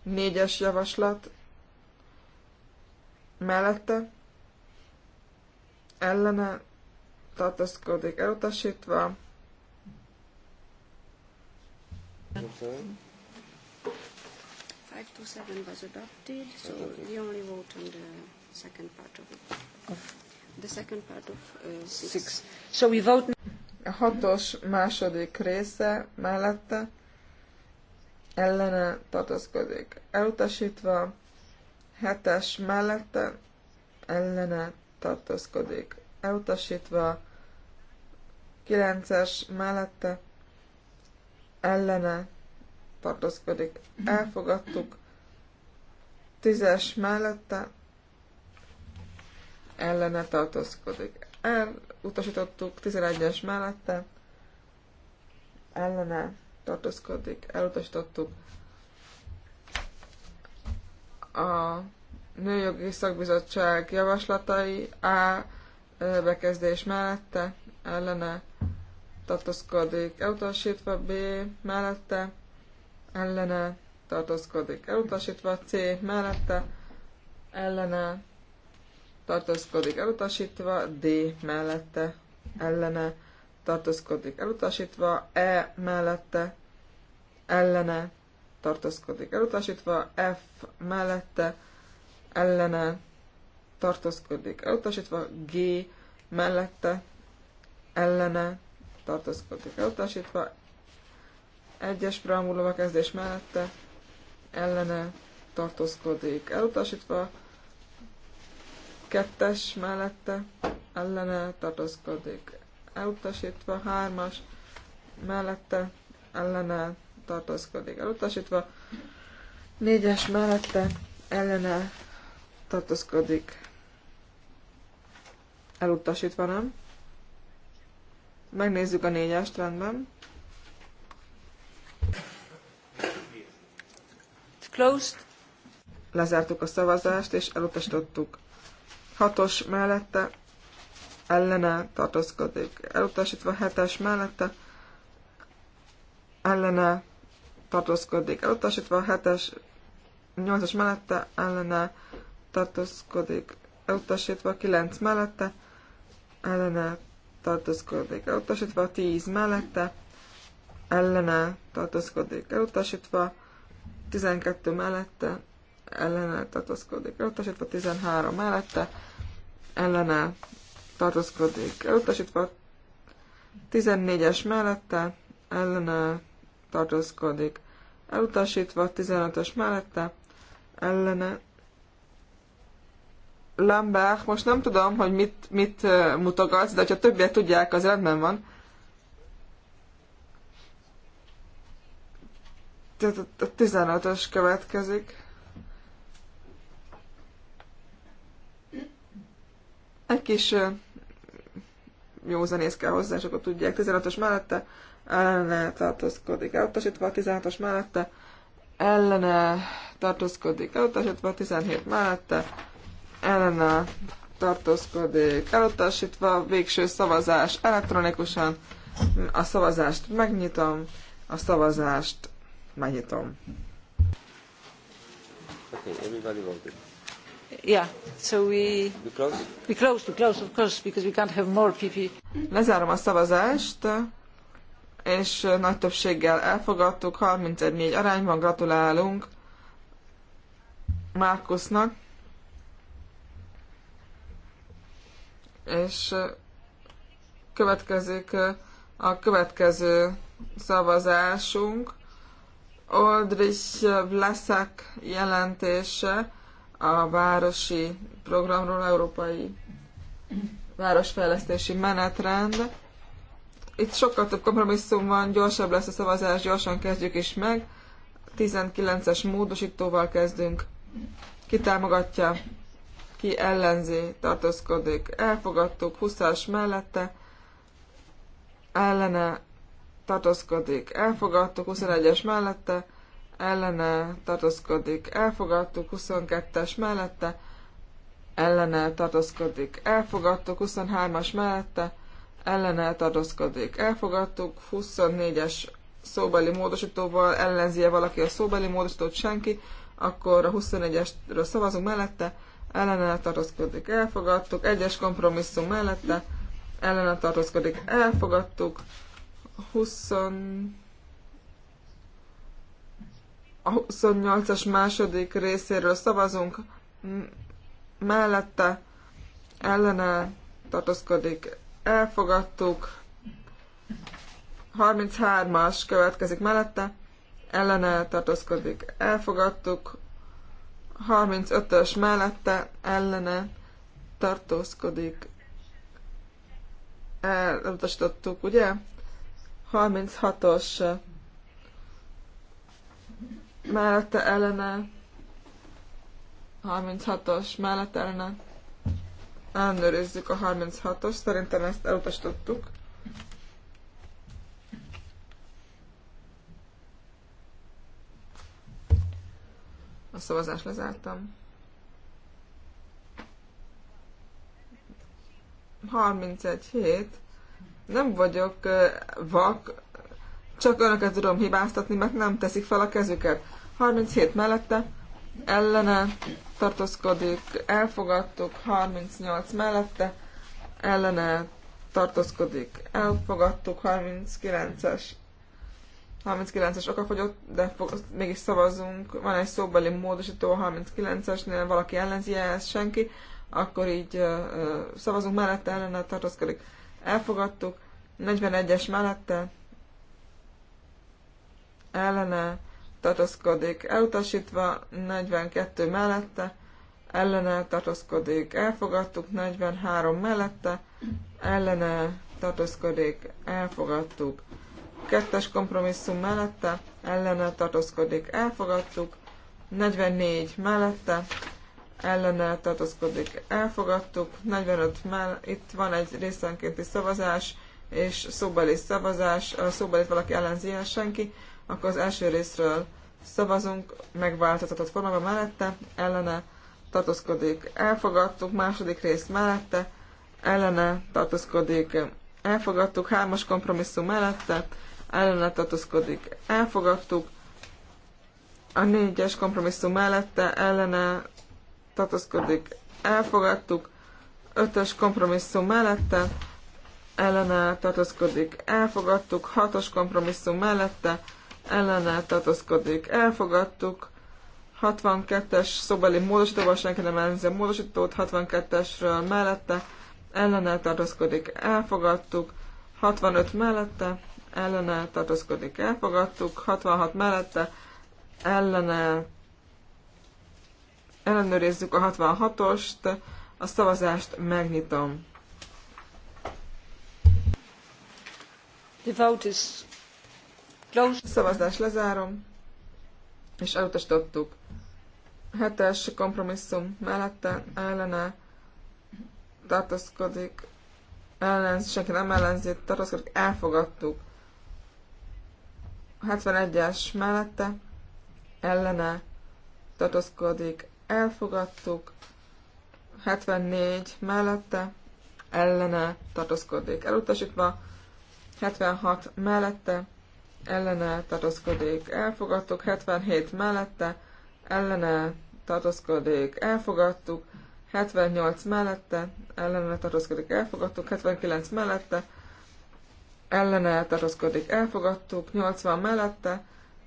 négyes javaslat mellette ellene tartaszkodik elutasítva. Five to seven was adopted, so only vote on the second part of it. The second part of uh, six. So we vote. A hatos második része mellette ellene tartózkodik elutasítva hetes mellette ellene tartózkodik. Elutasítva 9-es mellette ellene tartózkodik. Elfogadtuk 10-es mellette ellene tartózkodik. Elutasítottuk 11-es mellette ellene tartózkodik. Elutasítottuk a Nőjogi Szakbizottság javaslatai A bekezdés mellette, ellene tartózkodik, elutasítva B mellette, ellene tartózkodik, elutasítva C mellette, ellene tartózkodik, elutasítva D mellette, ellene tartózkodik, elutasítva E mellette, ellene tartózkodik elutasítva, F mellette ellene tartózkodik elutasítva, G mellette ellene tartózkodik elutasítva, egyes preambulum kezdés mellette ellene tartózkodik elutasítva, kettes mellette ellene tartózkodik elutasítva, hármas mellette ellene tartózkodik elutasítva, négyes mellette ellene tartózkodik elutasítva, nem? Megnézzük a négyest rendben. Closed. Lezártuk a szavazást, és elutasítottuk. Hatos mellette ellene tartózkodik. Elutasítva hetes mellette ellene tartózkodik. Elutasítva a 7-es, 8-as mellette ellene tartózkodik. Elutasítva a 9 mellette ellene tartózkodik. Elutasítva a 10 mellette ellene tartózkodik. Elutasítva 12 mellette ellene tartózkodik. Elutasítva 13 mellette ellene tartózkodik. Elutasítva 14-es mellette ellene tartózkodik. Elutasítva 15-ös mellette ellene. Lambert, most nem tudom, hogy mit, mit mutogatsz, de ha többiek tudják, az rendben van. Tehát a 15-ös következik. Egy kis zenész kell hozzá, és akkor tudják. 16-os mellette ellene tartózkodik elutasítva, a 16-os mellette ellene tartózkodik elutasítva, a 17 mellette ellene tartózkodik elutasítva, végső szavazás elektronikusan, a szavazást megnyitom, a szavazást megnyitom. Okay, everybody voted. Yeah, so we we close we close we close of course because we can't have more PP. Lezárom a szavazást és nagy többséggel elfogadtuk, 31-4 arányban gratulálunk Márkusznak, és következik a következő szavazásunk, Oldrich Vlaszak jelentése a városi programról, európai városfejlesztési menetrend. Itt sokkal több kompromisszum van, gyorsabb lesz a szavazás, gyorsan kezdjük is meg. 19-es módosítóval kezdünk. Ki támogatja? Ki ellenzi? Tartózkodik. Elfogadtuk. 20-as mellette. Ellene tartózkodik. Elfogadtuk. 21-es mellette. Ellene tartózkodik. Elfogadtuk. 22-es mellette. Ellene tartózkodik. Elfogadtuk. 23-as mellette ellene tartózkodik. Elfogadtuk 24-es szóbeli módosítóval, ellenzi-e valaki a szóbeli módosítót senki, akkor a 24-esről szavazunk mellette, ellene tartózkodik. Elfogadtuk, egyes kompromisszum mellette, ellene tartózkodik. Elfogadtuk, 20 a 28-as második részéről szavazunk, mellette ellene tartózkodik, elfogadtuk. 33-as következik mellette, ellene tartózkodik, elfogadtuk. 35-ös mellette, ellene tartózkodik, elutasítottuk, ugye? 36-os mellette ellene 36-os mellette ellene ellenőrizzük a 36-os, szerintem ezt elutasítottuk. A szavazást lezártam. 31 hét. Nem vagyok vak, csak önöket tudom hibáztatni, mert nem teszik fel a kezüket. 37 mellette ellene tartózkodik, elfogadtuk, 38 mellette, ellene tartózkodik, elfogadtuk, 39-es 39-es okafogyott, de fog, mégis szavazunk. Van egy szóbeli módosító a 39-esnél, valaki ellenzi ezt, senki, akkor így uh, szavazunk mellette, ellene tartózkodik. Elfogadtuk. 41-es mellette, ellene tartózkodik elutasítva, 42 mellette, ellene tartózkodik elfogadtuk, 43 mellette, ellene tartózkodik elfogadtuk, kettes kompromisszum mellette, ellene tartózkodik elfogadtuk, 44 mellette, ellene tartózkodik elfogadtuk, 45 mell itt van egy részenkénti szavazás, és szóbeli szavazás, a szóbelit valaki ellenzi el senki, akkor az első részről szavazunk, megváltoztatott formában mellette, ellene tartózkodik, elfogadtuk, második rész mellette, ellene tartózkodik, elfogadtuk, hármas kompromisszum mellette, ellene tartózkodik, elfogadtuk, a négyes kompromisszum mellette, ellene tartózkodik, elfogadtuk, ötös kompromisszum mellette, ellene tartózkodik, elfogadtuk, hatos kompromisszum mellette, ellene tartózkodik. Elfogadtuk 62-es szobeli módosítóval, senki nem ellenzi a módosítót, 62-esről mellette ellene tartózkodik. Elfogadtuk 65 mellette ellene tartózkodik. Elfogadtuk 66 mellette ellene ellenőrizzük a 66-ost, a szavazást megnyitom. The vote is Close. Szavazás lezárom, és elutasítottuk. Hetes kompromisszum mellette ellene tartozkodik, ellenz, senki nem ellenzi, tartozkodik, elfogadtuk. 71-es mellette ellene tartozkodik, elfogadtuk. 74 mellette ellene tartozkodik, elutasítva. 76 mellette ellene tartózkodik, elfogadtuk, 77 mellette, ellene tartózkodik, elfogadtuk, 78 mellette, ellene tartózkodik, elfogadtuk, 79 mellette, ellene tartózkodik, elfogadtuk, 80 mellette,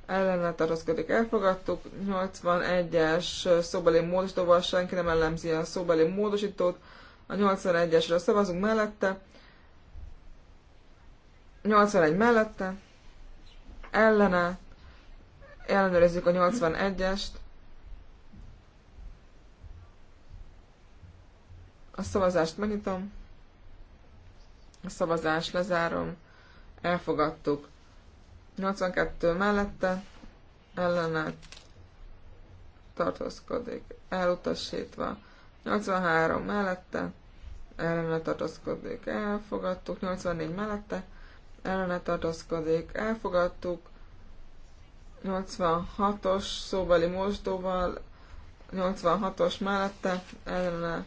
ellene tartózkodik, elfogadtuk, 81-es szóbeli módosítóval senki nem ellenzi a szóbeli módosítót, a 81-esre szavazunk mellette, 81 mellette, ellene, ellenőrizzük a 81-est, a szavazást megnyitom, a szavazást lezárom, elfogadtuk. 82 mellette, ellene tartózkodik, elutasítva. 83 mellette, ellene tartózkodik, elfogadtuk. 84 mellette, ellene tartozkodik. Elfogadtuk 86-os szóbeli mosdóval, 86-os mellette ellene,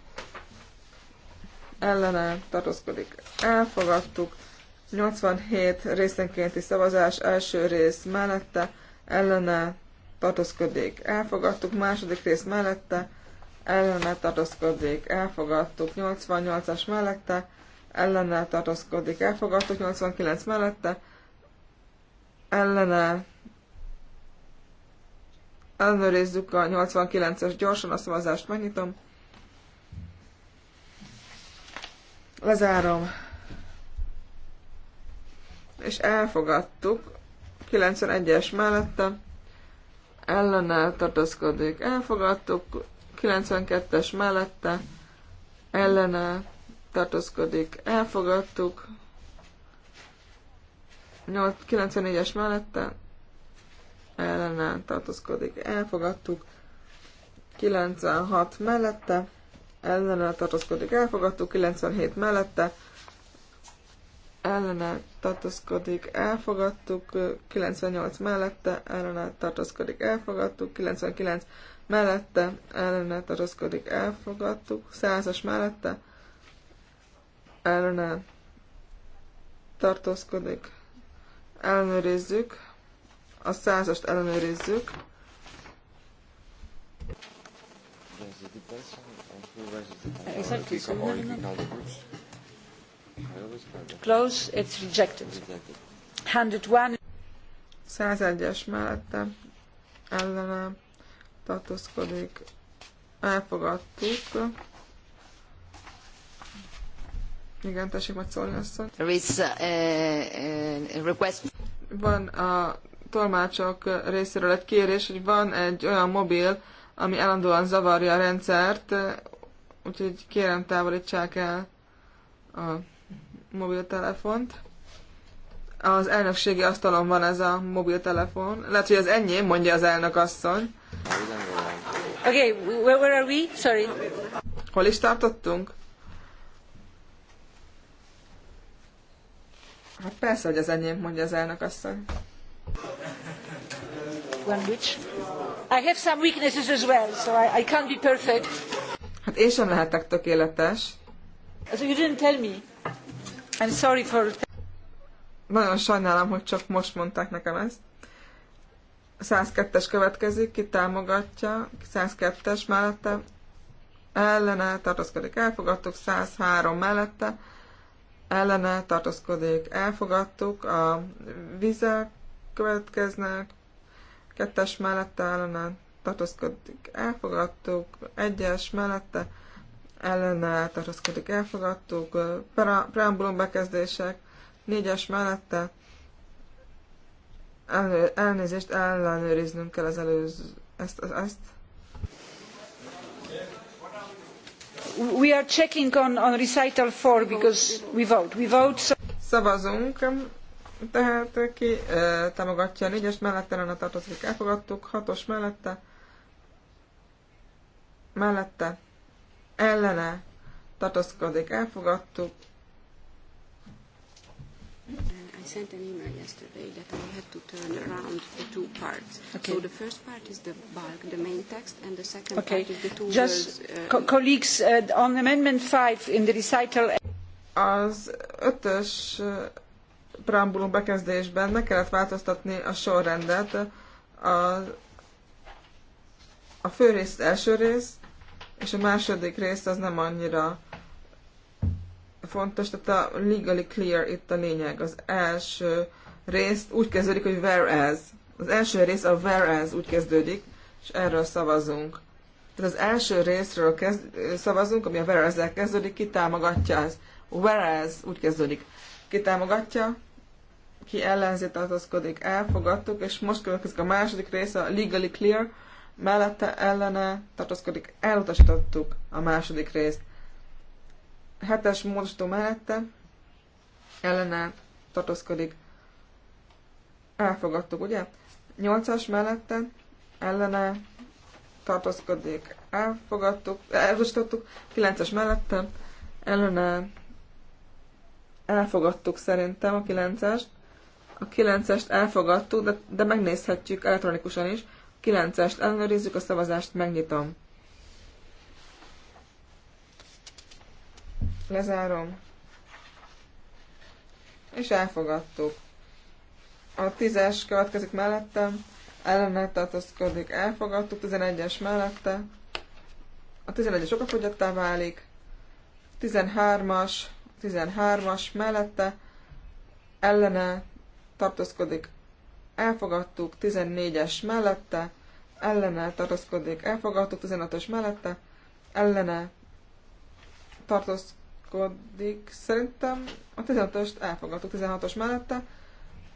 ellene tartozkodik. Elfogadtuk 87 részenkénti szavazás első rész mellette ellene tartozkodik. Elfogadtuk második rész mellette ellene tartozkodik. Elfogadtuk 88-as mellette ellene tartozkodik. elfogadtuk, 89 mellette, ellene ellenőrizzük a 89-es gyorsan, a szavazást megnyitom. Lezárom. És elfogadtuk. 91-es mellette. Ellene tartozkodik. Elfogadtuk. 92-es mellette. Ellene tartózkodik, elfogadtuk. 94-es mellette ellene tartózkodik, elfogadtuk. 96 mellette ellene tartózkodik, elfogadtuk. 97 mellette ellene tartózkodik, elfogadtuk, 98 mellette ellene tartózkodik, elfogadtuk, 99 mellette ellene tartózkodik, elfogadtuk, 100-as mellette ellene tartózkodik. Ellenőrizzük. A százast ellenőrizzük. Close, it's rejected. 101. 101-es mellette ellene tartózkodik. Elfogadtuk. Igen, tessék majd szólni uh, uh, Van a tolmácsok részéről egy kérés, hogy van egy olyan mobil, ami állandóan zavarja a rendszert, úgyhogy kérem távolítsák el a mobiltelefont. Az elnökségi asztalon van ez a mobiltelefon. Lehet, hogy ez enyém, mondja az elnök asszony. Okay, where, where are we? Sorry. Hol is tartottunk? Hát persze, hogy az enyém, mondja az elnök asszony. One which? I have some weaknesses as well, so I, I can't be perfect. Hát én sem lehetek tökéletes. So you didn't tell me. I'm sorry for... Nagyon sajnálom, hogy csak most mondták nekem ezt. 102-es következik, ki támogatja, 102-es mellette, ellene tartozkodik, elfogadtuk, 103 mellette, ellene tartózkodik, elfogadtuk, a vizek következnek, kettes mellette ellene tartózkodik, elfogadtuk, egyes mellette ellene tartózkodik, elfogadtuk, preambulum bekezdések, négyes mellette elnézést ellenőriznünk kell az előző, ezt, ezt, ezt we are checking on, on recital 4 because we vote. We vote so... Szavazunk, tehát ki e, támogatja a négyes mellette, ellene tartozik, elfogadtuk, hatos mellette, mellette, ellene tartozkodik, elfogadtuk sent an email yesterday that I had to turn around the two parts. Okay. So the first part is the bulk, the main text, and the second okay. part is the two Just words. Uh, co colleagues, uh, on Amendment 5 in the recital... Az ötös uh, preambulum bekezdésben meg kellett változtatni a sorrendet. A, a fő rész első rész, és a második rész az nem annyira fontos, tehát a legally clear itt a lényeg. Az első részt úgy kezdődik, hogy whereas. Az első rész a whereas úgy kezdődik, és erről szavazunk. Tehát az első részről kezd, szavazunk, ami a whereas-el kezdődik, ki támogatja az. Whereas úgy kezdődik. Ki támogatja, ki ellenzi tartozkodik, elfogadtuk, és most következik a második része, a legally clear, mellette ellene tartozkodik, elutasítottuk a második részt hetes módosító mellette ellene tartózkodik. Elfogadtuk, ugye? Nyolcas mellette ellene tartózkodik. Elfogadtuk, elutasítottuk. Kilences mellette ellene elfogadtuk szerintem a kilencest. A kilencest elfogadtuk, de, de megnézhetjük elektronikusan is. Kilencest ellenőrizzük, a szavazást megnyitom. Lezárom. És elfogadtuk. A tízes következik mellettem, ellene tartozkodik, elfogadtuk, 11-es mellette. A 11-es okafogyattá válik. 13-as, 13-as mellette, ellene tartozkodik, elfogadtuk, 14-es mellette, ellene tartozkodik, elfogadtuk, 16 mellette, ellene tartozkodik, tartózkodik. Szerintem a 16-ost elfogadtuk, 16-os mellette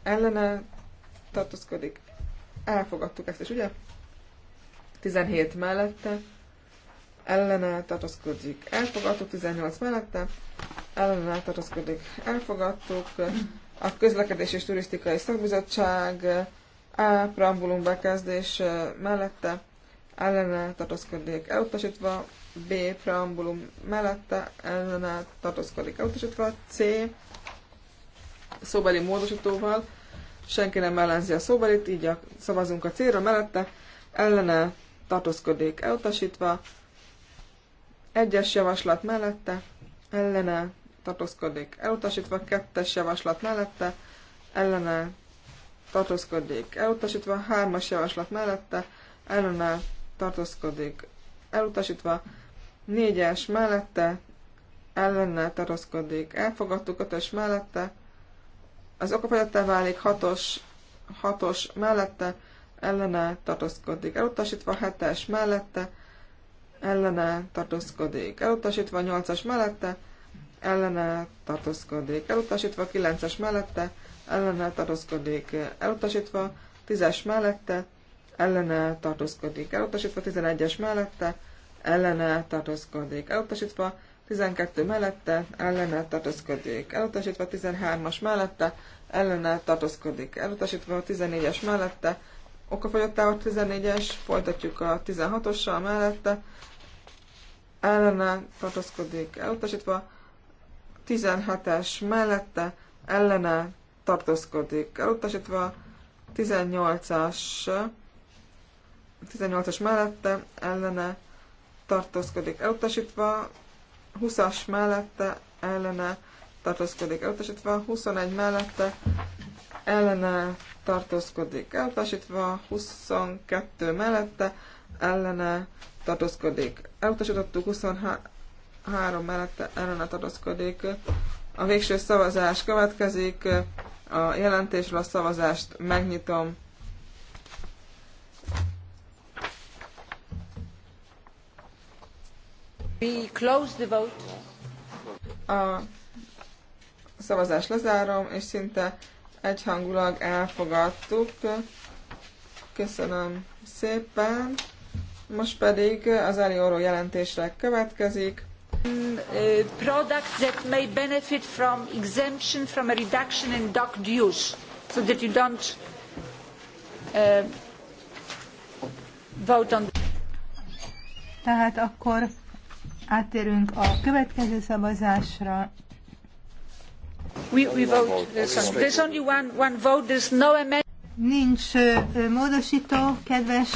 ellene tartózkodik. Elfogadtuk ezt is, ugye? 17 mellette ellene tartózkodik. Elfogadtuk, 18 mellette ellene tartózkodik. Elfogadtuk. A közlekedés és turisztikai szakbizottság A preambulum bekezdés mellette ellene tartózkodik. Elutasítva B preambulum mellette ellene tartózkodik elutasítva, C szóbeli módosítóval, senki nem ellenzi a szóbelit, így a, szavazunk a célra mellette, ellene tartózkodik elutasítva, egyes javaslat mellette, ellene tartózkodik elutasítva, kettes javaslat mellette, ellene tartózkodik elutasítva, hármas javaslat mellette, ellene tartózkodik elutasítva, négyes mellette ellennel taroszkodik. Elfogadtuk ötös mellette, az okafogyottá válik hatos, hatos mellette ellene tartózkodik. Elutasítva hetes mellette ellene tartózkodik. Elutasítva nyolcas mellette ellene tartózkodik. Elutasítva kilences mellette ellene tartózkodik. Elutasítva tízes mellette ellene tartózkodik. Elutasítva tizenegyes mellette ellene tartózkodik elutasítva, 12 mellette ellene tartózkodik elutasítva, 13-as mellette ellene tartózkodik elutasítva, 14-es mellette okafogyottával 14-es, folytatjuk a 16-ossal mellette, ellene tartózkodik elutasítva, 17-es mellette ellene tartózkodik elutasítva, 18-as 18-as mellette ellene tartózkodik elutasítva, 20-as mellette ellene tartózkodik elutasítva, 21 mellette ellene tartózkodik elutasítva, 22 mellette ellene tartózkodik. Elutasítottuk 23 mellette ellene tartózkodik. A végső szavazás következik. A jelentésről a szavazást megnyitom. A szavazást lezárom, és szinte egyhangulag elfogadtuk. Köszönöm szépen. Most pedig az Elioró jelentésre következik. Products that may benefit from exemption from a reduction in dock dues, so that you don't uh, vote on. Tehát akkor Átérünk a következő szavazásra. We, we vote. There's only one, one vote. There's no amendment. Nincs módosító, kedves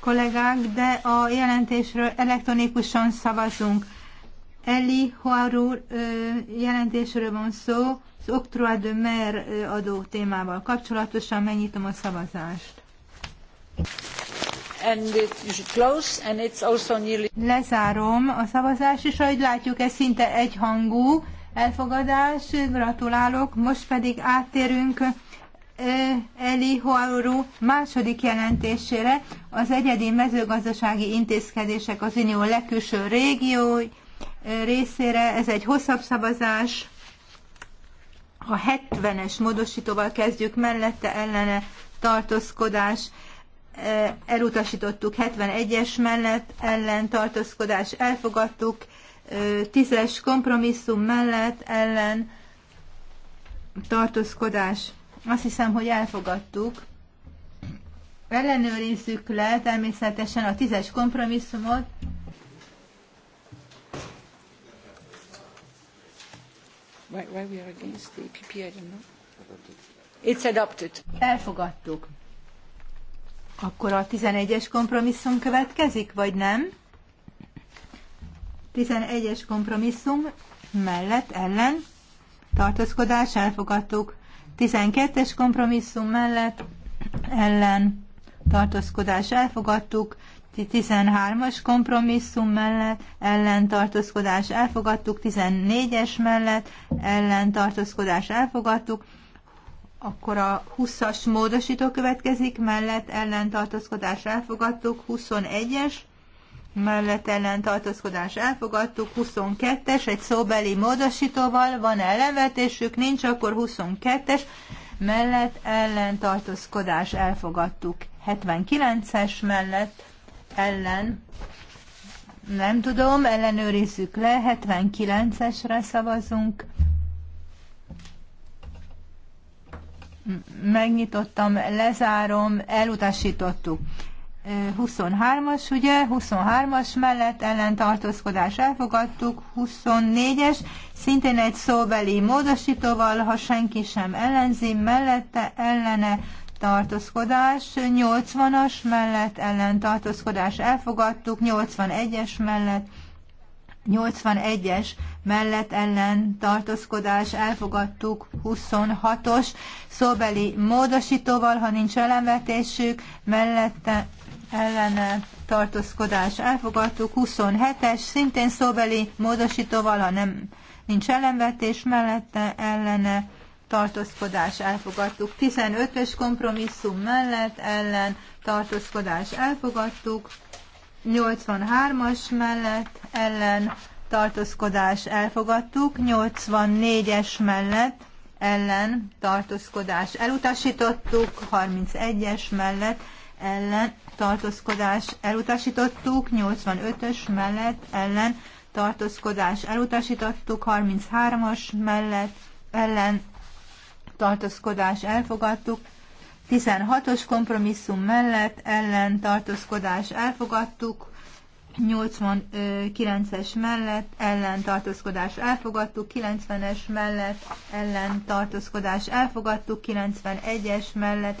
kollégák, de a jelentésről elektronikusan szavazunk. Eli Hoaru jelentésről van szó, az Octroi de Mer adó témával kapcsolatosan megnyitom a szavazást. Lezárom a szavazást, és ahogy látjuk, ez szinte egyhangú elfogadás. Gratulálok. Most pedig áttérünk Eli Hoaru második jelentésére az egyedi mezőgazdasági intézkedések az Unió legkülső régió részére. Ez egy hosszabb szavazás. A 70-es módosítóval kezdjük mellette ellene tartózkodás Eh, elutasítottuk 71-es mellett ellen tartózkodás elfogadtuk, 10-es eh, kompromisszum mellett ellen tartózkodás. Azt hiszem, hogy elfogadtuk. Ellenőrizzük le természetesen a 10-es kompromisszumot. Why, why we are against the EPP, I don't know. It's adopted. Elfogadtuk. Akkor a 11-es kompromisszum következik, vagy nem? 11-es kompromisszum mellett, ellen, tartózkodás, elfogadtuk. 12-es kompromisszum mellett, ellen, tartózkodás, elfogadtuk. 13-as kompromisszum mellett tartózkodás elfogadtuk, 14-es mellett tartózkodás elfogadtuk, akkor a 20-as módosító következik, mellett ellentartózkodás elfogadtuk, 21-es, mellett ellentartózkodás elfogadtuk, 22-es, egy szóbeli módosítóval, van ellenvetésük, nincs, akkor 22-es, mellett ellentartózkodás elfogadtuk, 79-es mellett ellen, nem tudom, ellenőrizzük le, 79-esre szavazunk, megnyitottam, lezárom, elutasítottuk. 23-as, ugye, 23-as mellett ellentartózkodás elfogadtuk, 24-es, szintén egy szóbeli módosítóval, ha senki sem ellenzi, mellette ellene tartózkodás, 80-as mellett ellentartózkodás elfogadtuk, 81-es mellett 81-es mellett ellen tartózkodás elfogadtuk 26-os szóbeli módosítóval, ha nincs ellenvetésük, mellette ellene tartózkodás elfogadtuk 27-es, szintén szóbeli módosítóval, ha nem nincs ellenvetés, mellette ellene tartózkodás elfogadtuk. 15-ös kompromisszum mellett ellen tartózkodás elfogadtuk. 83-as mellett ellen tartózkodás elfogadtuk, 84-es mellett ellen tartózkodás elutasítottuk, 31-es mellett ellen tartózkodás elutasítottuk, 85-ös mellett ellen tartózkodás elutasítottuk, 33-as mellett ellen tartózkodás elfogadtuk, 16-os kompromisszum mellett ellen tartózkodás elfogadtuk, 89-es mellett ellen tartózkodás elfogadtuk, 90-es mellett ellen tartózkodás elfogadtuk, 91-es e, mellett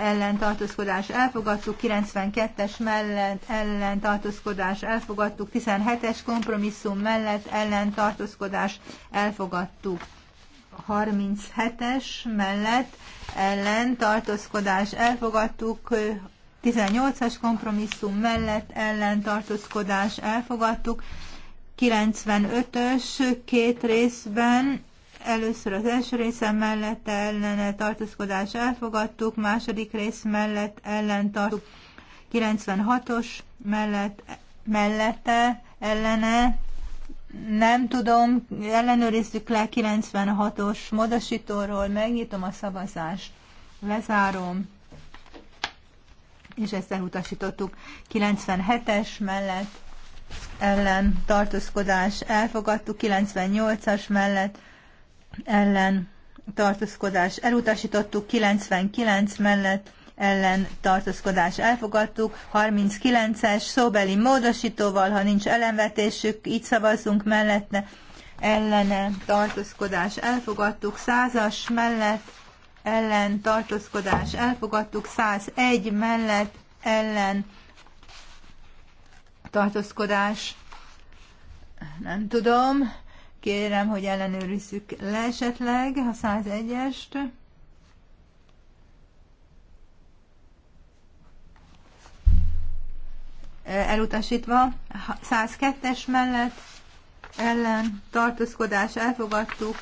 ellen tartózkodás elfogadtuk, 92-es mellett ellen tartózkodás elfogadtuk, 17-es kompromisszum mellett ellen tartózkodás elfogadtuk. 37-es mellett ellen tartózkodás elfogadtuk, 18-as kompromisszum mellett ellen tartózkodás elfogadtuk, 95-ös két részben, először az első része mellett ellen tartózkodás elfogadtuk, második rész mellett ellen tartózkodás 96-os mellett, mellette ellene nem tudom, ellenőrizzük le 96-os módosítóról, megnyitom a szavazást, lezárom, és ezt elutasítottuk 97-es mellett ellen tartózkodás elfogadtuk, 98-as mellett ellen tartózkodás elutasítottuk, 99 mellett ellen tartózkodás elfogadtuk, 39-es szóbeli módosítóval, ha nincs ellenvetésük, így szavazzunk mellette, ellene tartózkodás elfogadtuk, 100-as mellett ellen tartózkodás elfogadtuk, 101 mellett ellen tartózkodás nem tudom, kérem, hogy ellenőrizzük le esetleg a 101-est. elutasítva, 102-es mellett ellen tartózkodás elfogadtuk,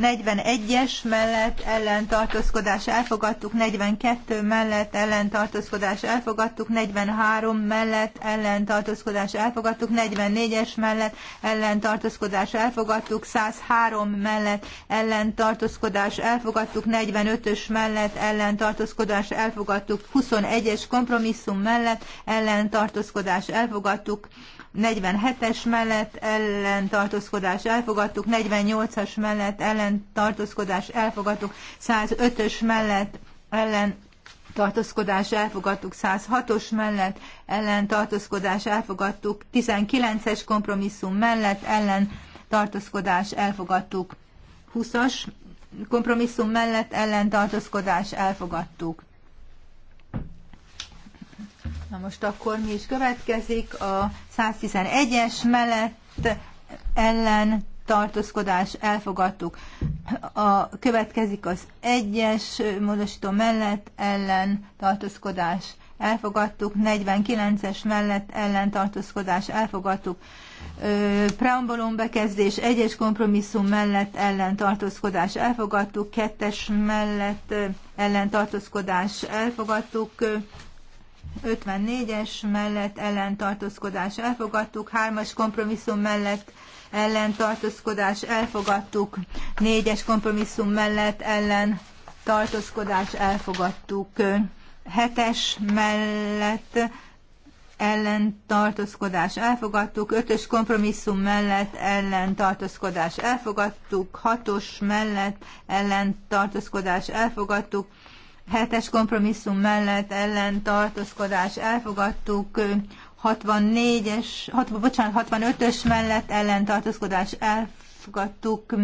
41-es mellett ellentartózkodás elfogadtuk, 42 mellett ellentartózkodás elfogadtuk, 43 mellett ellentartózkodás elfogadtuk, 44-es mellett ellentartózkodás elfogadtuk, 103 mellett ellentartózkodás elfogadtuk, 45-ös mellett ellentartózkodás elfogadtuk, 21-es kompromisszum mellett ellentartózkodás elfogadtuk, 47-es mellett ellen tartózkodás elfogadtuk, 48-as mellett ellen tartózkodás elfogadtuk, 105-ös mellett ellen tartózkodás elfogadtuk, 106-os mellett ellen tartózkodás elfogadtuk, 19-es kompromisszum mellett ellen tartózkodás elfogadtuk, 20-as kompromisszum mellett ellen tartózkodás elfogadtuk. Na most akkor mi is következik a 111-es mellett ellen tartózkodás elfogadtuk. A, következik az egyes módosító mellett ellen tartózkodás elfogadtuk, 49-es mellett ellen tartózkodás elfogadtuk, preambulum bekezdés egyes kompromisszum mellett ellen tartózkodás elfogadtuk, kettes mellett ellen tartózkodás elfogadtuk, 54-es mellett ellentartózkodás elfogadtuk, 3-as kompromisszum mellett ellentartózkodás elfogadtuk, 4-es kompromisszum mellett ellentartózkodás elfogadtuk, 7-es mellett ellentartózkodás elfogadtuk, 5-ös kompromisszum mellett ellentartózkodás elfogadtuk, 6-os mellett ellentartózkodás elfogadtuk, hetes kompromisszum mellett ellen tartózkodás elfogadtuk, 64-es, 60, bocsánat, 65-ös mellett ellen tartózkodás elfogadtuk,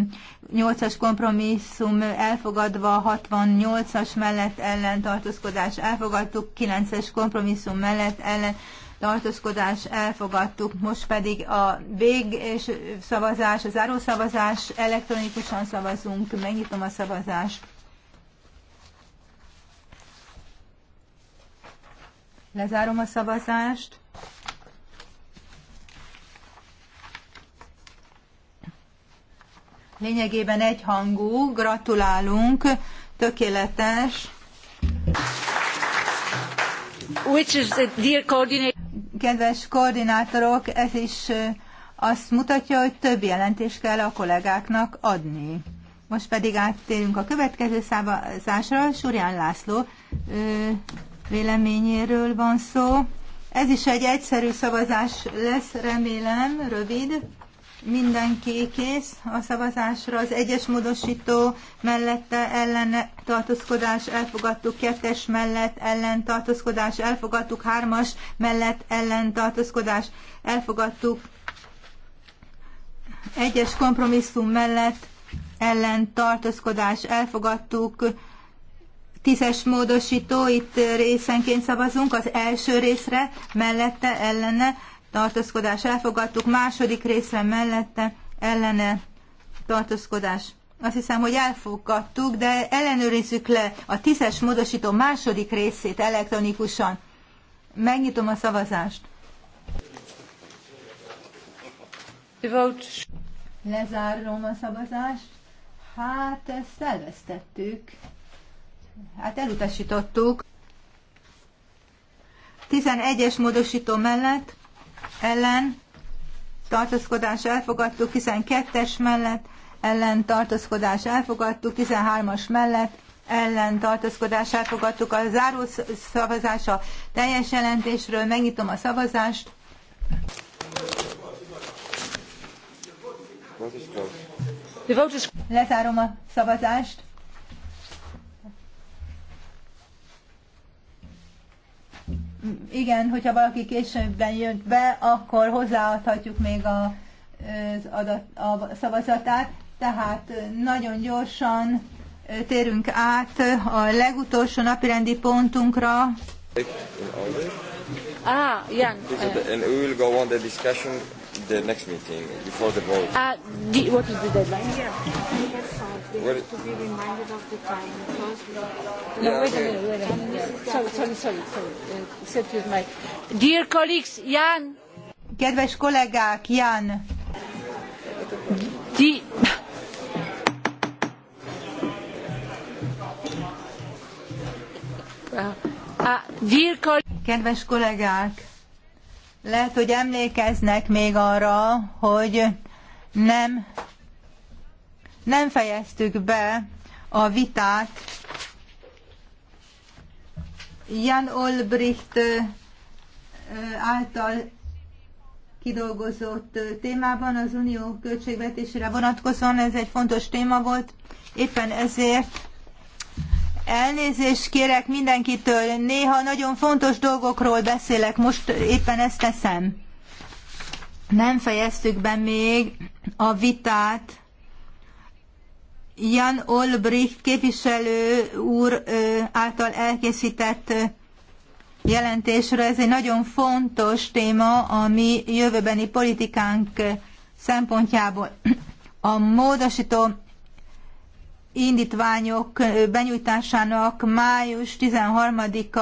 8-as kompromisszum elfogadva, 68-as mellett ellen tartózkodás elfogadtuk, 9-es kompromisszum mellett ellen tartózkodás elfogadtuk, most pedig a vég és szavazás, a zárószavazás, elektronikusan szavazunk, megnyitom a szavazást. Lezárom a szavazást. Lényegében egyhangú, gratulálunk, tökéletes. Which is the dear coordinator? Kedves koordinátorok, ez is azt mutatja, hogy több jelentést kell a kollégáknak adni. Most pedig áttérünk a következő szavazásra. Surján László véleményéről van szó. Ez is egy egyszerű szavazás lesz, remélem, rövid. Mindenki kész a szavazásra. Az egyes módosító mellette ellen tartózkodás elfogadtuk, kettes mellett ellen tartózkodás elfogadtuk, hármas mellett ellen tartózkodás elfogadtuk, egyes kompromisszum mellett ellen tartózkodás elfogadtuk, Tízes módosító, itt részenként szavazunk, az első részre mellette ellene tartózkodás elfogadtuk, második részre mellette ellene tartózkodás. Azt hiszem, hogy elfogadtuk, de ellenőrizzük le a tízes módosító második részét elektronikusan. Megnyitom a szavazást. Lezárom a szavazást. Hát ezt elvesztettük hát elutasítottuk. 11-es módosító mellett ellen tartózkodás elfogadtuk, 12-es mellett ellen tartózkodás elfogadtuk, 13-as mellett ellen tartózkodás elfogadtuk. A záró szavazás a teljes jelentésről, megnyitom a szavazást. Lezárom a szavazást. igen, hogyha valaki későbben jön be, akkor hozzáadhatjuk még a, az adat, a szavazatát. Tehát nagyon gyorsan térünk át a legutolsó napirendi pontunkra. Ah, yeah. And we will go on the discussion the next meeting, before the vote. Uh, the, what is the deadline? Yeah, what to be reminded of the time because No, yeah, wait okay. a minute, wait a minute. Sorry, sorry, sorry, sorry. except with my... Dear colleagues, Jan! Kedves kollégák, Jan! Di... Uh, uh dear Kedves kollégák! Lehet, hogy emlékeznek még arra, hogy nem, nem fejeztük be a vitát Jan Olbricht által kidolgozott témában az unió költségvetésére vonatkozóan ez egy fontos téma volt. Éppen ezért Elnézést kérek mindenkitől, néha nagyon fontos dolgokról beszélek, most éppen ezt teszem. Nem fejeztük be még a vitát. Jan Olbricht képviselő úr által elkészített jelentésről. Ez egy nagyon fontos téma a mi jövőbeni politikánk szempontjából. A módosító indítványok benyújtásának május 13-a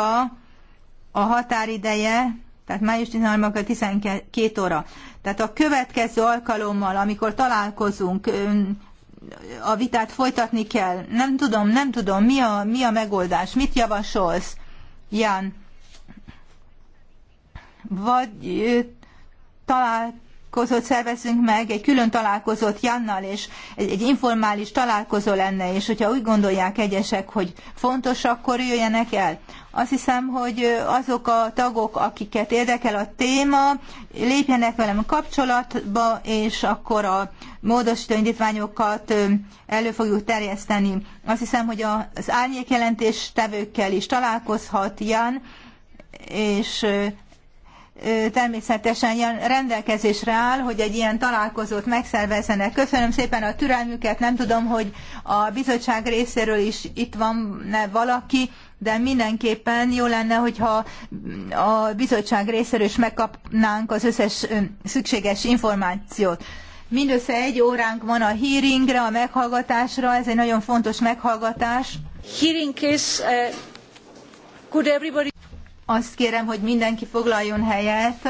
a határideje, tehát május 13-a 12 óra. Tehát a következő alkalommal, amikor találkozunk, a vitát folytatni kell. Nem tudom, nem tudom, mi a, mi a megoldás, mit javasolsz, Jan? Vagy találkozunk találkozót szervezünk meg, egy külön találkozót Jannal, és egy, egy informális találkozó lenne, és hogyha úgy gondolják egyesek, hogy fontos, akkor jöjjenek el. Azt hiszem, hogy azok a tagok, akiket érdekel a téma, lépjenek velem kapcsolatba, és akkor a módosító indítványokat elő fogjuk terjeszteni. Azt hiszem, hogy az árnyékjelentés tevőkkel is találkozhat Jan, és természetesen rendelkezésre áll, hogy egy ilyen találkozót megszervezzenek. Köszönöm szépen a türelmüket, nem tudom, hogy a bizottság részéről is itt van -e valaki, de mindenképpen jó lenne, hogyha a bizottság részéről is megkapnánk az összes szükséges információt. Mindössze egy óránk van a hearingre, a meghallgatásra, ez egy nagyon fontos meghallgatás. Hearing is, uh, could everybody... Azt kérem, hogy mindenki foglaljon helyet.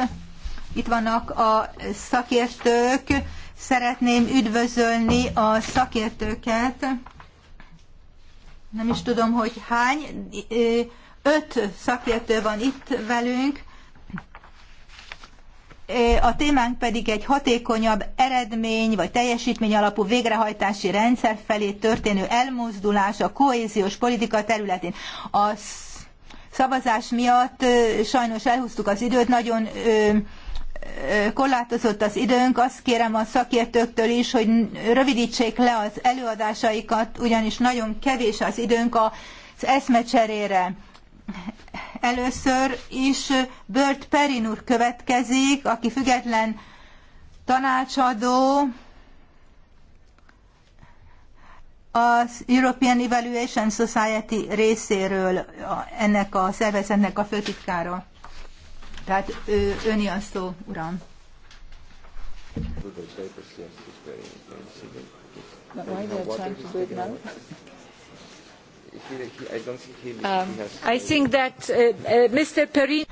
Itt vannak a szakértők. Szeretném üdvözölni a szakértőket. Nem is tudom, hogy hány. Öt szakértő van itt velünk. A témánk pedig egy hatékonyabb eredmény vagy teljesítmény alapú végrehajtási rendszer felé történő elmozdulás a kohéziós politika területén. A szavazás miatt sajnos elhúztuk az időt, nagyon korlátozott az időnk, azt kérem a szakértőktől is, hogy rövidítsék le az előadásaikat, ugyanis nagyon kevés az időnk az eszmecserére. Először is Bört Perin úr következik, aki független tanácsadó, az European Evaluation Society részéről ennek a szervezetnek a főtitkára. Tehát ő, ön a szó, uram. I think um, that uh, uh, Mr. Perin...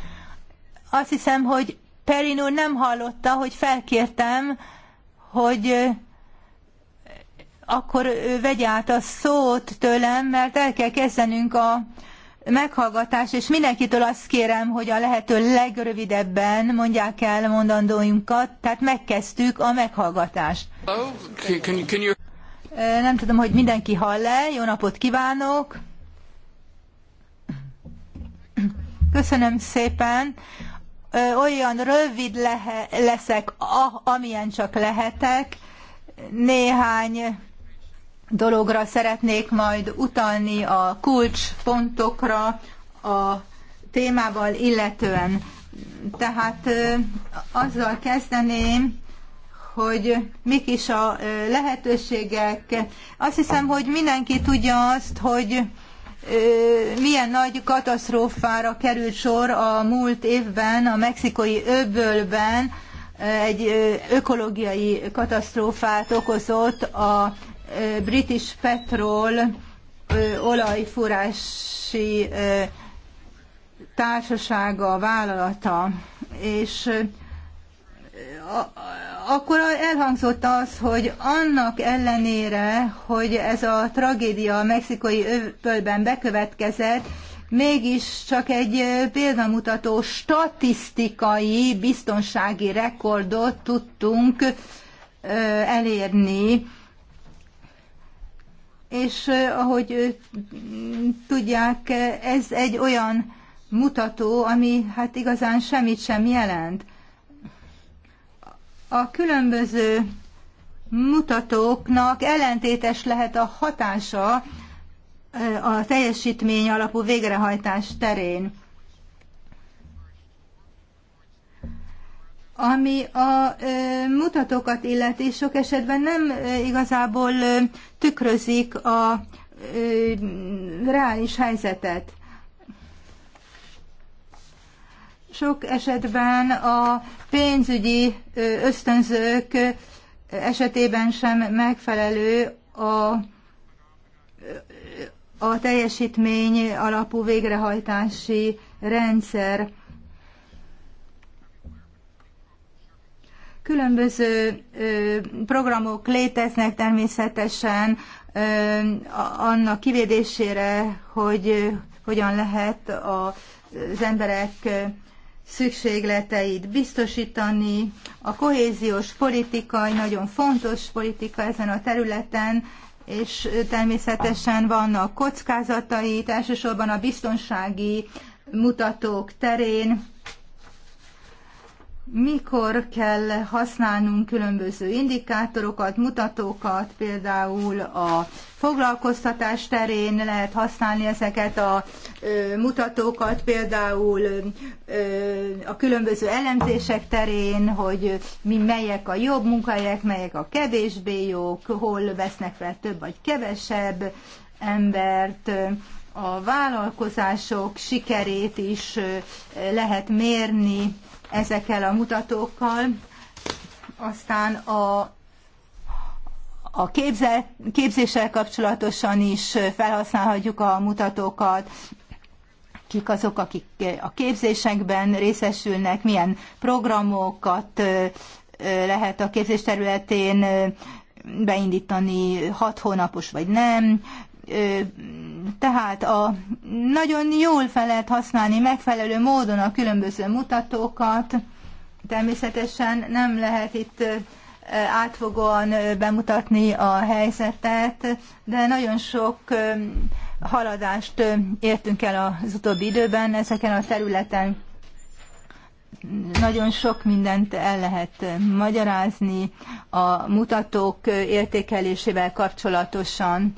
Azt hiszem, hogy Perin úr nem hallotta, hogy felkértem, hogy akkor vegye át a szót tőlem, mert el kell kezdenünk a meghallgatás, és mindenkitől azt kérem, hogy a lehető legrövidebben mondják el mondandóinkat, tehát megkezdtük a meghallgatást. Nem tudom, hogy mindenki hall-e, jó napot kívánok! Köszönöm szépen! Olyan rövid leszek, amilyen csak lehetek. Néhány dologra szeretnék majd utalni a kulcspontokra a témával illetően. Tehát azzal kezdeném, hogy mik is a lehetőségek. Azt hiszem, hogy mindenki tudja azt, hogy milyen nagy katasztrófára került sor a múlt évben a mexikai öbölben, egy ökológiai katasztrófát okozott a British Petrol olajfúrási társasága, vállalata, és akkor elhangzott az, hogy annak ellenére, hogy ez a tragédia a mexikai öbölben bekövetkezett, mégis csak egy példamutató statisztikai biztonsági rekordot tudtunk elérni és ahogy tudják, ez egy olyan mutató, ami hát igazán semmit sem jelent. A különböző mutatóknak ellentétes lehet a hatása a teljesítmény alapú végrehajtás terén. Ami a mutatókat illeti, sok esetben nem igazából tükrözik a reális helyzetet. Sok esetben a pénzügyi ösztönzők esetében sem megfelelő a, a teljesítmény alapú végrehajtási rendszer. Különböző programok léteznek természetesen annak kivédésére, hogy hogyan lehet az emberek szükségleteit biztosítani. A kohéziós politika egy nagyon fontos politika ezen a területen, és természetesen vannak kockázatai, elsősorban a biztonsági mutatók terén mikor kell használnunk különböző indikátorokat, mutatókat, például a foglalkoztatás terén lehet használni ezeket a ö, mutatókat, például ö, a különböző elemzések terén, hogy mi melyek a jobb munkahelyek, melyek a kevésbé jók, hol vesznek fel több vagy kevesebb embert, a vállalkozások sikerét is lehet mérni, ezekkel a mutatókkal, aztán a a képzel, képzéssel kapcsolatosan is felhasználhatjuk a mutatókat, kik azok, akik a képzésekben részesülnek, milyen programokat lehet a képzés területén beindítani hat hónapos vagy nem, tehát a, nagyon jól fel lehet használni megfelelő módon a különböző mutatókat. Természetesen nem lehet itt átfogóan bemutatni a helyzetet, de nagyon sok haladást értünk el az utóbbi időben ezeken a területen. Nagyon sok mindent el lehet magyarázni a mutatók értékelésével kapcsolatosan.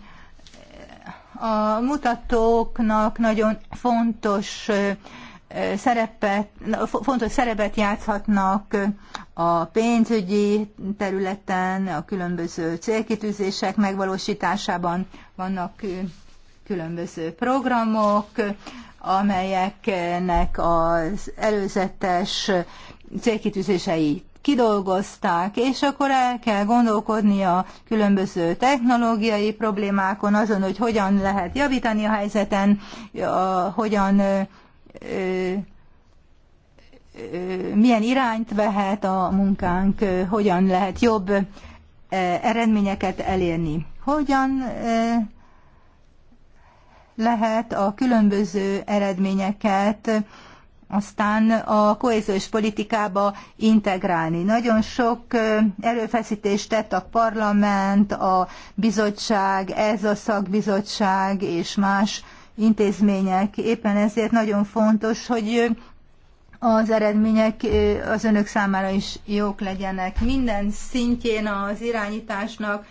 A mutatóknak nagyon fontos szerepet, fontos szerepet játszhatnak a pénzügyi területen, a különböző célkitűzések megvalósításában vannak különböző programok, amelyeknek az előzetes célkitűzései kidolgozták, és akkor el kell gondolkodni a különböző technológiai problémákon, azon, hogy hogyan lehet javítani a helyzeten, a, hogyan ö, ö, milyen irányt vehet a munkánk, hogyan lehet jobb eredményeket elérni. Hogyan lehet a különböző eredményeket aztán a kohéziós politikába integrálni. Nagyon sok erőfeszítést tett a parlament, a bizottság, ez a szakbizottság és más intézmények. Éppen ezért nagyon fontos, hogy az eredmények az önök számára is jók legyenek. Minden szintjén az irányításnak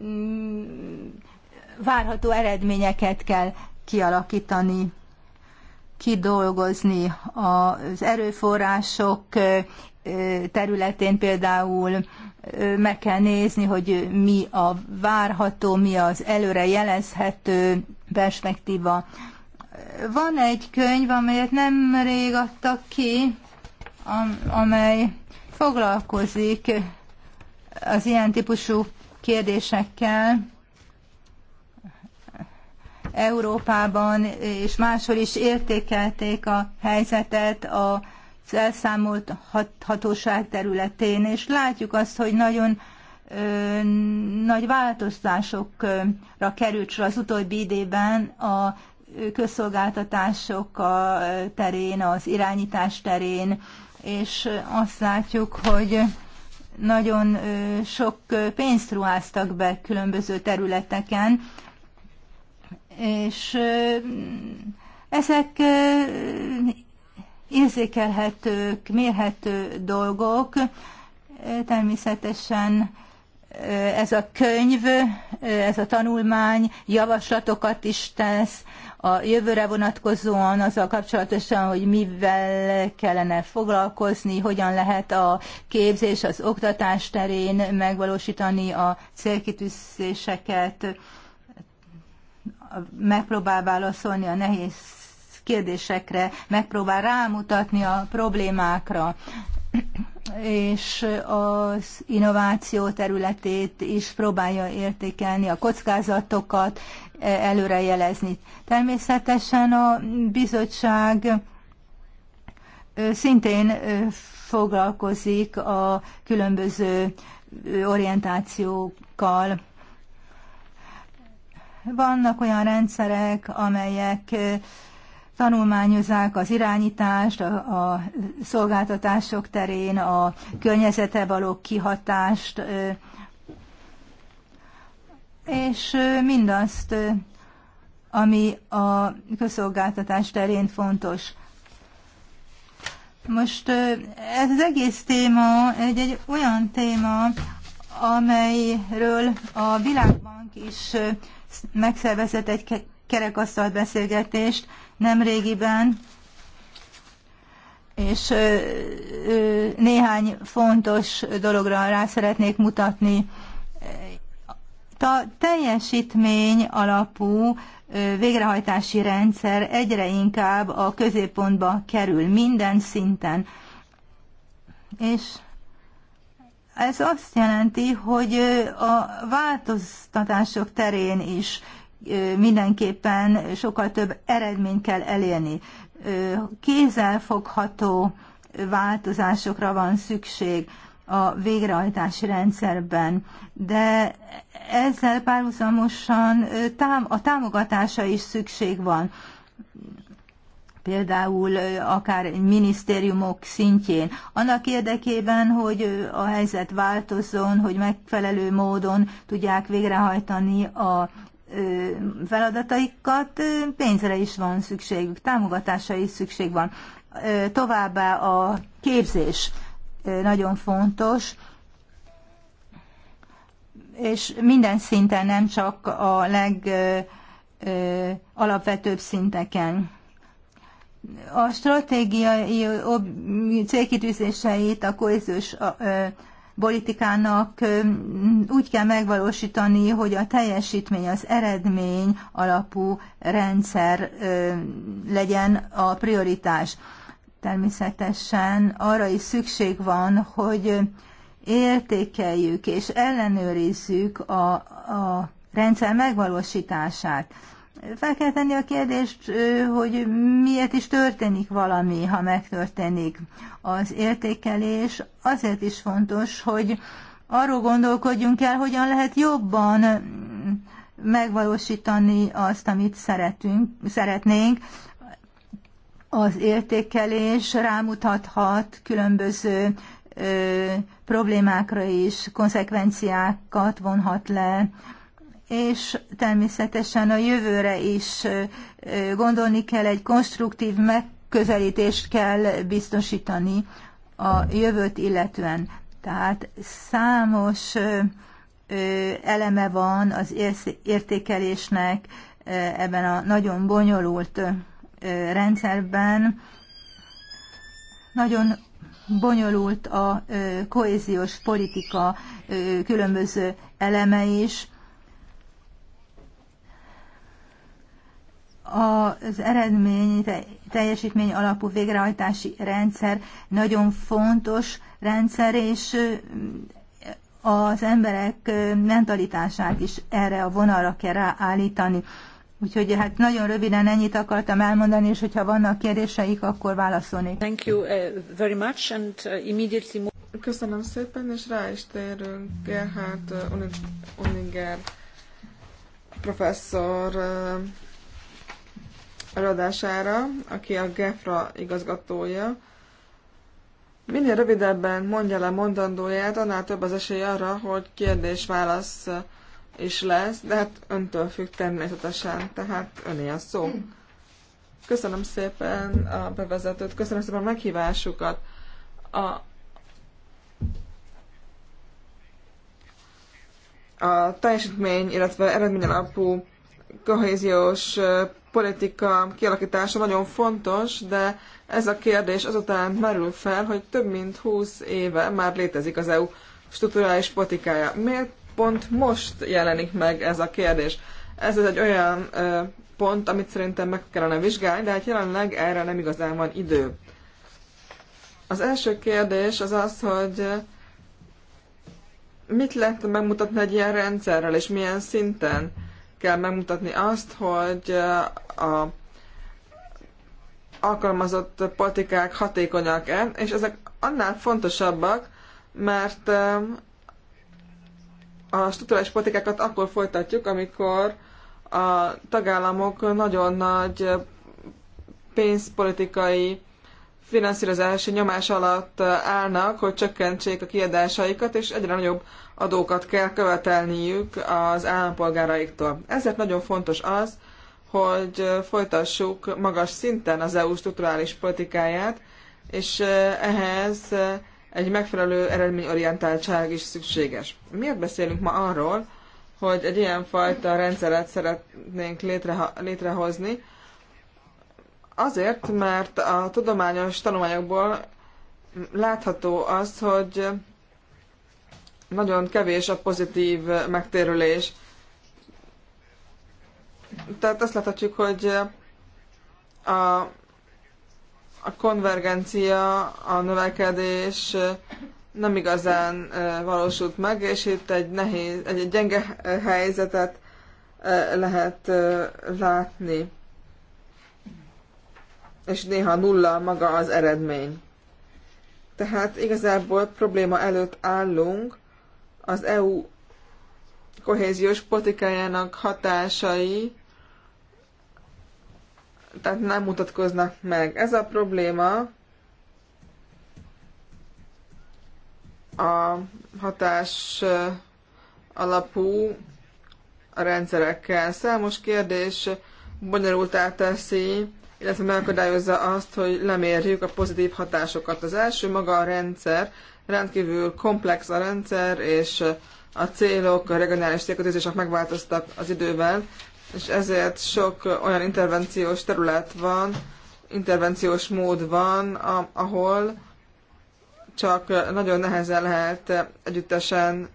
mm, várható eredményeket kell kialakítani kidolgozni az erőforrások területén például meg kell nézni, hogy mi a várható, mi az előre jelezhető perspektíva. Van egy könyv, amelyet nem rég adtak ki, amely foglalkozik az ilyen típusú kérdésekkel. Európában és máshol is értékelték a helyzetet a elszámolt hatóság területén, és látjuk azt, hogy nagyon ö, nagy változtásokra került sor az utóbbi időben a közszolgáltatások a terén, az irányítás terén, és azt látjuk, hogy nagyon sok pénzt ruháztak be különböző területeken és ezek érzékelhetők, mérhető dolgok. Természetesen ez a könyv, ez a tanulmány javaslatokat is tesz a jövőre vonatkozóan, azzal kapcsolatosan, hogy mivel kellene foglalkozni, hogyan lehet a képzés, az oktatás terén megvalósítani a célkitűzéseket megpróbál válaszolni a nehéz kérdésekre, megpróbál rámutatni a problémákra, és az innováció területét is próbálja értékelni, a kockázatokat előrejelezni. Természetesen a bizottság szintén foglalkozik a különböző orientációkkal, vannak olyan rendszerek, amelyek tanulmányozzák az irányítást a, a szolgáltatások terén, a környezete való kihatást, és mindazt, ami a közszolgáltatás terén fontos. Most ez az egész téma egy, egy olyan téma, amelyről a Világbank is megszervezett egy kerekasztalt beszélgetést nemrégiben, és néhány fontos dologra rá szeretnék mutatni. A teljesítmény alapú végrehajtási rendszer egyre inkább a középpontba kerül minden szinten. És ez azt jelenti, hogy a változtatások terén is mindenképpen sokkal több eredményt kell elérni. Kézzelfogható változásokra van szükség a végrehajtási rendszerben, de ezzel párhuzamosan a támogatása is szükség van például akár minisztériumok szintjén, annak érdekében, hogy a helyzet változzon, hogy megfelelő módon tudják végrehajtani a feladataikat, pénzre is van szükségük, támogatásra is szükség van. Továbbá a képzés nagyon fontos, és minden szinten, nem csak a legalapvetőbb szinteken a stratégiai célkitűzéseit a kohéziós politikának úgy kell megvalósítani, hogy a teljesítmény, az eredmény alapú rendszer legyen a prioritás. Természetesen arra is szükség van, hogy értékeljük és ellenőrizzük a, a rendszer megvalósítását fel kell tenni a kérdést, hogy miért is történik valami, ha megtörténik. Az értékelés azért is fontos, hogy arról gondolkodjunk el, hogyan lehet jobban megvalósítani azt, amit szeretünk, szeretnénk. Az értékelés rámutathat különböző ö, problémákra is, konsekvenciákat vonhat le, és természetesen a jövőre is gondolni kell, egy konstruktív megközelítést kell biztosítani a jövőt illetően. Tehát számos eleme van az értékelésnek ebben a nagyon bonyolult rendszerben. Nagyon bonyolult a kohéziós politika különböző eleme is, az eredmény, teljesítmény alapú végrehajtási rendszer nagyon fontos rendszer, és az emberek mentalitását is erre a vonalra kell ráállítani. Úgyhogy hát nagyon röviden ennyit akartam elmondani, és hogyha vannak kérdéseik, akkor válaszolnék. Thank you uh, very much, and uh, immediately... Köszönöm szépen, és rá is térünk Gerhard Uninger uh, professzor előadására, aki a GEFRA igazgatója. Minél rövidebben mondja le mondandóját, annál több az esély arra, hogy kérdés-válasz is lesz, de hát öntől függ természetesen, tehát öné a szó. Köszönöm szépen a bevezetőt, köszönöm szépen a meghívásukat. A a teljesítmény, illetve eredmény alapú kohéziós politika kialakítása nagyon fontos, de ez a kérdés azután merül fel, hogy több mint 20 éve már létezik az EU strukturális politikája. Miért pont most jelenik meg ez a kérdés? Ez az egy olyan ö, pont, amit szerintem meg kellene vizsgálni, de hát jelenleg erre nem igazán van idő. Az első kérdés az az, hogy mit lehet megmutatni egy ilyen rendszerrel, és milyen szinten? kell megmutatni azt, hogy eh, a alkalmazott politikák hatékonyak-e, és ezek annál fontosabbak, mert eh, a struktúrális politikákat akkor folytatjuk, amikor a tagállamok nagyon nagy eh, pénzpolitikai finanszírozási nyomás alatt állnak, hogy csökkentsék a kiadásaikat, és egyre nagyobb adókat kell követelniük az állampolgáraiktól. Ezért nagyon fontos az, hogy folytassuk magas szinten az EU strukturális politikáját, és ehhez egy megfelelő eredményorientáltság is szükséges. Miért beszélünk ma arról, hogy egy ilyen fajta rendszeret szeretnénk létreha- létrehozni, Azért, mert a tudományos tanulmányokból látható az, hogy nagyon kevés a pozitív megtérülés. Tehát azt láthatjuk, hogy a, a konvergencia, a növekedés nem igazán valósult meg, és itt egy nehéz, egy gyenge helyzetet lehet látni és néha nulla maga az eredmény. Tehát igazából probléma előtt állunk, az EU kohéziós politikájának hatásai tehát nem mutatkoznak meg. Ez a probléma a hatás alapú rendszerekkel. Számos kérdés bonyolultá teszi illetve megakadályozza azt, hogy lemérjük a pozitív hatásokat. Az első maga a rendszer, rendkívül komplex a rendszer, és a célok, a regionális célkötőzések megváltoztak az idővel, és ezért sok olyan intervenciós terület van, intervenciós mód van, ahol csak nagyon nehezen lehet együttesen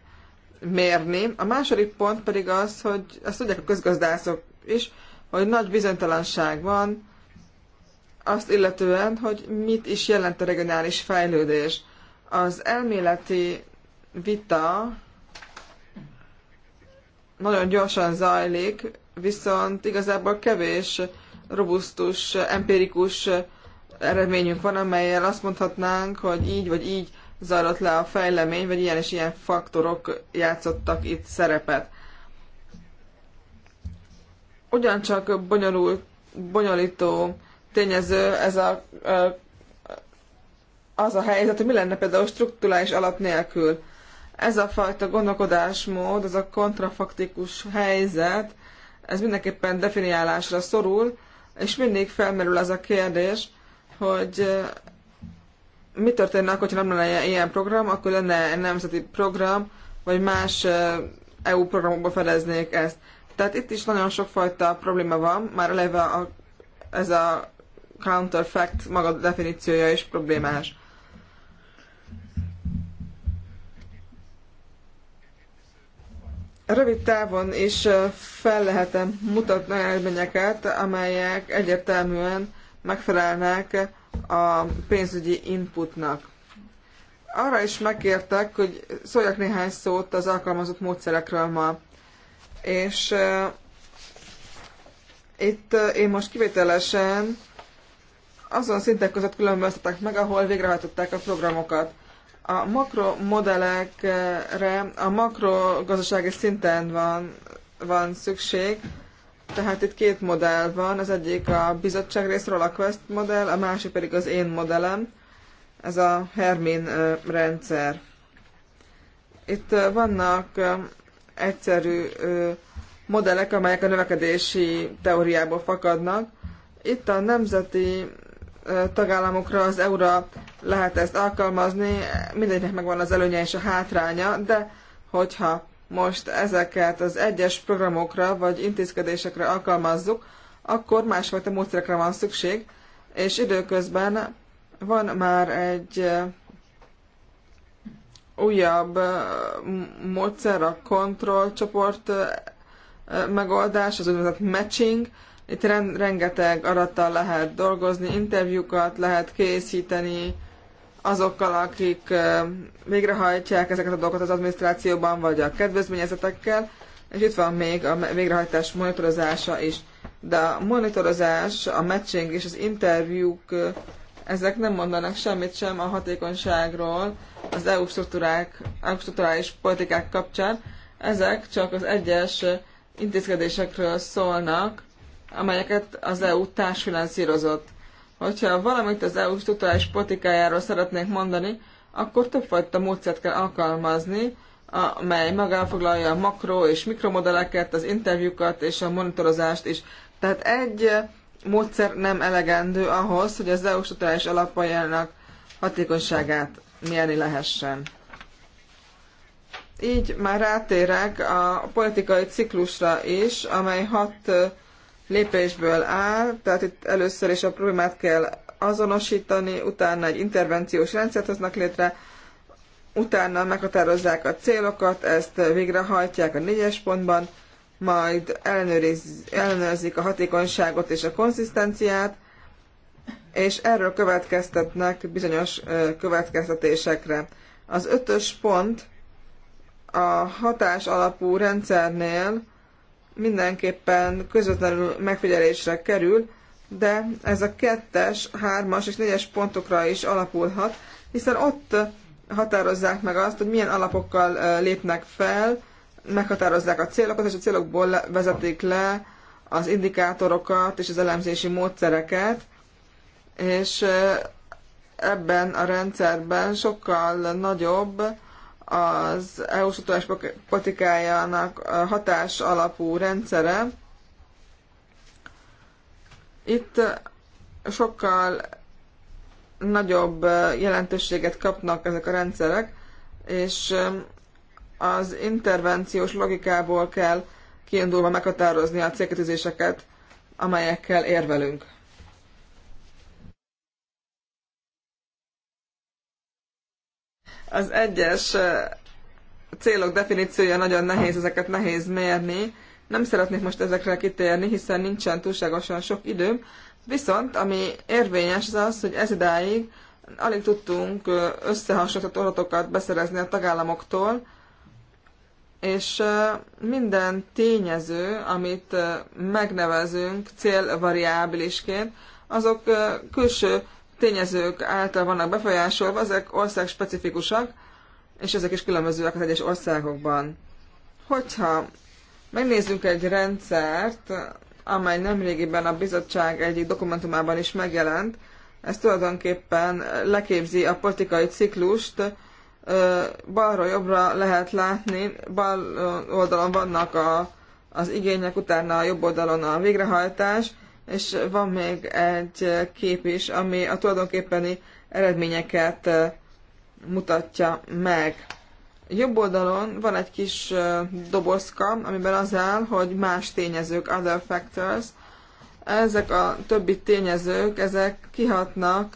mérni. A második pont pedig az, hogy ezt tudják a közgazdászok is, hogy nagy bizonytalanság van azt illetően, hogy mit is jelent a regionális fejlődés. Az elméleti vita nagyon gyorsan zajlik, viszont igazából kevés robusztus, empirikus eredményünk van, amelyel azt mondhatnánk, hogy így vagy így zajlott le a fejlemény, vagy ilyen és ilyen faktorok játszottak itt szerepet. Ugyancsak bonyolult, bonyolító tényező ez a, az a helyzet, hogy mi lenne például struktúrális alap nélkül. Ez a fajta gondolkodásmód, ez a kontrafaktikus helyzet, ez mindenképpen definiálásra szorul, és mindig felmerül az a kérdés, hogy mi történne akkor, ha nem lenne ilyen program, akkor lenne egy nemzeti program, vagy más EU programokba fedeznék ezt. Tehát itt is nagyon sokfajta probléma van, már eleve a, ez a counterfact maga definíciója is problémás. Rövid távon is fel lehetem mutatni olyan eredményeket, amelyek egyértelműen megfelelnek a pénzügyi inputnak. Arra is megkértek, hogy szóljak néhány szót az alkalmazott módszerekről ma. És itt én most kivételesen azon szintek között különböztetek meg, ahol végrehajtották a programokat. A makromodellekre a makrogazdasági szinten van, van szükség, tehát itt két modell van, az egyik a bizottság részről a Quest modell, a másik pedig az én modellem, ez a Hermin rendszer. Itt vannak egyszerű modellek, amelyek a növekedési teóriából fakadnak. Itt a nemzeti tagállamokra az EU-ra lehet ezt alkalmazni, mindegynek megvan az előnye és a hátránya, de hogyha most ezeket az egyes programokra vagy intézkedésekre alkalmazzuk, akkor másfajta módszerekre van szükség, és időközben van már egy újabb módszer, a kontrollcsoport megoldás, az úgynevezett matching, itt rengeteg arattal lehet dolgozni, interjúkat lehet készíteni azokkal, akik végrehajtják ezeket a dolgokat az adminisztrációban, vagy a kedvezményezetekkel, és itt van még a végrehajtás monitorozása is. De a monitorozás, a matching és az interjúk, ezek nem mondanak semmit sem a hatékonyságról az EU, struktúrák, EU struktúrális politikák kapcsán, ezek csak az egyes intézkedésekről szólnak, amelyeket az EU társfinanszírozott. Hogyha valamit az EU struktúrális politikájáról szeretnék mondani, akkor többfajta módszert kell alkalmazni, amely magáfoglalja a makro és mikromodelleket, az interjúkat és a monitorozást is. Tehát egy módszer nem elegendő ahhoz, hogy az EU struktúrális alapjának hatékonyságát mérni lehessen. Így már rátérek a politikai ciklusra is, amely hat lépésből áll, tehát itt először is a problémát kell azonosítani, utána egy intervenciós rendszert hoznak létre, utána meghatározzák a célokat, ezt végrehajtják a négyes pontban, majd ellenőrzik a hatékonyságot és a konszisztenciát, és erről következtetnek bizonyos következtetésekre. Az ötös pont a hatás alapú rendszernél mindenképpen közvetlenül megfigyelésre kerül, de ez a kettes, hármas és négyes pontokra is alapulhat, hiszen ott határozzák meg azt, hogy milyen alapokkal lépnek fel, meghatározzák a célokat, és a célokból vezetik le az indikátorokat és az elemzési módszereket, és ebben a rendszerben sokkal nagyobb az EU-s utolás hatás alapú rendszere. Itt sokkal nagyobb jelentőséget kapnak ezek a rendszerek, és az intervenciós logikából kell kiindulva meghatározni a célkötözéseket, amelyekkel érvelünk. Az egyes célok definíciója nagyon nehéz, ezeket nehéz mérni. Nem szeretnék most ezekre kitérni, hiszen nincsen túlságosan sok időm. Viszont, ami érvényes, az az, hogy ez idáig alig tudtunk összehasonlított adatokat beszerezni a tagállamoktól, és minden tényező, amit megnevezünk célvariábilisként, azok külső tényezők által vannak befolyásolva, ezek ország specifikusak, és ezek is különbözőek az egyes országokban. Hogyha megnézzünk egy rendszert, amely nemrégiben a bizottság egyik dokumentumában is megjelent, ez tulajdonképpen leképzi a politikai ciklust, balról jobbra lehet látni, bal oldalon vannak a, az igények, utána a jobb oldalon a végrehajtás, és van még egy kép is, ami a tulajdonképpeni eredményeket mutatja meg. Jobb oldalon van egy kis dobozka, amiben az áll, hogy más tényezők, other factors. Ezek a többi tényezők, ezek kihatnak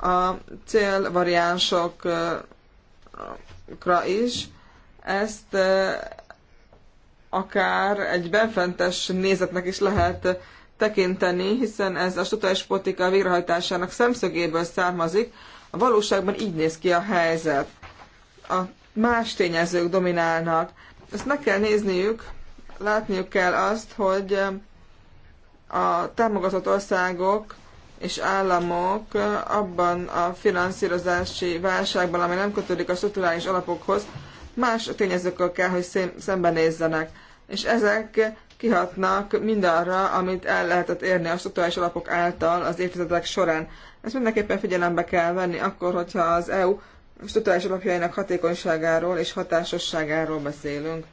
a célvariánsokra is. Ezt akár egy benfentes nézetnek is lehet tekinteni, hiszen ez a stutális politika végrehajtásának szemszögéből származik. A valóságban így néz ki a helyzet. A más tényezők dominálnak. Ezt meg kell nézniük, látniuk kell azt, hogy a támogatott országok és államok abban a finanszírozási válságban, ami nem kötődik a strukturális alapokhoz, más tényezőkkel kell, hogy szembenézzenek. És ezek kihatnak mindarra, amit el lehetett érni a struktúrális alapok által az évtizedek során. Ezt mindenképpen figyelembe kell venni akkor, hogyha az EU struktúrális alapjainak hatékonyságáról és hatásosságáról beszélünk.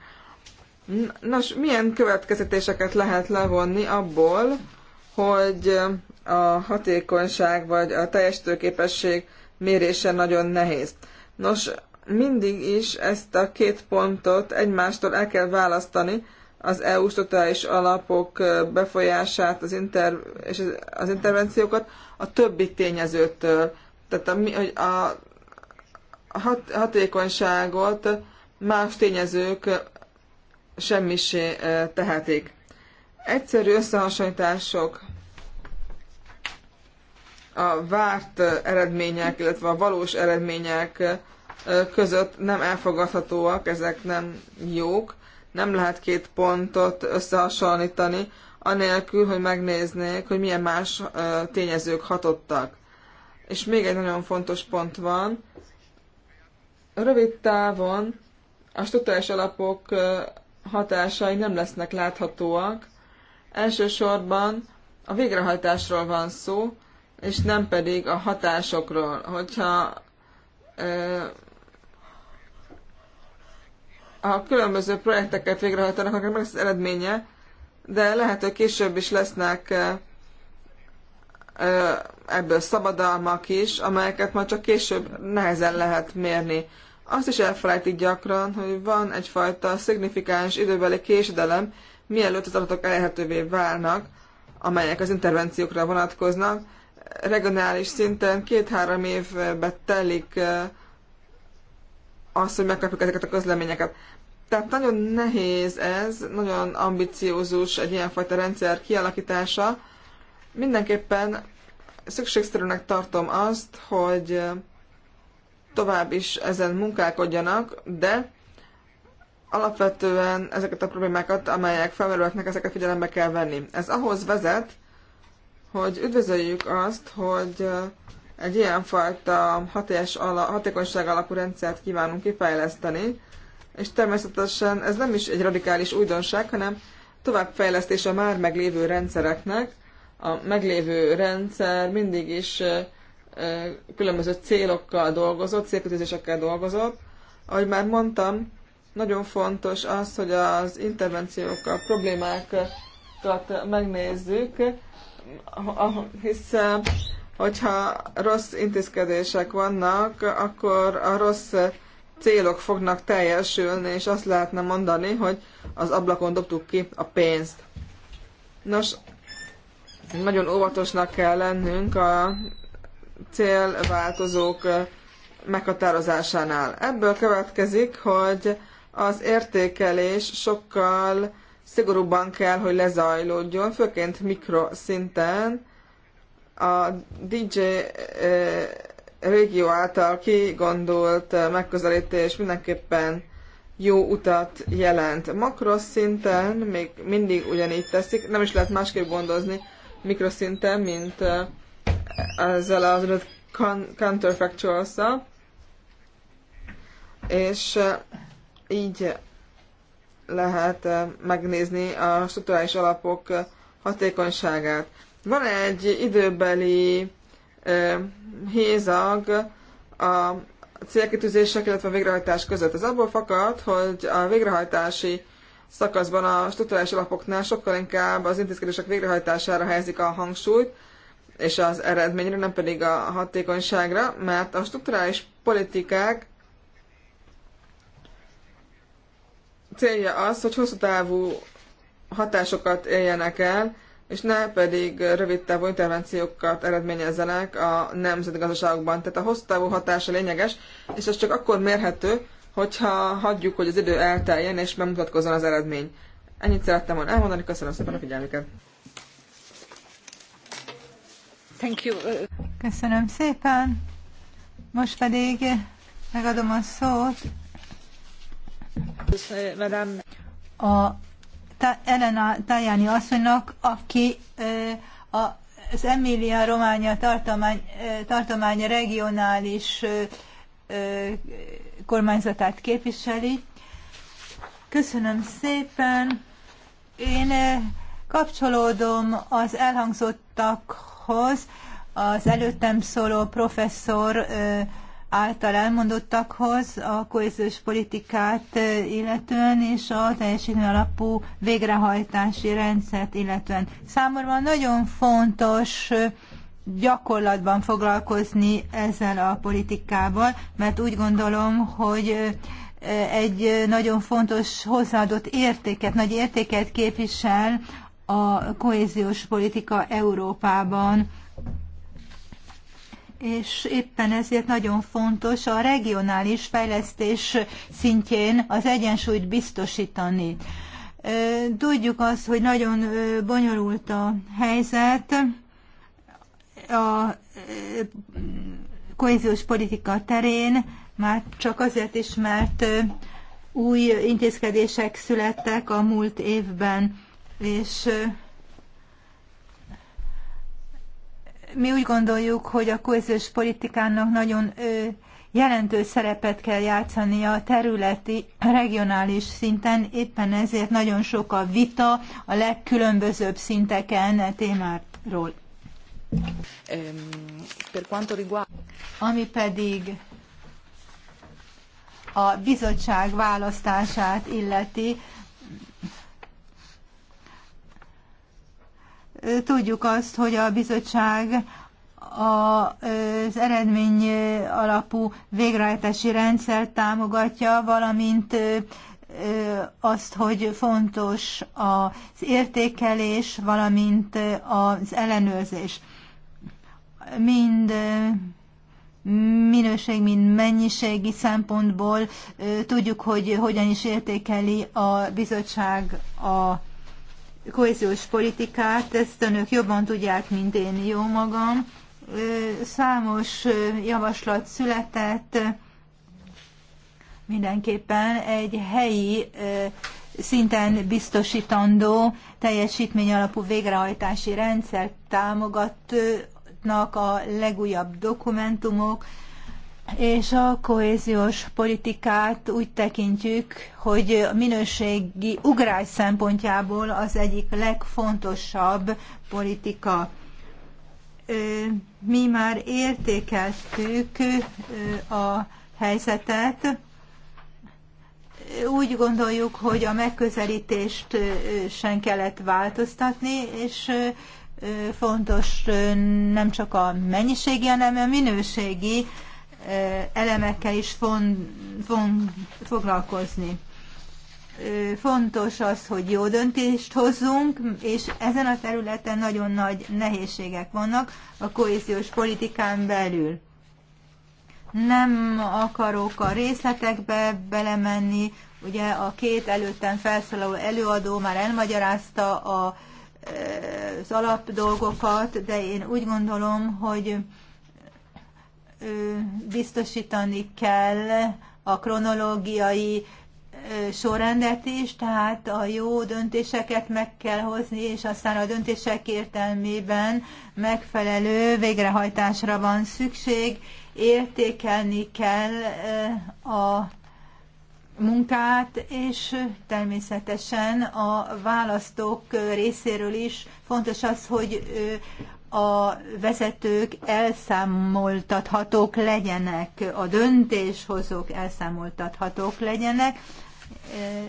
Nos, milyen következtetéseket lehet levonni abból, hogy a hatékonyság vagy a teljesítőképesség mérése nagyon nehéz? Nos, mindig is ezt a két pontot egymástól el kell választani, az EU totális alapok befolyását az inter, és az intervenciókat a többi tényezőtől. Tehát a, hogy a, hat, hatékonyságot más tényezők semmisé tehetik. Egyszerű összehasonlítások a várt eredmények, illetve a valós eredmények között nem elfogadhatóak, ezek nem jók. Nem lehet két pontot összehasonlítani, anélkül, hogy megnéznék, hogy milyen más tényezők hatottak. És még egy nagyon fontos pont van. Rövid távon a struktúrás alapok hatásai nem lesznek láthatóak. Elsősorban a végrehajtásról van szó, és nem pedig a hatásokról. Hogyha a különböző projekteket végrehajtanak, akkor meg lesz az eredménye, de lehet, hogy később is lesznek ebből szabadalmak is, amelyeket majd csak később nehezen lehet mérni. Azt is elfelejtik gyakran, hogy van egyfajta szignifikáns időbeli késedelem, mielőtt az adatok elérhetővé válnak, amelyek az intervenciókra vonatkoznak. Regionális szinten két-három évbe telik az, hogy megkapjuk ezeket a közleményeket. Tehát nagyon nehéz ez, nagyon ambiciózus egy ilyenfajta rendszer kialakítása. Mindenképpen szükségszerűnek tartom azt, hogy tovább is ezen munkálkodjanak, de alapvetően ezeket a problémákat, amelyek felmerülhetnek, ezeket figyelembe kell venni. Ez ahhoz vezet, hogy üdvözöljük azt, hogy egy ilyenfajta hatékonyság alapú rendszert kívánunk kifejleszteni, és természetesen ez nem is egy radikális újdonság, hanem továbbfejlesztése már meglévő rendszereknek. A meglévő rendszer mindig is különböző célokkal dolgozott, célkötőzésekkel dolgozott. Ahogy már mondtam, nagyon fontos az, hogy az intervenciókkal, problémákat megnézzük, hisz hogyha rossz intézkedések vannak, akkor a rossz célok fognak teljesülni, és azt lehetne mondani, hogy az ablakon dobtuk ki a pénzt. Nos, nagyon óvatosnak kell lennünk a célváltozók meghatározásánál. Ebből következik, hogy az értékelés sokkal szigorúbban kell, hogy lezajlódjon, főként mikroszinten. A DJ régió által kigondolt eh, megközelítés mindenképpen jó utat jelent. Makroszinten még mindig ugyanígy teszik, nem is lehet másképp gondozni mikroszinten, mint eh, ezzel az adott counterfactual -szal. És eh, így lehet megnézni a struktúrális alapok hatékonyságát. Van egy időbeli hézag a célkitűzések, illetve a végrehajtás között. Ez abból fakad, hogy a végrehajtási szakaszban a struktúrális alapoknál sokkal inkább az intézkedések végrehajtására helyezik a hangsúlyt, és az eredményre, nem pedig a hatékonyságra, mert a strukturális politikák célja az, hogy hosszú távú hatásokat éljenek el, és ne pedig rövid távú intervenciókat eredményezzenek a nemzetgazdaságokban. Tehát a hosszú távú hatása lényeges, és ez csak akkor mérhető, hogyha hagyjuk, hogy az idő elteljen és bemutatkozzon az eredmény. Ennyit szerettem volna elmondani, köszönöm szépen a figyelmüket. Thank you. Köszönöm szépen. Most pedig megadom a szót. A Elena Tajani asszonynak, aki az Emilia Románia tartomány, tartomány regionális kormányzatát képviseli. Köszönöm szépen. Én kapcsolódom az elhangzottakhoz. Az előttem szóló professzor által elmondottakhoz a kohéziós politikát illetően és a teljesítmény alapú végrehajtási rendszert illetően. Számomra nagyon fontos gyakorlatban foglalkozni ezzel a politikával, mert úgy gondolom, hogy egy nagyon fontos hozzáadott értéket, nagy értéket képvisel a kohéziós politika Európában és éppen ezért nagyon fontos a regionális fejlesztés szintjén az egyensúlyt biztosítani. Tudjuk azt, hogy nagyon bonyolult a helyzet, a kohéziós politika terén, már csak azért is, mert új intézkedések születtek a múlt évben, és Mi úgy gondoljuk, hogy a kohéziós politikának nagyon jelentős szerepet kell játszani a területi, regionális szinten, éppen ezért nagyon sok a vita a legkülönbözőbb szinteken a e témáról. Ehm, Ami pedig a bizottság választását illeti, Tudjuk azt, hogy a bizottság az eredmény alapú végrehajtási rendszer támogatja, valamint azt, hogy fontos az értékelés, valamint az ellenőrzés. Mind minőség, mind mennyiségi szempontból tudjuk, hogy hogyan is értékeli a bizottság a kohéziós politikát, ezt önök jobban tudják, mint én jó magam. Számos javaslat született, mindenképpen egy helyi szinten biztosítandó teljesítmény alapú végrehajtási rendszert támogatnak a legújabb dokumentumok, és a kohéziós politikát úgy tekintjük, hogy a minőségi ugrás szempontjából az egyik legfontosabb politika. Mi már értékeltük a helyzetet, úgy gondoljuk, hogy a megközelítést sem kellett változtatni, és fontos nem csak a mennyiségi, hanem a minőségi elemekkel is fon, fon, foglalkozni. Fontos az, hogy jó döntést hozzunk, és ezen a területen nagyon nagy nehézségek vannak a kohéziós politikán belül. Nem akarok a részletekbe belemenni, ugye a két előttem felszólaló előadó már elmagyarázta a, az alapdolgokat, de én úgy gondolom, hogy biztosítani kell a kronológiai sorrendet is, tehát a jó döntéseket meg kell hozni, és aztán a döntések értelmében megfelelő végrehajtásra van szükség, értékelni kell a munkát, és természetesen a választók részéről is fontos az, hogy a vezetők elszámoltathatók legyenek, a döntéshozók elszámoltathatók legyenek,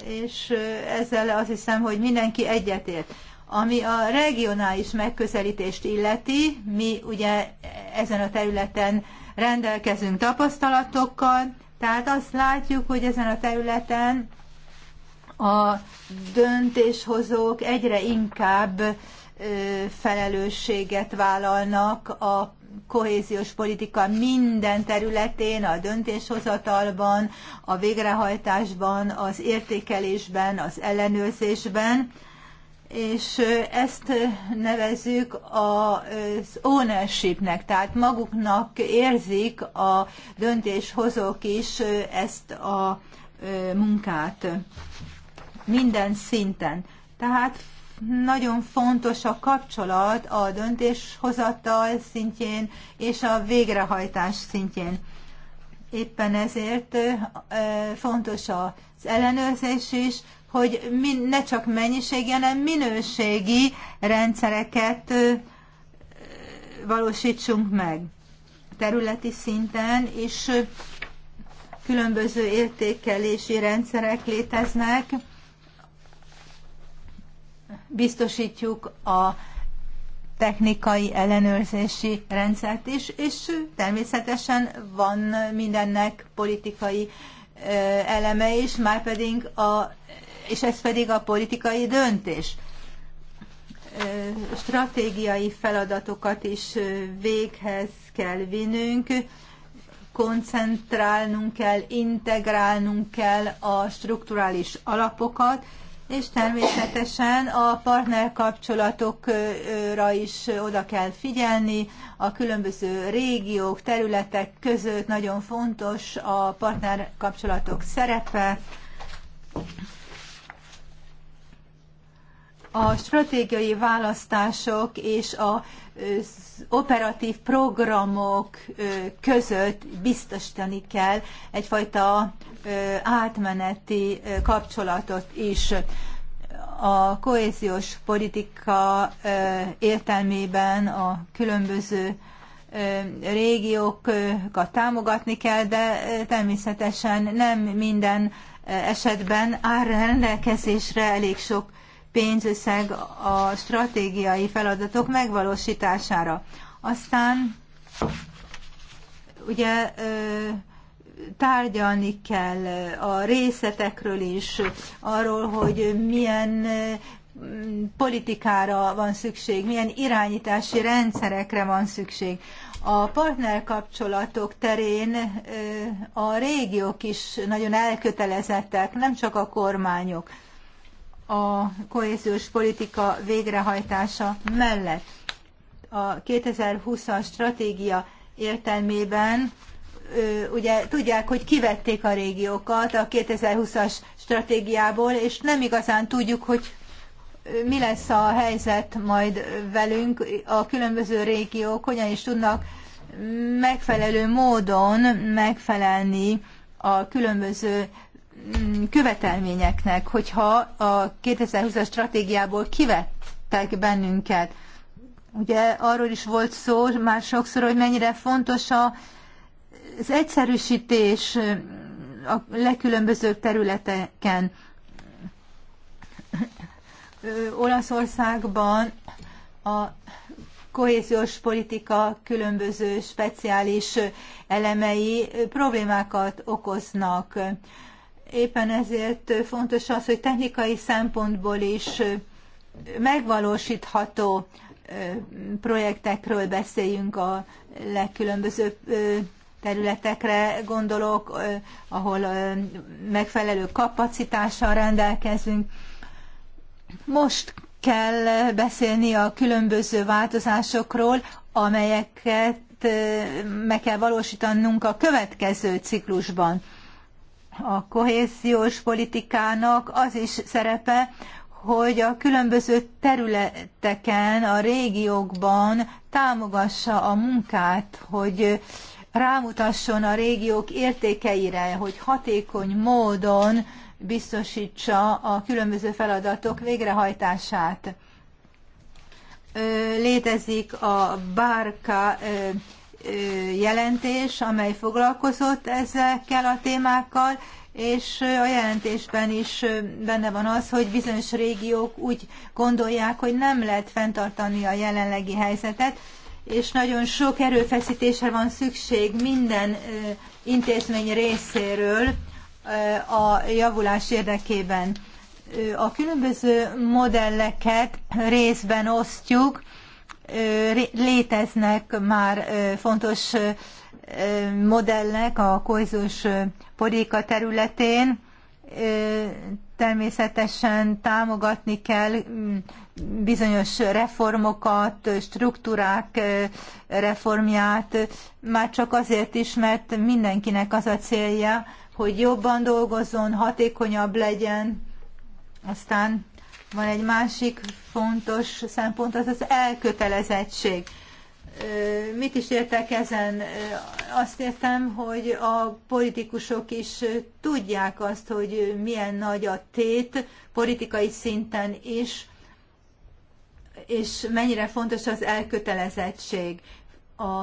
és ezzel azt hiszem, hogy mindenki egyetért. Ami a regionális megközelítést illeti, mi ugye ezen a területen rendelkezünk tapasztalatokkal, tehát azt látjuk, hogy ezen a területen a döntéshozók egyre inkább felelősséget vállalnak a kohéziós politika minden területén, a döntéshozatalban, a végrehajtásban, az értékelésben, az ellenőrzésben, és ezt nevezzük az ownershipnek, tehát maguknak érzik a döntéshozók is ezt a munkát minden szinten. Tehát nagyon fontos a kapcsolat a döntéshozatal szintjén és a végrehajtás szintjén. Éppen ezért fontos az ellenőrzés is, hogy ne csak mennyiségi, hanem minőségi rendszereket valósítsunk meg. Területi szinten is különböző értékelési rendszerek léteznek, biztosítjuk a technikai ellenőrzési rendszert is, és természetesen van mindennek politikai eleme is, már pedig a, és ez pedig a politikai döntés. Stratégiai feladatokat is véghez kell vinnünk, koncentrálnunk kell, integrálnunk kell a strukturális alapokat, és természetesen a partner kapcsolatokra is oda kell figyelni. A különböző régiók, területek között nagyon fontos a partner kapcsolatok szerepe. a stratégiai választások és az operatív programok között biztosítani kell egyfajta átmeneti kapcsolatot is. A kohéziós politika értelmében a különböző régiókat támogatni kell, de természetesen nem minden esetben áll rendelkezésre elég sok pénzösszeg a stratégiai feladatok megvalósítására. Aztán ugye tárgyalni kell a részletekről is, arról, hogy milyen politikára van szükség, milyen irányítási rendszerekre van szükség. A partnerkapcsolatok terén a régiók is nagyon elkötelezettek, nem csak a kormányok a kohéziós politika végrehajtása mellett. A 2020-as stratégia értelmében ugye tudják, hogy kivették a régiókat a 2020-as stratégiából, és nem igazán tudjuk, hogy mi lesz a helyzet majd velünk, a különböző régiók hogyan is tudnak megfelelő módon megfelelni a különböző Mm, követelményeknek, hogyha a 2020-as stratégiából kivettek bennünket. Ugye arról is volt szó már sokszor, hogy mennyire fontos a, az egyszerűsítés mm, a legkülönbözőbb területeken. Olaszországban a kohéziós politika különböző speciális elemei problémákat okoznak. Éppen ezért fontos az, hogy technikai szempontból is megvalósítható projektekről beszéljünk a legkülönbözőbb területekre gondolok, ahol megfelelő kapacitással rendelkezünk. Most kell beszélni a különböző változásokról, amelyeket meg kell valósítanunk a következő ciklusban a kohéziós politikának az is szerepe, hogy a különböző területeken, a régiókban támogassa a munkát, hogy rámutasson a régiók értékeire, hogy hatékony módon biztosítsa a különböző feladatok végrehajtását. Létezik a Bárka jelentés, amely foglalkozott ezekkel a témákkal, és a jelentésben is benne van az, hogy bizonyos régiók úgy gondolják, hogy nem lehet fenntartani a jelenlegi helyzetet, és nagyon sok erőfeszítésre van szükség minden intézmény részéről a javulás érdekében. A különböző modelleket részben osztjuk, léteznek már fontos modellek a kohéziós politika területén. Természetesen támogatni kell mm, bizonyos reformokat, struktúrák reformját, már csak azért is, mert mindenkinek az a célja, hogy jobban dolgozzon, hatékonyabb legyen, aztán van egy másik fontos szempont, az az elkötelezettség. Mit is értek ezen? Azt értem, hogy a politikusok is tudják azt, hogy milyen nagy a tét politikai szinten is, és mennyire fontos az elkötelezettség, a,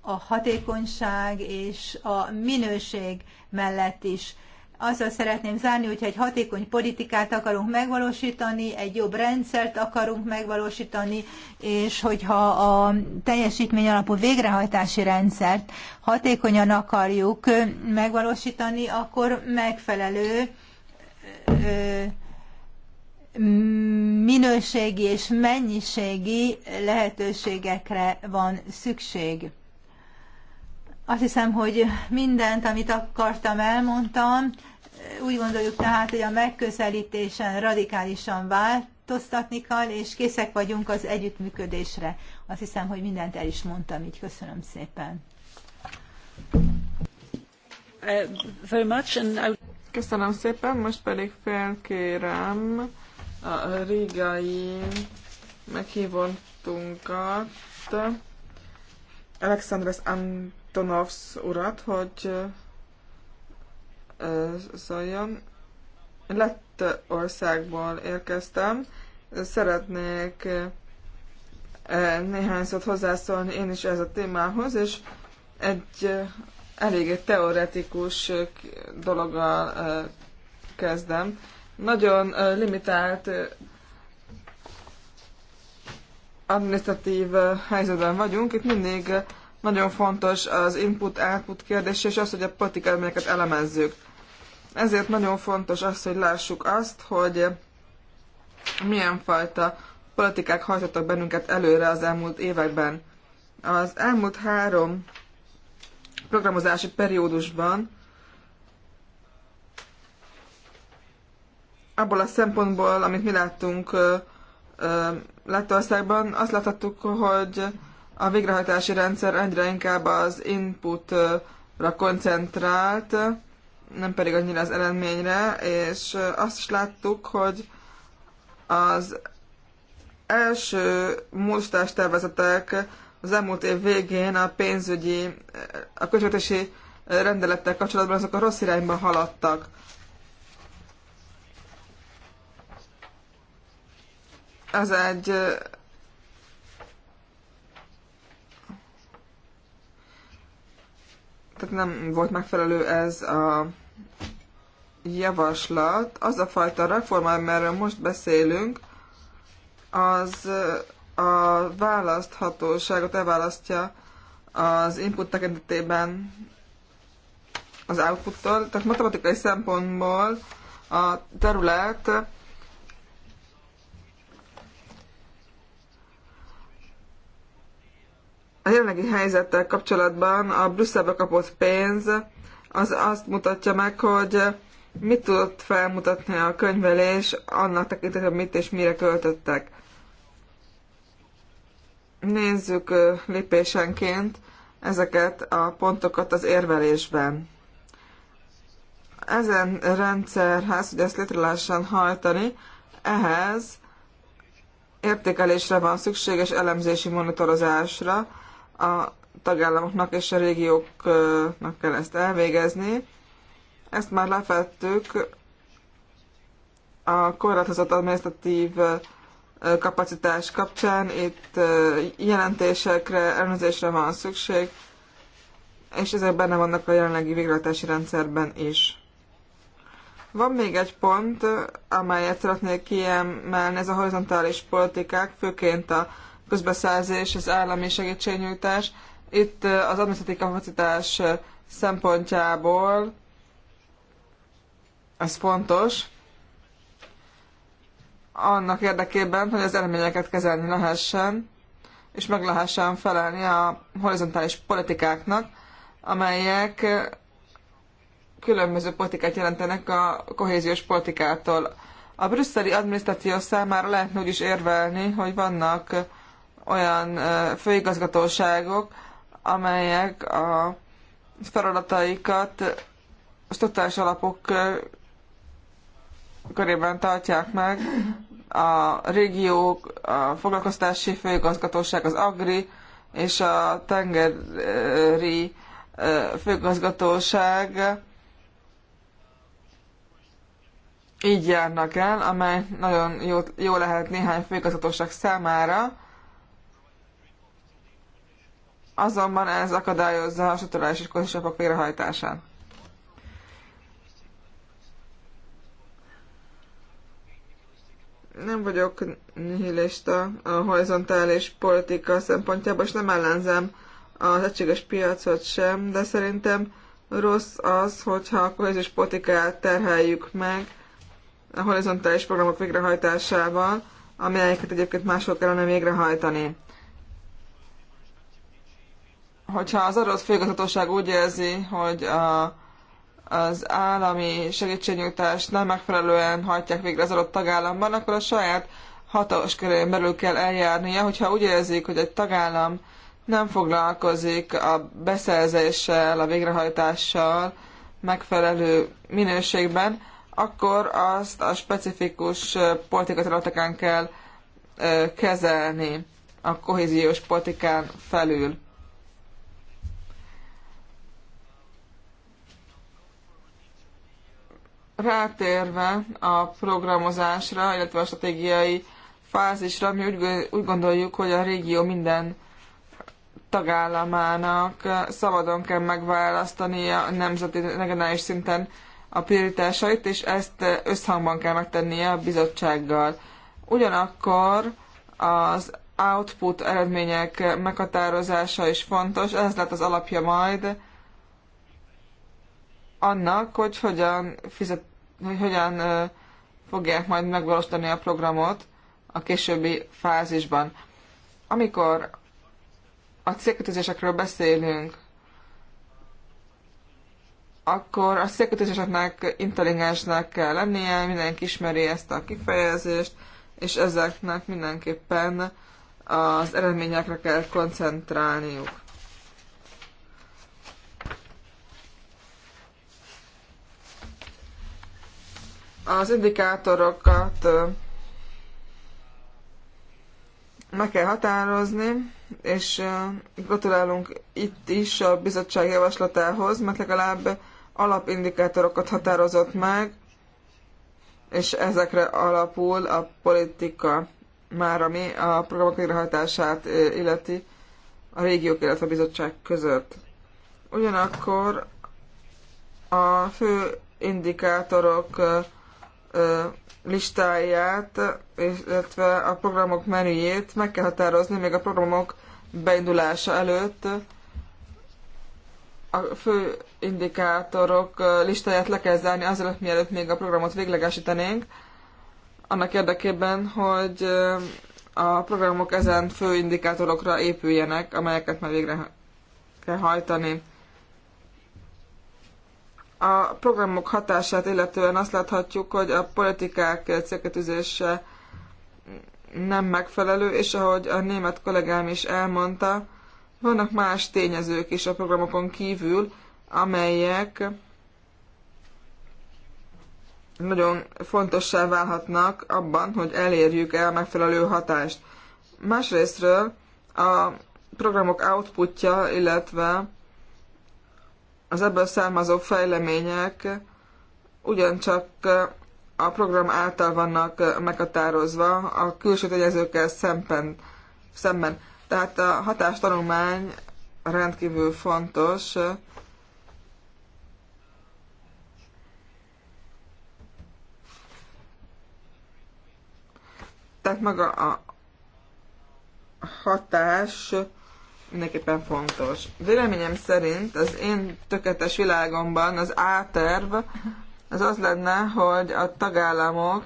a hatékonyság és a minőség mellett is azzal szeretném zárni, hogyha egy hatékony politikát akarunk megvalósítani, egy jobb rendszert akarunk megvalósítani, és hogyha a teljesítmény alapú végrehajtási rendszert hatékonyan akarjuk megvalósítani, akkor megfelelő minőségi és mennyiségi lehetőségekre van szükség. Azt hiszem, hogy mindent, amit akartam, elmondtam úgy gondoljuk tehát, hogy a megközelítésen radikálisan változtatni kell, és készek vagyunk az együttműködésre. Azt hiszem, hogy mindent el is mondtam, így köszönöm szépen. Uh, köszönöm szépen, most pedig felkérem a rigai meghívottunkat, Alexandres Antonovs urat, hogy szóljon. Lett országból érkeztem. Szeretnék néhány szót hozzászólni én is ez a témához, és egy eléggé teoretikus dologgal kezdem. Nagyon limitált administratív helyzetben vagyunk. Itt mindig nagyon fontos az input-output kérdés, és az, hogy a politikát, amelyeket elemezzük. Ezért nagyon fontos az, hogy lássuk azt, hogy milyen fajta politikák hajtottak bennünket előre az elmúlt években. Az elmúlt három programozási periódusban abból a szempontból, amit mi láttunk Lettországban, azt láthattuk, hogy a végrehajtási rendszer egyre inkább az inputra koncentrált, nem pedig annyira az eredményre, és azt is láttuk, hogy az első múlstás tervezetek az elmúlt év végén a pénzügyi, a költségvetési rendelettel kapcsolatban azok a rossz irányba haladtak. Az egy tehát nem volt megfelelő ez a javaslat, az a fajta reform, amiről most beszélünk, az a választhatóságot elválasztja az input tekintetében az outputtól, tehát matematikai szempontból a terület a jelenlegi helyzettel kapcsolatban a Brüsszelbe kapott pénz az azt mutatja meg, hogy mit tudott felmutatni a könyvelés annak tekintetében, mit és mire költöttek. Nézzük lépésenként ezeket a pontokat az érvelésben. Ezen rendszerhez, hogy ezt létre lehessen hajtani, ehhez értékelésre van szükség és elemzési monitorozásra. A tagállamoknak és a régióknak kell ezt elvégezni. Ezt már lefettük a korlátozott administratív kapacitás kapcsán. Itt jelentésekre, elnözésre van szükség, és ezek benne vannak a jelenlegi végrehajtási rendszerben is. Van még egy pont, amelyet szeretnék kiemelni, ez a horizontális politikák, főként a közbeszerzés, az állami segítségnyújtás. Itt az administratív kapacitás szempontjából ez fontos, annak érdekében, hogy az eredményeket kezelni lehessen, és meg lehessen felelni a horizontális politikáknak, amelyek különböző politikát jelentenek a kohéziós politikától. A brüsszeli adminisztráció számára lehetne úgy is érvelni, hogy vannak olyan főigazgatóságok, amelyek a feladataikat struktúrás alapok körében tartják meg. A régiók, a foglalkoztási főigazgatóság, az AGRI és a tengeri főigazgatóság így járnak el, amely nagyon jó, jó lehet néhány főigazgatóság számára, azonban ez akadályozza a saturális és kohézsapok végrehajtását. Nem vagyok nihilista a horizontális politika szempontjából, és nem ellenzem az egységes piacot sem, de szerintem rossz az, hogyha a kohézis politikát terheljük meg a horizontális programok végrehajtásával, amelyeket egyébként máshol kellene végrehajtani hogyha az adott főigazgatóság úgy érzi, hogy a, az állami segítségnyújtást nem megfelelően hajtják végre az adott tagállamban, akkor a saját hatalmas körén belül kell eljárnia, hogyha úgy érzik, hogy egy tagállam nem foglalkozik a beszerzéssel, a végrehajtással megfelelő minőségben, akkor azt a specifikus politikai területeken kell kezelni a kohéziós politikán felül. Rátérve a programozásra, illetve a stratégiai fázisra, mi úgy, gondoljuk, hogy a régió minden tagállamának szabadon kell megválasztani a nemzeti regionális szinten a prioritásait, és ezt összhangban kell megtennie a bizottsággal. Ugyanakkor az output eredmények meghatározása is fontos, ez lett az alapja majd annak, hogy hogyan, fizet, hogy hogyan fogják majd megvalósítani a programot a későbbi fázisban. Amikor a célkötözésekről beszélünk, akkor a célkötözéseknek intelligensnek kell lennie, mindenki ismeri ezt a kifejezést, és ezeknek mindenképpen az eredményekre kell koncentrálniuk. Az indikátorokat meg kell határozni, és gratulálunk itt is a bizottság javaslatához, mert legalább alapindikátorokat határozott meg, és ezekre alapul a politika már ami a programok végrehajtását illeti a régiók, illetve a bizottság között. Ugyanakkor a fő indikátorok listáját, illetve a programok menüjét meg kell határozni még a programok beindulása előtt. A fő indikátorok listáját le kell zárni azelőtt, mielőtt még a programot véglegesítenénk, annak érdekében, hogy a programok ezen fő indikátorokra épüljenek, amelyeket már végre kell hajtani. A programok hatását illetően azt láthatjuk, hogy a politikák célkötőzése nem megfelelő, és ahogy a német kollégám is elmondta, vannak más tényezők is a programokon kívül, amelyek nagyon fontossá válhatnak abban, hogy elérjük el megfelelő hatást. Másrésztről a programok outputja, illetve az ebből származó fejlemények ugyancsak a program által vannak meghatározva a külső tényezőkkel szemben. szemben. Tehát a hatástanulmány rendkívül fontos. Tehát maga a hatás mindenképpen fontos. Véleményem szerint az én tökéletes világomban az áterv az az lenne, hogy a tagállamok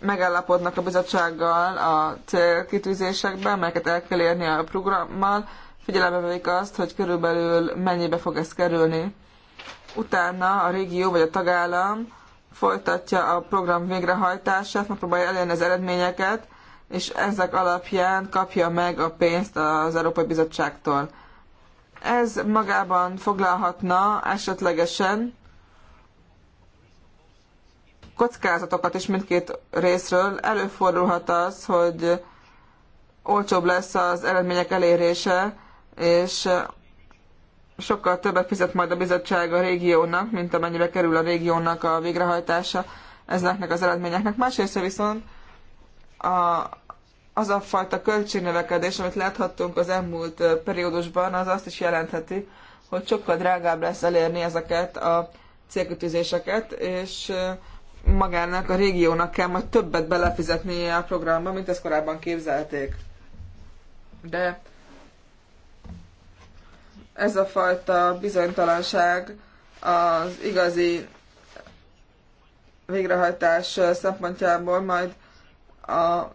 megállapodnak a bizottsággal a célkitűzésekben, melyeket el kell érni a programmal, figyelembe veik azt, hogy körülbelül mennyibe fog ez kerülni. Utána a régió vagy a tagállam folytatja a program végrehajtását, megpróbálja elérni az eredményeket, és ezek alapján kapja meg a pénzt az Európai Bizottságtól. Ez magában foglalhatna esetlegesen kockázatokat is mindkét részről. Előfordulhat az, hogy olcsóbb lesz az eredmények elérése, és sokkal többet fizet majd a bizottság a régiónak, mint amennyibe kerül a régiónak a végrehajtása ezeknek az eredményeknek. Másrészt viszont a az a fajta költségnövekedés, amit láthattunk az elmúlt periódusban, az azt is jelentheti, hogy sokkal drágább lesz elérni ezeket a célkütőzéseket, és magának a régiónak kell majd többet belefizetnie a programba, mint ezt korábban képzelték. De ez a fajta bizonytalanság az igazi végrehajtás szempontjából majd a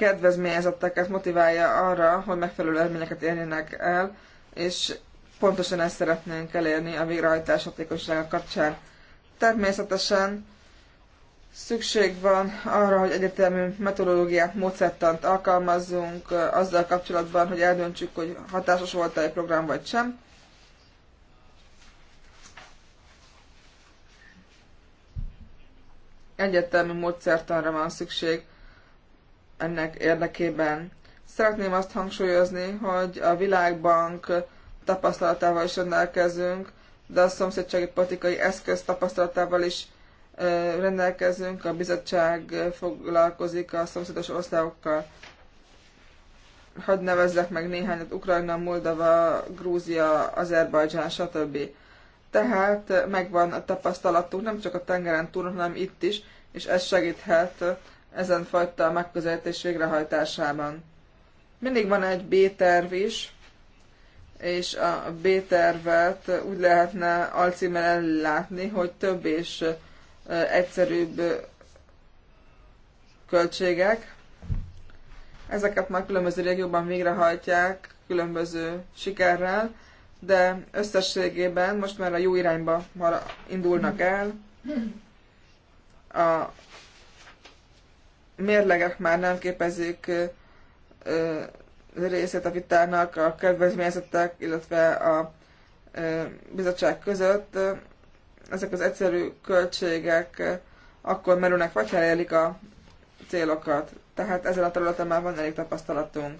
kedvezményezetteket motiválja arra, hogy megfelelő eredményeket érjenek el, és pontosan ezt szeretnénk elérni a végrehajtás hatékonysága kapcsán. Természetesen szükség van arra, hogy egyetemű metodológiát, módszertant alkalmazzunk azzal kapcsolatban, hogy eldöntsük, hogy hatásos volt -e egy program vagy sem. Egyetemű módszertanra van szükség ennek érdekében. Szeretném azt hangsúlyozni, hogy a Világbank tapasztalatával is rendelkezünk, de a szomszédsági politikai eszköz tapasztalatával is rendelkezünk, a bizottság foglalkozik a szomszédos országokkal. Hadd nevezzek meg néhányat, Ukrajna, Moldova, Grúzia, Azerbajdzsán, stb. Tehát megvan a tapasztalatunk, nem csak a tengeren túl, hanem itt is, és ez segíthet ezen fajta megközelítés végrehajtásában. Mindig van egy B-terv is, és a B-tervet úgy lehetne alcímmel ellátni, hogy több és egyszerűbb költségek. Ezeket már különböző régióban végrehajtják, különböző sikerrel, de összességében most már a jó irányba indulnak el. A mérlegek már nem képezik részét a vitának a kedvezményezettek, illetve a bizottság között. Ezek az egyszerű költségek akkor merülnek, vagy elérik a célokat. Tehát ezzel a területen már van elég tapasztalatunk.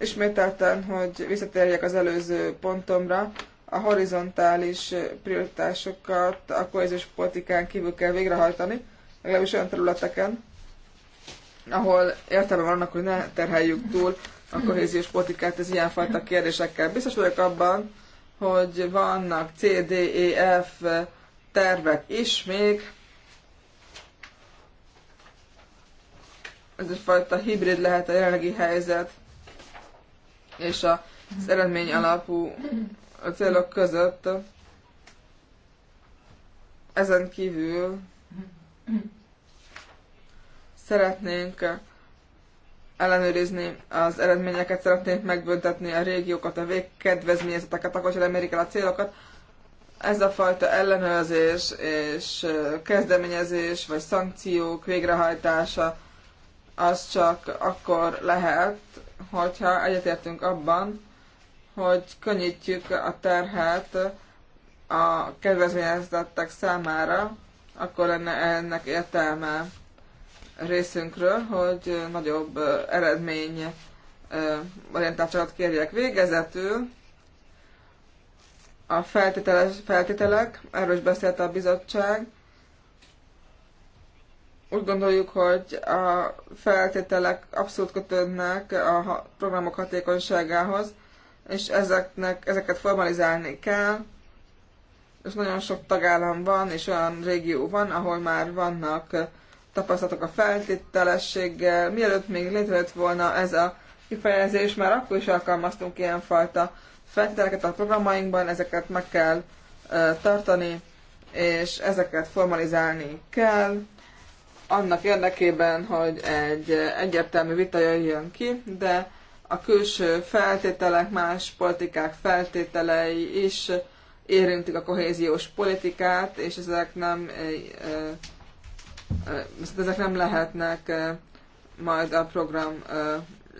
Ismételten, hogy visszatérjek az előző pontomra, a horizontális prioritásokat a kohéziós politikán kívül kell végrehajtani, legalábbis olyan területeken, ahol értelme van annak, hogy ne terheljük túl a kohéziós politikát az ilyenfajta kérdésekkel. Biztos vagyok abban, hogy vannak CDEF tervek is még. Ez egyfajta hibrid lehet a jelenlegi helyzet és az eredmény alapú a célok között. Ezen kívül Szeretnénk ellenőrizni az eredményeket, szeretnénk megbüntetni a régiókat, a végkedvezményezeteket, akkor sem emérik el a célokat. Ez a fajta ellenőrzés és kezdeményezés, vagy szankciók végrehajtása, az csak akkor lehet, hogyha egyetértünk abban, hogy könnyítjük a terhet a kedvezményezettek számára, akkor lenne ennek értelme részünkről, hogy nagyobb eredmény orientációt kérjek végezetül. A feltételes feltételek, erről is beszélt a bizottság. Úgy gondoljuk, hogy a feltételek abszolút kötődnek a programok hatékonyságához, és ezeknek, ezeket formalizálni kell, és nagyon sok tagállam van, és olyan régió van, ahol már vannak tapasztalatok a feltételességgel. Mielőtt még létrejött volna ez a kifejezés, már akkor is alkalmaztunk ilyenfajta feltételeket a programainkban, ezeket meg kell tartani, és ezeket formalizálni kell, annak érdekében, hogy egy egyértelmű vita jöjjön ki, de a külső feltételek, más politikák feltételei is érintik a kohéziós politikát, és ezek nem viszont ezek nem lehetnek majd a program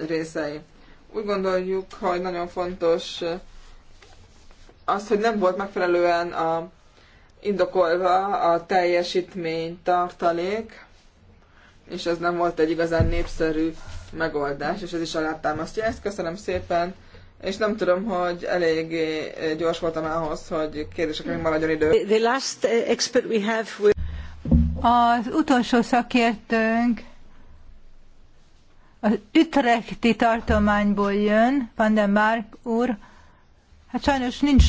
részei. Úgy gondoljuk, hogy nagyon fontos az, hogy nem volt megfelelően a, indokolva a teljesítmény tartalék, és ez nem volt egy igazán népszerű megoldás, és ez is alátámasztja ezt. Köszönöm szépen, és nem tudom, hogy elég gyors voltam ahhoz, hogy kérdésekre maradjon idő. The last eh, expert we have with... Az utolsó szakértőnk az ütrekti tartományból jön, Van den Mark úr. Hát sajnos nincs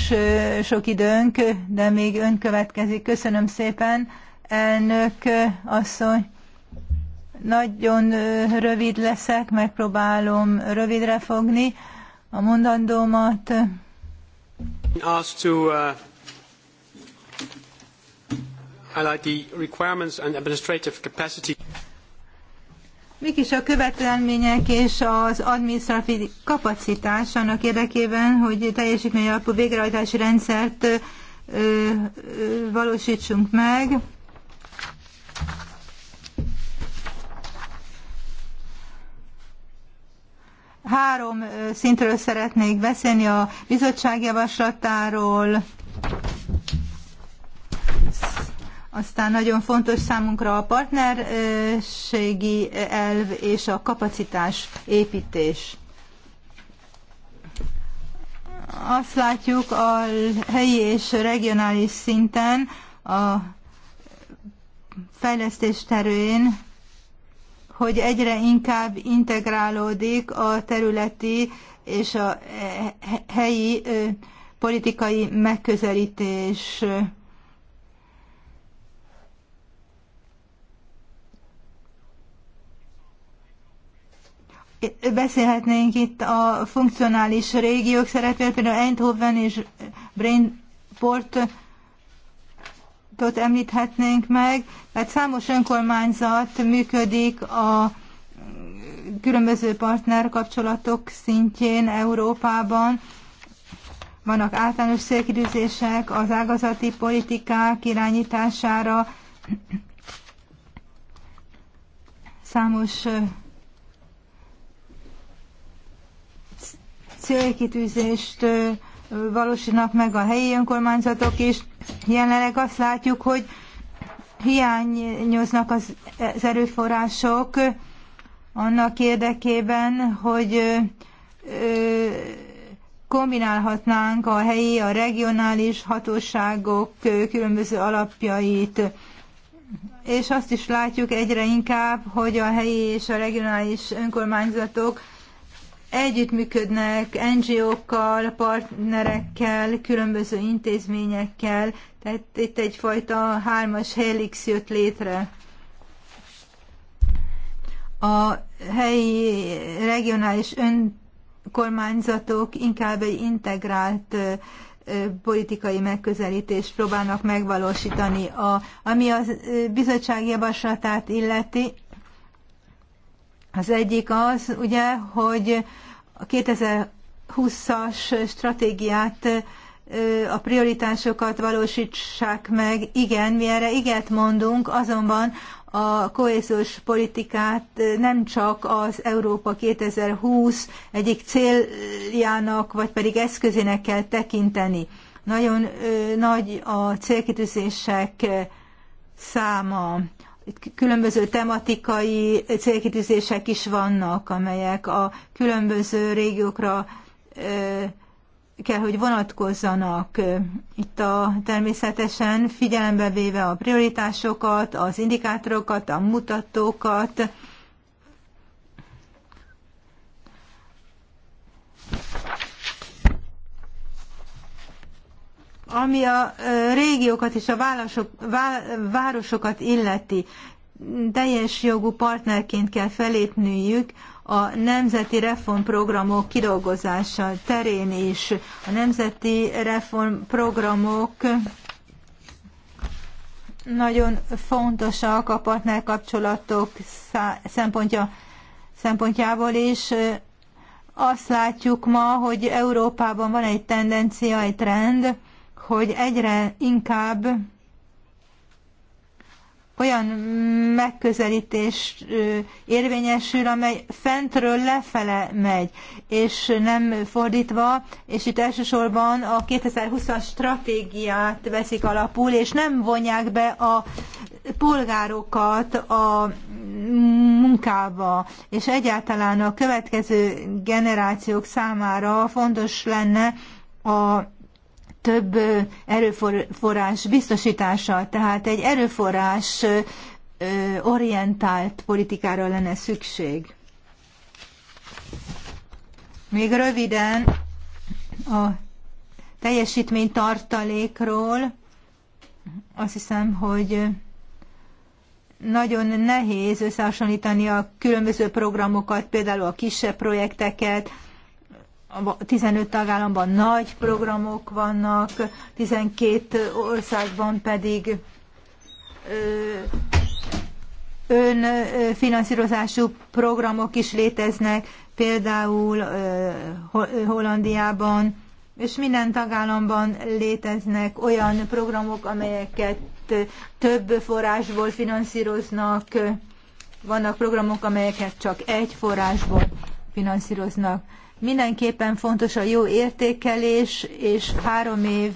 sok időnk, de még ön következik. Köszönöm szépen, elnök asszony. Nagyon rövid leszek, megpróbálom rövidre fogni a mondandómat. Asked to, uh requirements and administrative capacity. Mik is a követelmények és az adminisztratív kapacitás annak érdekében, hogy teljesítmény alapú végrehajtási rendszert ö, ö, valósítsunk meg? Három szintről szeretnék beszélni a bizottság javaslatáról, Aztán nagyon fontos számunkra a partnerségi elv és a kapacitás építés. Azt látjuk a helyi és regionális szinten a fejlesztés terén, hogy egyre inkább integrálódik a területi és a helyi politikai megközelítés Beszélhetnénk itt a funkcionális régiók szerepéről, például Eindhoven és Brainport említhetnénk meg. mert számos önkormányzat működik a különböző partner kapcsolatok szintjén Európában. Vannak általános szélkidőzések az ágazati politikák irányítására, számos célkitűzést valósítanak meg a helyi önkormányzatok is. Jelenleg azt látjuk, hogy hiányoznak az, az erőforrások annak érdekében, hogy kombinálhatnánk a helyi, a regionális hatóságok különböző alapjait. És azt is látjuk egyre inkább, hogy a helyi és a regionális önkormányzatok együttműködnek NGO-kkal, partnerekkel, különböző intézményekkel, tehát itt egyfajta hármas helix jött létre. A helyi regionális önkormányzatok inkább egy integrált politikai megközelítést próbálnak megvalósítani. A, ami a bizottság javaslatát illeti, az egyik az, ugye, hogy a 2020-as stratégiát, a prioritásokat valósítsák meg. Igen, mi erre iget mondunk, azonban a kohéziós politikát nem csak az Európa 2020 egyik céljának, vagy pedig eszközének kell tekinteni. Nagyon ö, nagy a célkitűzések száma különböző tematikai célkitűzések is vannak, amelyek a különböző régiókra kell, hogy vonatkozzanak. Itt a, természetesen figyelembe véve a prioritásokat, az indikátorokat, a mutatókat, ami a régiókat és a városok, városokat illeti. Teljes jogú partnerként kell felépnüljük a nemzeti reformprogramok kidolgozása terén is. A nemzeti reformprogramok nagyon fontosak a partnerkapcsolatok szempontja, szempontjából is. Azt látjuk ma, hogy Európában van egy tendencia, egy trend, hogy egyre inkább olyan megközelítés érvényesül, amely fentről lefele megy, és nem fordítva, és itt elsősorban a 2020-as stratégiát veszik alapul, és nem vonják be a polgárokat a munkába, és egyáltalán a következő generációk számára fontos lenne a több erőforrás biztosítása, tehát egy erőforrás orientált politikára lenne szükség. Még röviden a teljesítmény tartalékról azt hiszem, hogy nagyon nehéz összehasonlítani a különböző programokat, például a kisebb projekteket, 15 tagállamban nagy programok vannak, 12 országban pedig önfinanszírozású programok is léteznek, például Hollandiában, és minden tagállamban léteznek olyan programok, amelyeket több forrásból finanszíroznak, vannak programok, amelyeket csak egy forrásból finanszíroznak. Mindenképpen fontos a jó értékelés, és három év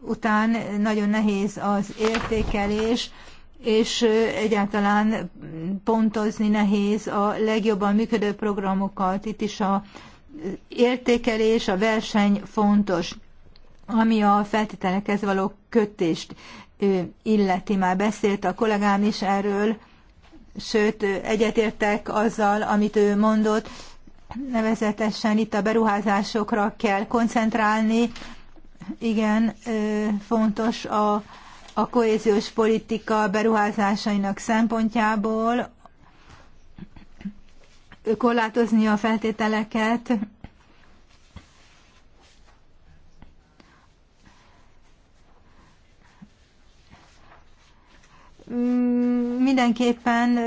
után nagyon nehéz az értékelés, és egyáltalán pontozni nehéz a legjobban működő programokat. Itt is a értékelés, a verseny fontos, ami a feltételekhez való kötést illeti. Már beszélt a kollégám is erről, sőt egyetértek azzal, amit ő mondott, Nevezetesen itt a beruházásokra kell koncentrálni. Igen, fontos a, a kohéziós politika beruházásainak szempontjából korlátozni a feltételeket, mindenképpen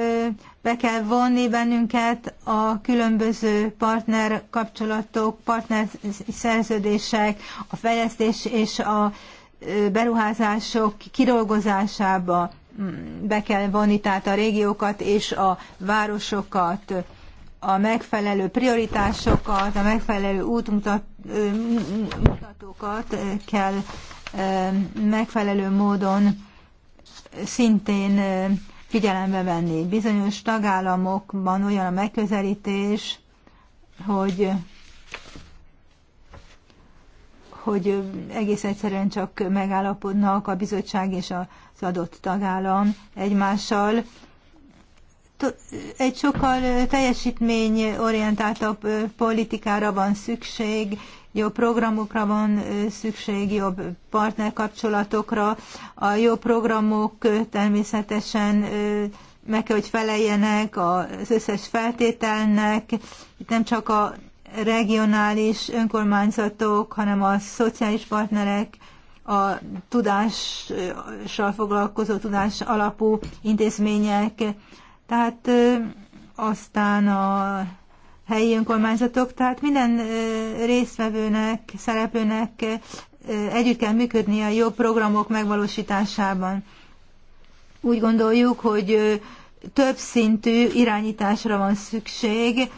be kell vonni bennünket a különböző partner kapcsolatok, partner szerződések, a fejlesztés és a beruházások kidolgozásába mm, be kell vonni, tehát a régiókat és a városokat, a megfelelő prioritásokat, a megfelelő útmutatókat kell megfelelő módon szintén figyelembe venni. Bizonyos tagállamokban olyan a megközelítés, hogy hogy egész egyszerűen csak megállapodnak a bizottság és az adott tagállam egymással. Egy sokkal teljesítményorientáltabb politikára van szükség, jobb programokra van szükség, jobb partnerkapcsolatokra. A jó programok természetesen meg kell, hogy feleljenek az összes feltételnek. Itt nem csak a regionális önkormányzatok, hanem a szociális partnerek, a tudással foglalkozó tudás alapú intézmények, tehát aztán a helyi önkormányzatok, tehát minden résztvevőnek, szereplőnek együtt kell működni a jobb programok megvalósításában. Úgy gondoljuk, hogy több szintű irányításra van szükség,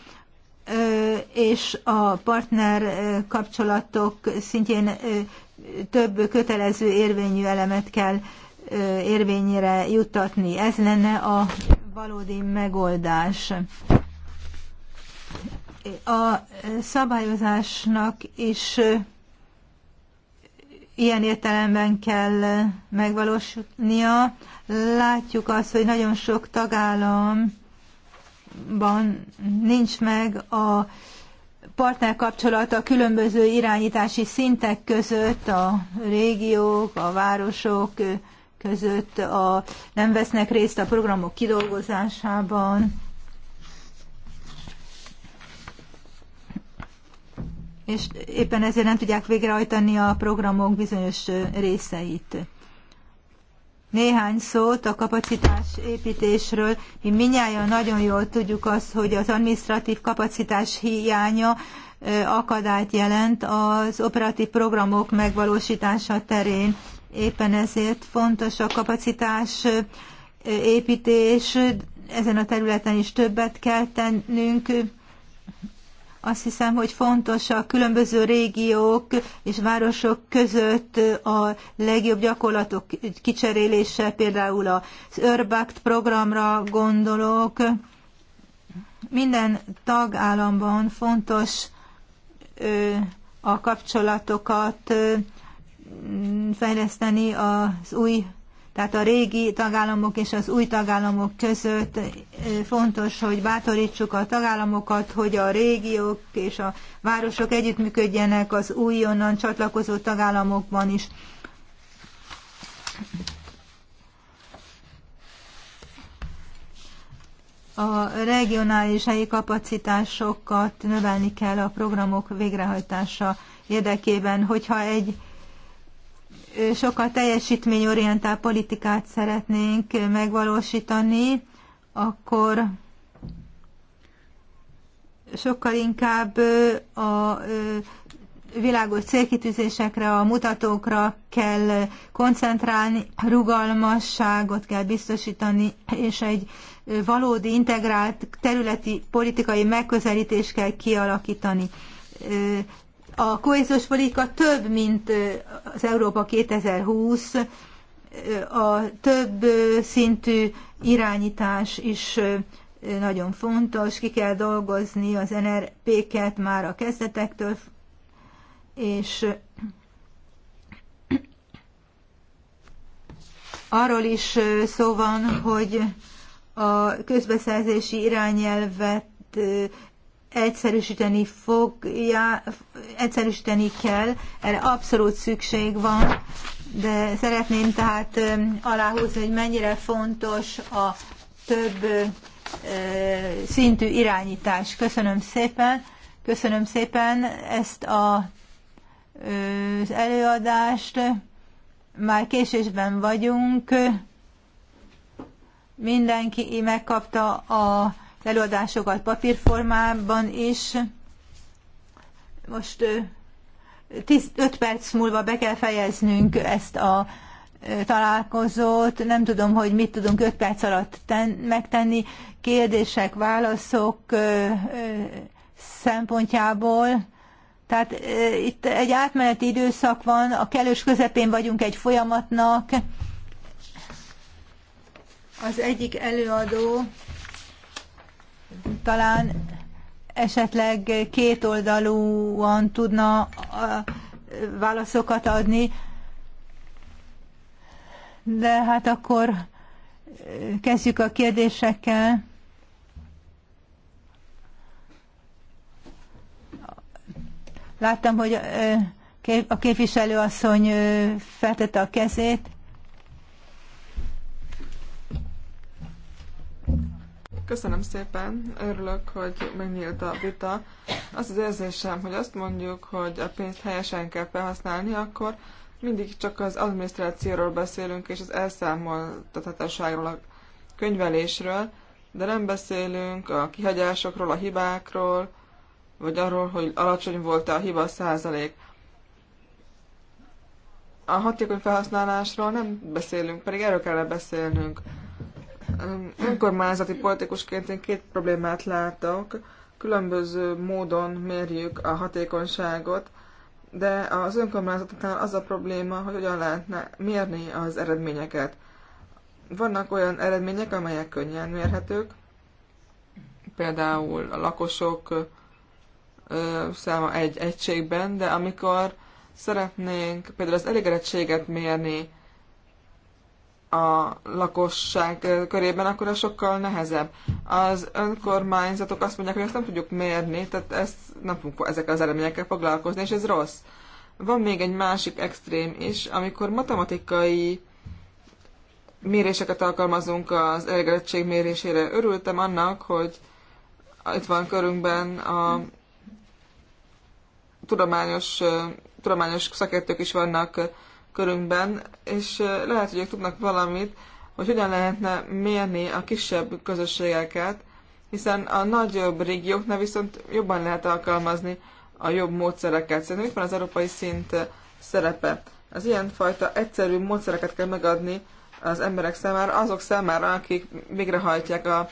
és a partner kapcsolatok szintjén több kötelező érvényű elemet kell érvényére juttatni. Ez lenne a valódi megoldás a szabályozásnak is ilyen értelemben kell megvalósulnia. Látjuk azt, hogy nagyon sok tagállamban nincs meg a partnerkapcsolat a különböző irányítási szintek között, a régiók, a városok között, a, nem vesznek részt a programok kidolgozásában. és éppen ezért nem tudják végrehajtani a programok bizonyos részeit. Néhány szót a kapacitás építésről. Mi minnyáján nagyon jól tudjuk azt, hogy az administratív kapacitás hiánya akadályt jelent az operatív programok megvalósítása terén. Éppen ezért fontos a kapacitás építés, ezen a területen is többet kell tennünk, azt hiszem, hogy fontos a különböző régiók és városok között a legjobb gyakorlatok kicserélése, például az Urbact programra gondolok. Minden tagállamban fontos a kapcsolatokat fejleszteni az új tehát a régi tagállamok és az új tagállamok között fontos, hogy bátorítsuk a tagállamokat, hogy a régiók és a városok együttműködjenek az újonnan csatlakozó tagállamokban is. A regionális helyi kapacitásokat növelni kell a programok végrehajtása érdekében, hogyha egy sokkal teljesítményorientált politikát szeretnénk megvalósítani, akkor sokkal inkább a világos célkitűzésekre, a mutatókra kell koncentrálni, rugalmasságot kell biztosítani, és egy valódi integrált területi politikai megközelítést kell kialakítani. A kohéziós politika több, mint az Európa 2020, a több szintű irányítás is nagyon fontos, ki kell dolgozni az NRP-ket már a kezdetektől, és arról is szó van, hogy a közbeszerzési irányelvet egyszerűsíteni fogja, egyszerűsíteni kell, erre abszolút szükség van, de szeretném tehát um, aláhúzni, hogy mennyire fontos a több uh, szintű irányítás. Köszönöm szépen, köszönöm szépen ezt a, uh, az előadást. Már késésben vagyunk. Mindenki megkapta a előadásokat papírformában is. Most 5 perc múlva be kell fejeznünk ezt a találkozót. Nem tudom, hogy mit tudunk 5 perc alatt ten- megtenni. Kérdések, válaszok szempontjából. Tehát itt egy átmeneti időszak van, a kellős közepén vagyunk egy folyamatnak. Az egyik előadó talán esetleg kétoldalúan tudna válaszokat adni, de hát akkor eh, kezdjük a kérdésekkel. Láttam, hogy eh, a képviselőasszony eh, feltette a kezét. Köszönöm szépen, örülök, hogy megnyílt a vita. Az az érzésem, hogy azt mondjuk, hogy a pénzt helyesen kell felhasználni, akkor mindig csak az adminisztrációról beszélünk, és az elszámoltathatóságról, a könyvelésről, de nem beszélünk a kihagyásokról, a hibákról, vagy arról, hogy alacsony volt -e a hiba százalék. A hatékony felhasználásról nem beszélünk, pedig erről kellene beszélnünk önkormányzati politikusként én két problémát látok. Különböző módon mérjük a hatékonyságot, de az önkormányzatoknál az a probléma, hogy hogyan lehetne mérni az eredményeket. Vannak olyan eredmények, amelyek könnyen mérhetők, például a lakosok száma egy egységben, de amikor szeretnénk például az elégedettséget mérni a lakosság körében, akkor ez sokkal nehezebb. Az önkormányzatok azt mondják, hogy ezt nem tudjuk mérni, tehát ezt nem fogunk ezekkel az eredményekkel foglalkozni, és ez rossz. Van még egy másik extrém is, amikor matematikai méréseket alkalmazunk az elégedettség mérésére. Örültem annak, hogy itt van körünkben a tudományos, tudományos szakértők is vannak körünkben, és lehet, hogy ők tudnak valamit, hogy hogyan lehetne mérni a kisebb közösségeket, hiszen a nagyobb régióknál viszont jobban lehet alkalmazni a jobb módszereket. Szerintem itt van az európai szint szerepe. Az ilyenfajta egyszerű módszereket kell megadni az emberek számára, azok számára, akik végrehajtják a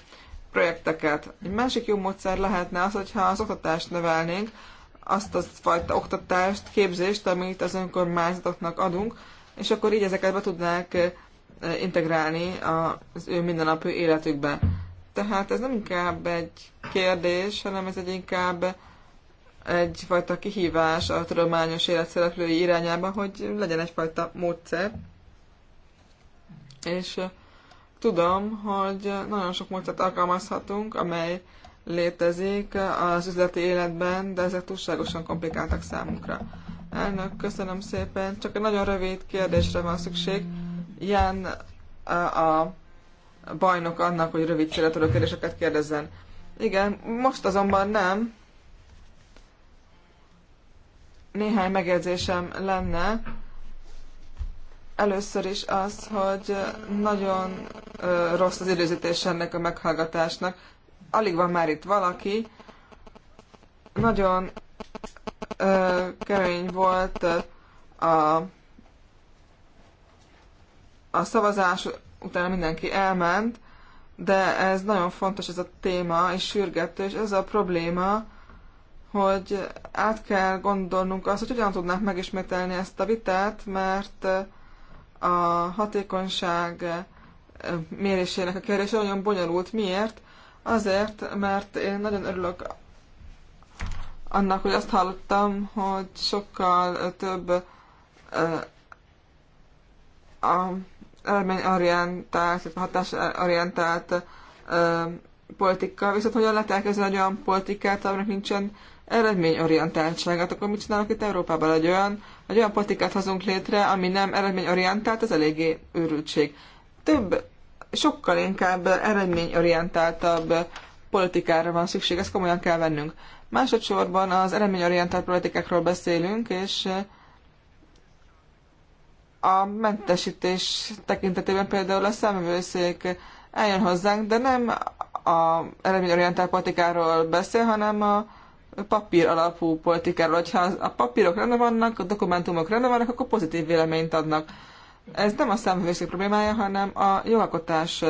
projekteket. Egy másik jó módszer lehetne az, hogyha az oktatást növelnénk, azt a fajta oktatást, képzést, amit az önkormányzatoknak adunk, és akkor így ezeket be tudnák eh, integrálni az ő mindennapi életükbe. Tehát ez nem inkább egy kérdés, hanem ez egy inkább egyfajta kihívás a tudományos élet szereplői irányába, hogy legyen egyfajta módszer. És eh, tudom, hogy nagyon sok módszert alkalmazhatunk, amely létezik az üzleti életben, de ezek túlságosan komplikáltak számunkra. Elnök, köszönöm szépen. Csak egy nagyon rövid kérdésre van szükség. Ján eh, a bajnok annak, hogy rövid célra kérdéseket kérdezzen. Igen, most azonban nem. Néhány megjegyzésem lenne. Először is az, hogy nagyon eh, rossz az időzítés ennek a meghallgatásnak alig van már itt valaki. Nagyon ö, kemény volt a, a szavazás, utána mindenki elment, de ez nagyon fontos ez a téma, és sürgető, és ez a probléma, hogy át kell gondolnunk azt, hogy hogyan tudnánk megismételni ezt a vitát, mert a hatékonyság mérésének a kérdése nagyon bonyolult. Miért? Azért, mert én nagyon örülök annak, hogy azt hallottam, hogy sokkal több uh, a eredményorientált, hatásorientált uh, politika, viszont hogyan lehet elkezdeni egy olyan politikát, aminek nincsen eredményorientáltság, hát akkor mit csinálunk itt Európában? Egy olyan, egy olyan politikát hozunk létre, ami nem eredményorientált, ez eléggé őrültség. Több sokkal inkább eredményorientáltabb politikára van szükség, ezt komolyan kell vennünk. Másodszorban az eredményorientált politikákról beszélünk, és a mentesítés tekintetében például a szemvőszék eljön hozzánk, de nem a eredményorientált politikáról beszél, hanem a papír alapú politikáról. Ha a papírok rendben vannak, a dokumentumok rendben vannak, akkor pozitív véleményt adnak ez nem a számvevőszék problémája, hanem a jogalkotás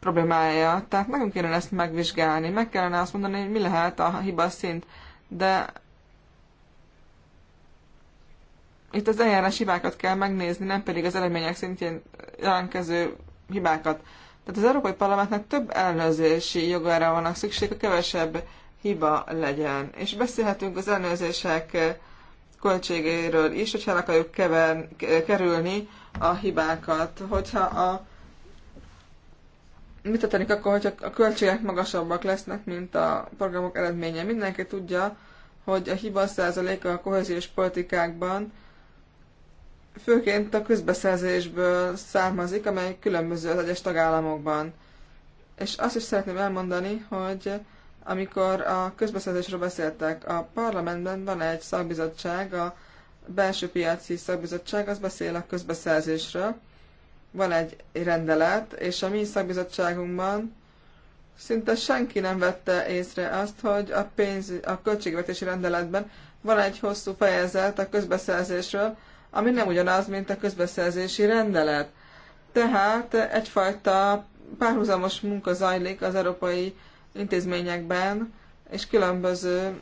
problémája. Tehát nekünk kéne ezt megvizsgálni, meg kellene azt mondani, hogy mi lehet a hiba szint. De itt az eljárás hibákat kell megnézni, nem pedig az eredmények szintjén jelentkező hibákat. Tehát az Európai Parlamentnek több ellenőrzési jogára vannak szükség, hogy kevesebb hiba legyen. És beszélhetünk az ellenőrzések költségéről is, hogyha el akarjuk kever, kerülni a hibákat. Hogyha a mit történik akkor, hogyha a költségek magasabbak lesznek, mint a programok eredménye. Mindenki tudja, hogy a hiba százaléka a kohéziós politikákban főként a közbeszerzésből származik, amely különböző az egyes tagállamokban. És azt is szeretném elmondani, hogy amikor a közbeszerzésről beszéltek, a parlamentben van egy szakbizottság, a belső piaci szakbizottság, az beszél a közbeszerzésről, van egy rendelet, és a mi szakbizottságunkban szinte senki nem vette észre azt, hogy a, pénz, a költségvetési rendeletben van egy hosszú fejezet a közbeszerzésről, ami nem ugyanaz, mint a közbeszerzési rendelet. Tehát egyfajta párhuzamos munka zajlik az Európai intézményekben, és különböző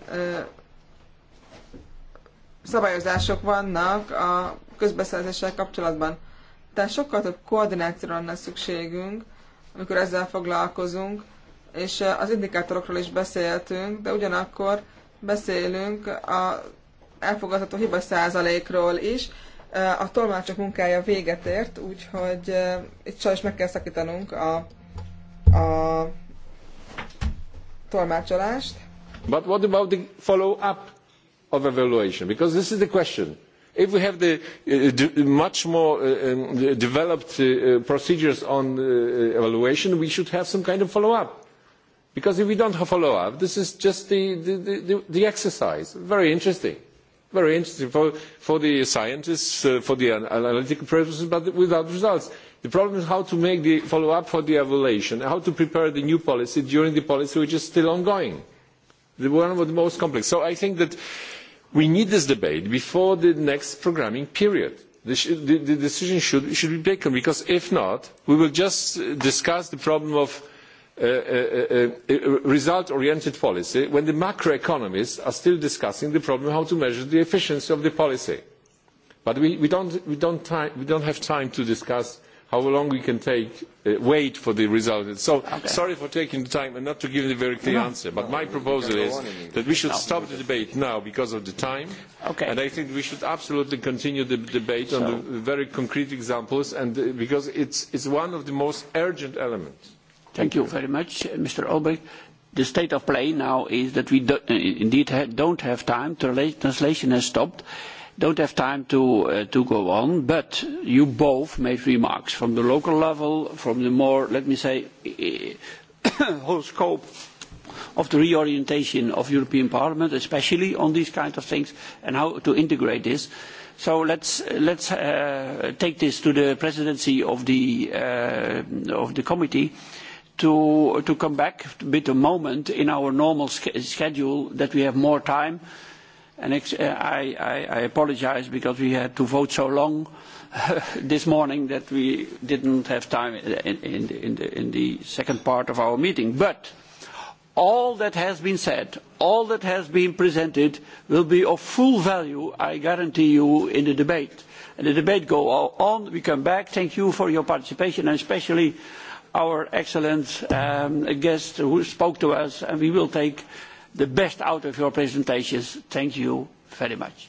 szabályozások vannak a közbeszerzéssel kapcsolatban. Tehát sokkal több koordinációra lenne szükségünk, amikor ezzel foglalkozunk, és az indikátorokról is beszéltünk, de ugyanakkor beszélünk a elfogadható hiba százalékról is. A tolmácsok munkája véget ért, úgyhogy itt sajnos meg kell szakítanunk a, a tolmácsolást. But what about the follow-up of evaluation? Because this is the question. If we have the uh, much more uh, um, developed uh, procedures on uh, uh, evaluation, we should have some kind of follow-up. Because if we don't have follow-up, this is just the, the, the, the exercise. Very interesting very interesting for, for the scientists, uh, for the analytical purposes, but without results. The problem is how to make the follow-up for the evaluation, and how to prepare the new policy during the policy which is still ongoing. The one with the most complex. So I think that we need this debate before the next programming period. The, decision should, should be taken because if not, we will just discuss the problem of uh, uh, uh, uh result-oriented policy when the macroeconomists are still discussing the problem how to measure the efficiency of the policy. But we, we, don't, we, don't, time, we don't have time to discuss how long we can take, uh, wait for the results. So okay. sorry for taking the time and not to give a very clear no. answer. But no, my proposal is that we should no. stop the debate now because of the time. Okay. And I think we should absolutely continue the debate so. on the very concrete examples and uh, because it's, it's one of the most urgent elements. Thank, you very much, uh, Mr. Albrecht. The state of play now is that we do, uh, indeed ha don't have time. Translation has stopped don't have time to, uh, to go on, but you both made remarks from the local level, from the more, let me say, whole scope of the reorientation of European Parliament, especially on these kinds of things, and how to integrate this. So let's, let's uh, take this to the presidency of the, uh, of the committee to, to come back with a moment in our normal sch schedule that we have more time uh, And uh, I, I, I apologize because we had to vote so long this morning that we didn't have time in, in, in, the, in the second part of our meeting. But all that has been said, all that has been presented will be of full value, I guarantee you, in the debate. And the debate goes on, we come back. Thank you for your participation and especially our excellent um, guest who spoke to us and we will take the best out of your presentations. Thank you very much.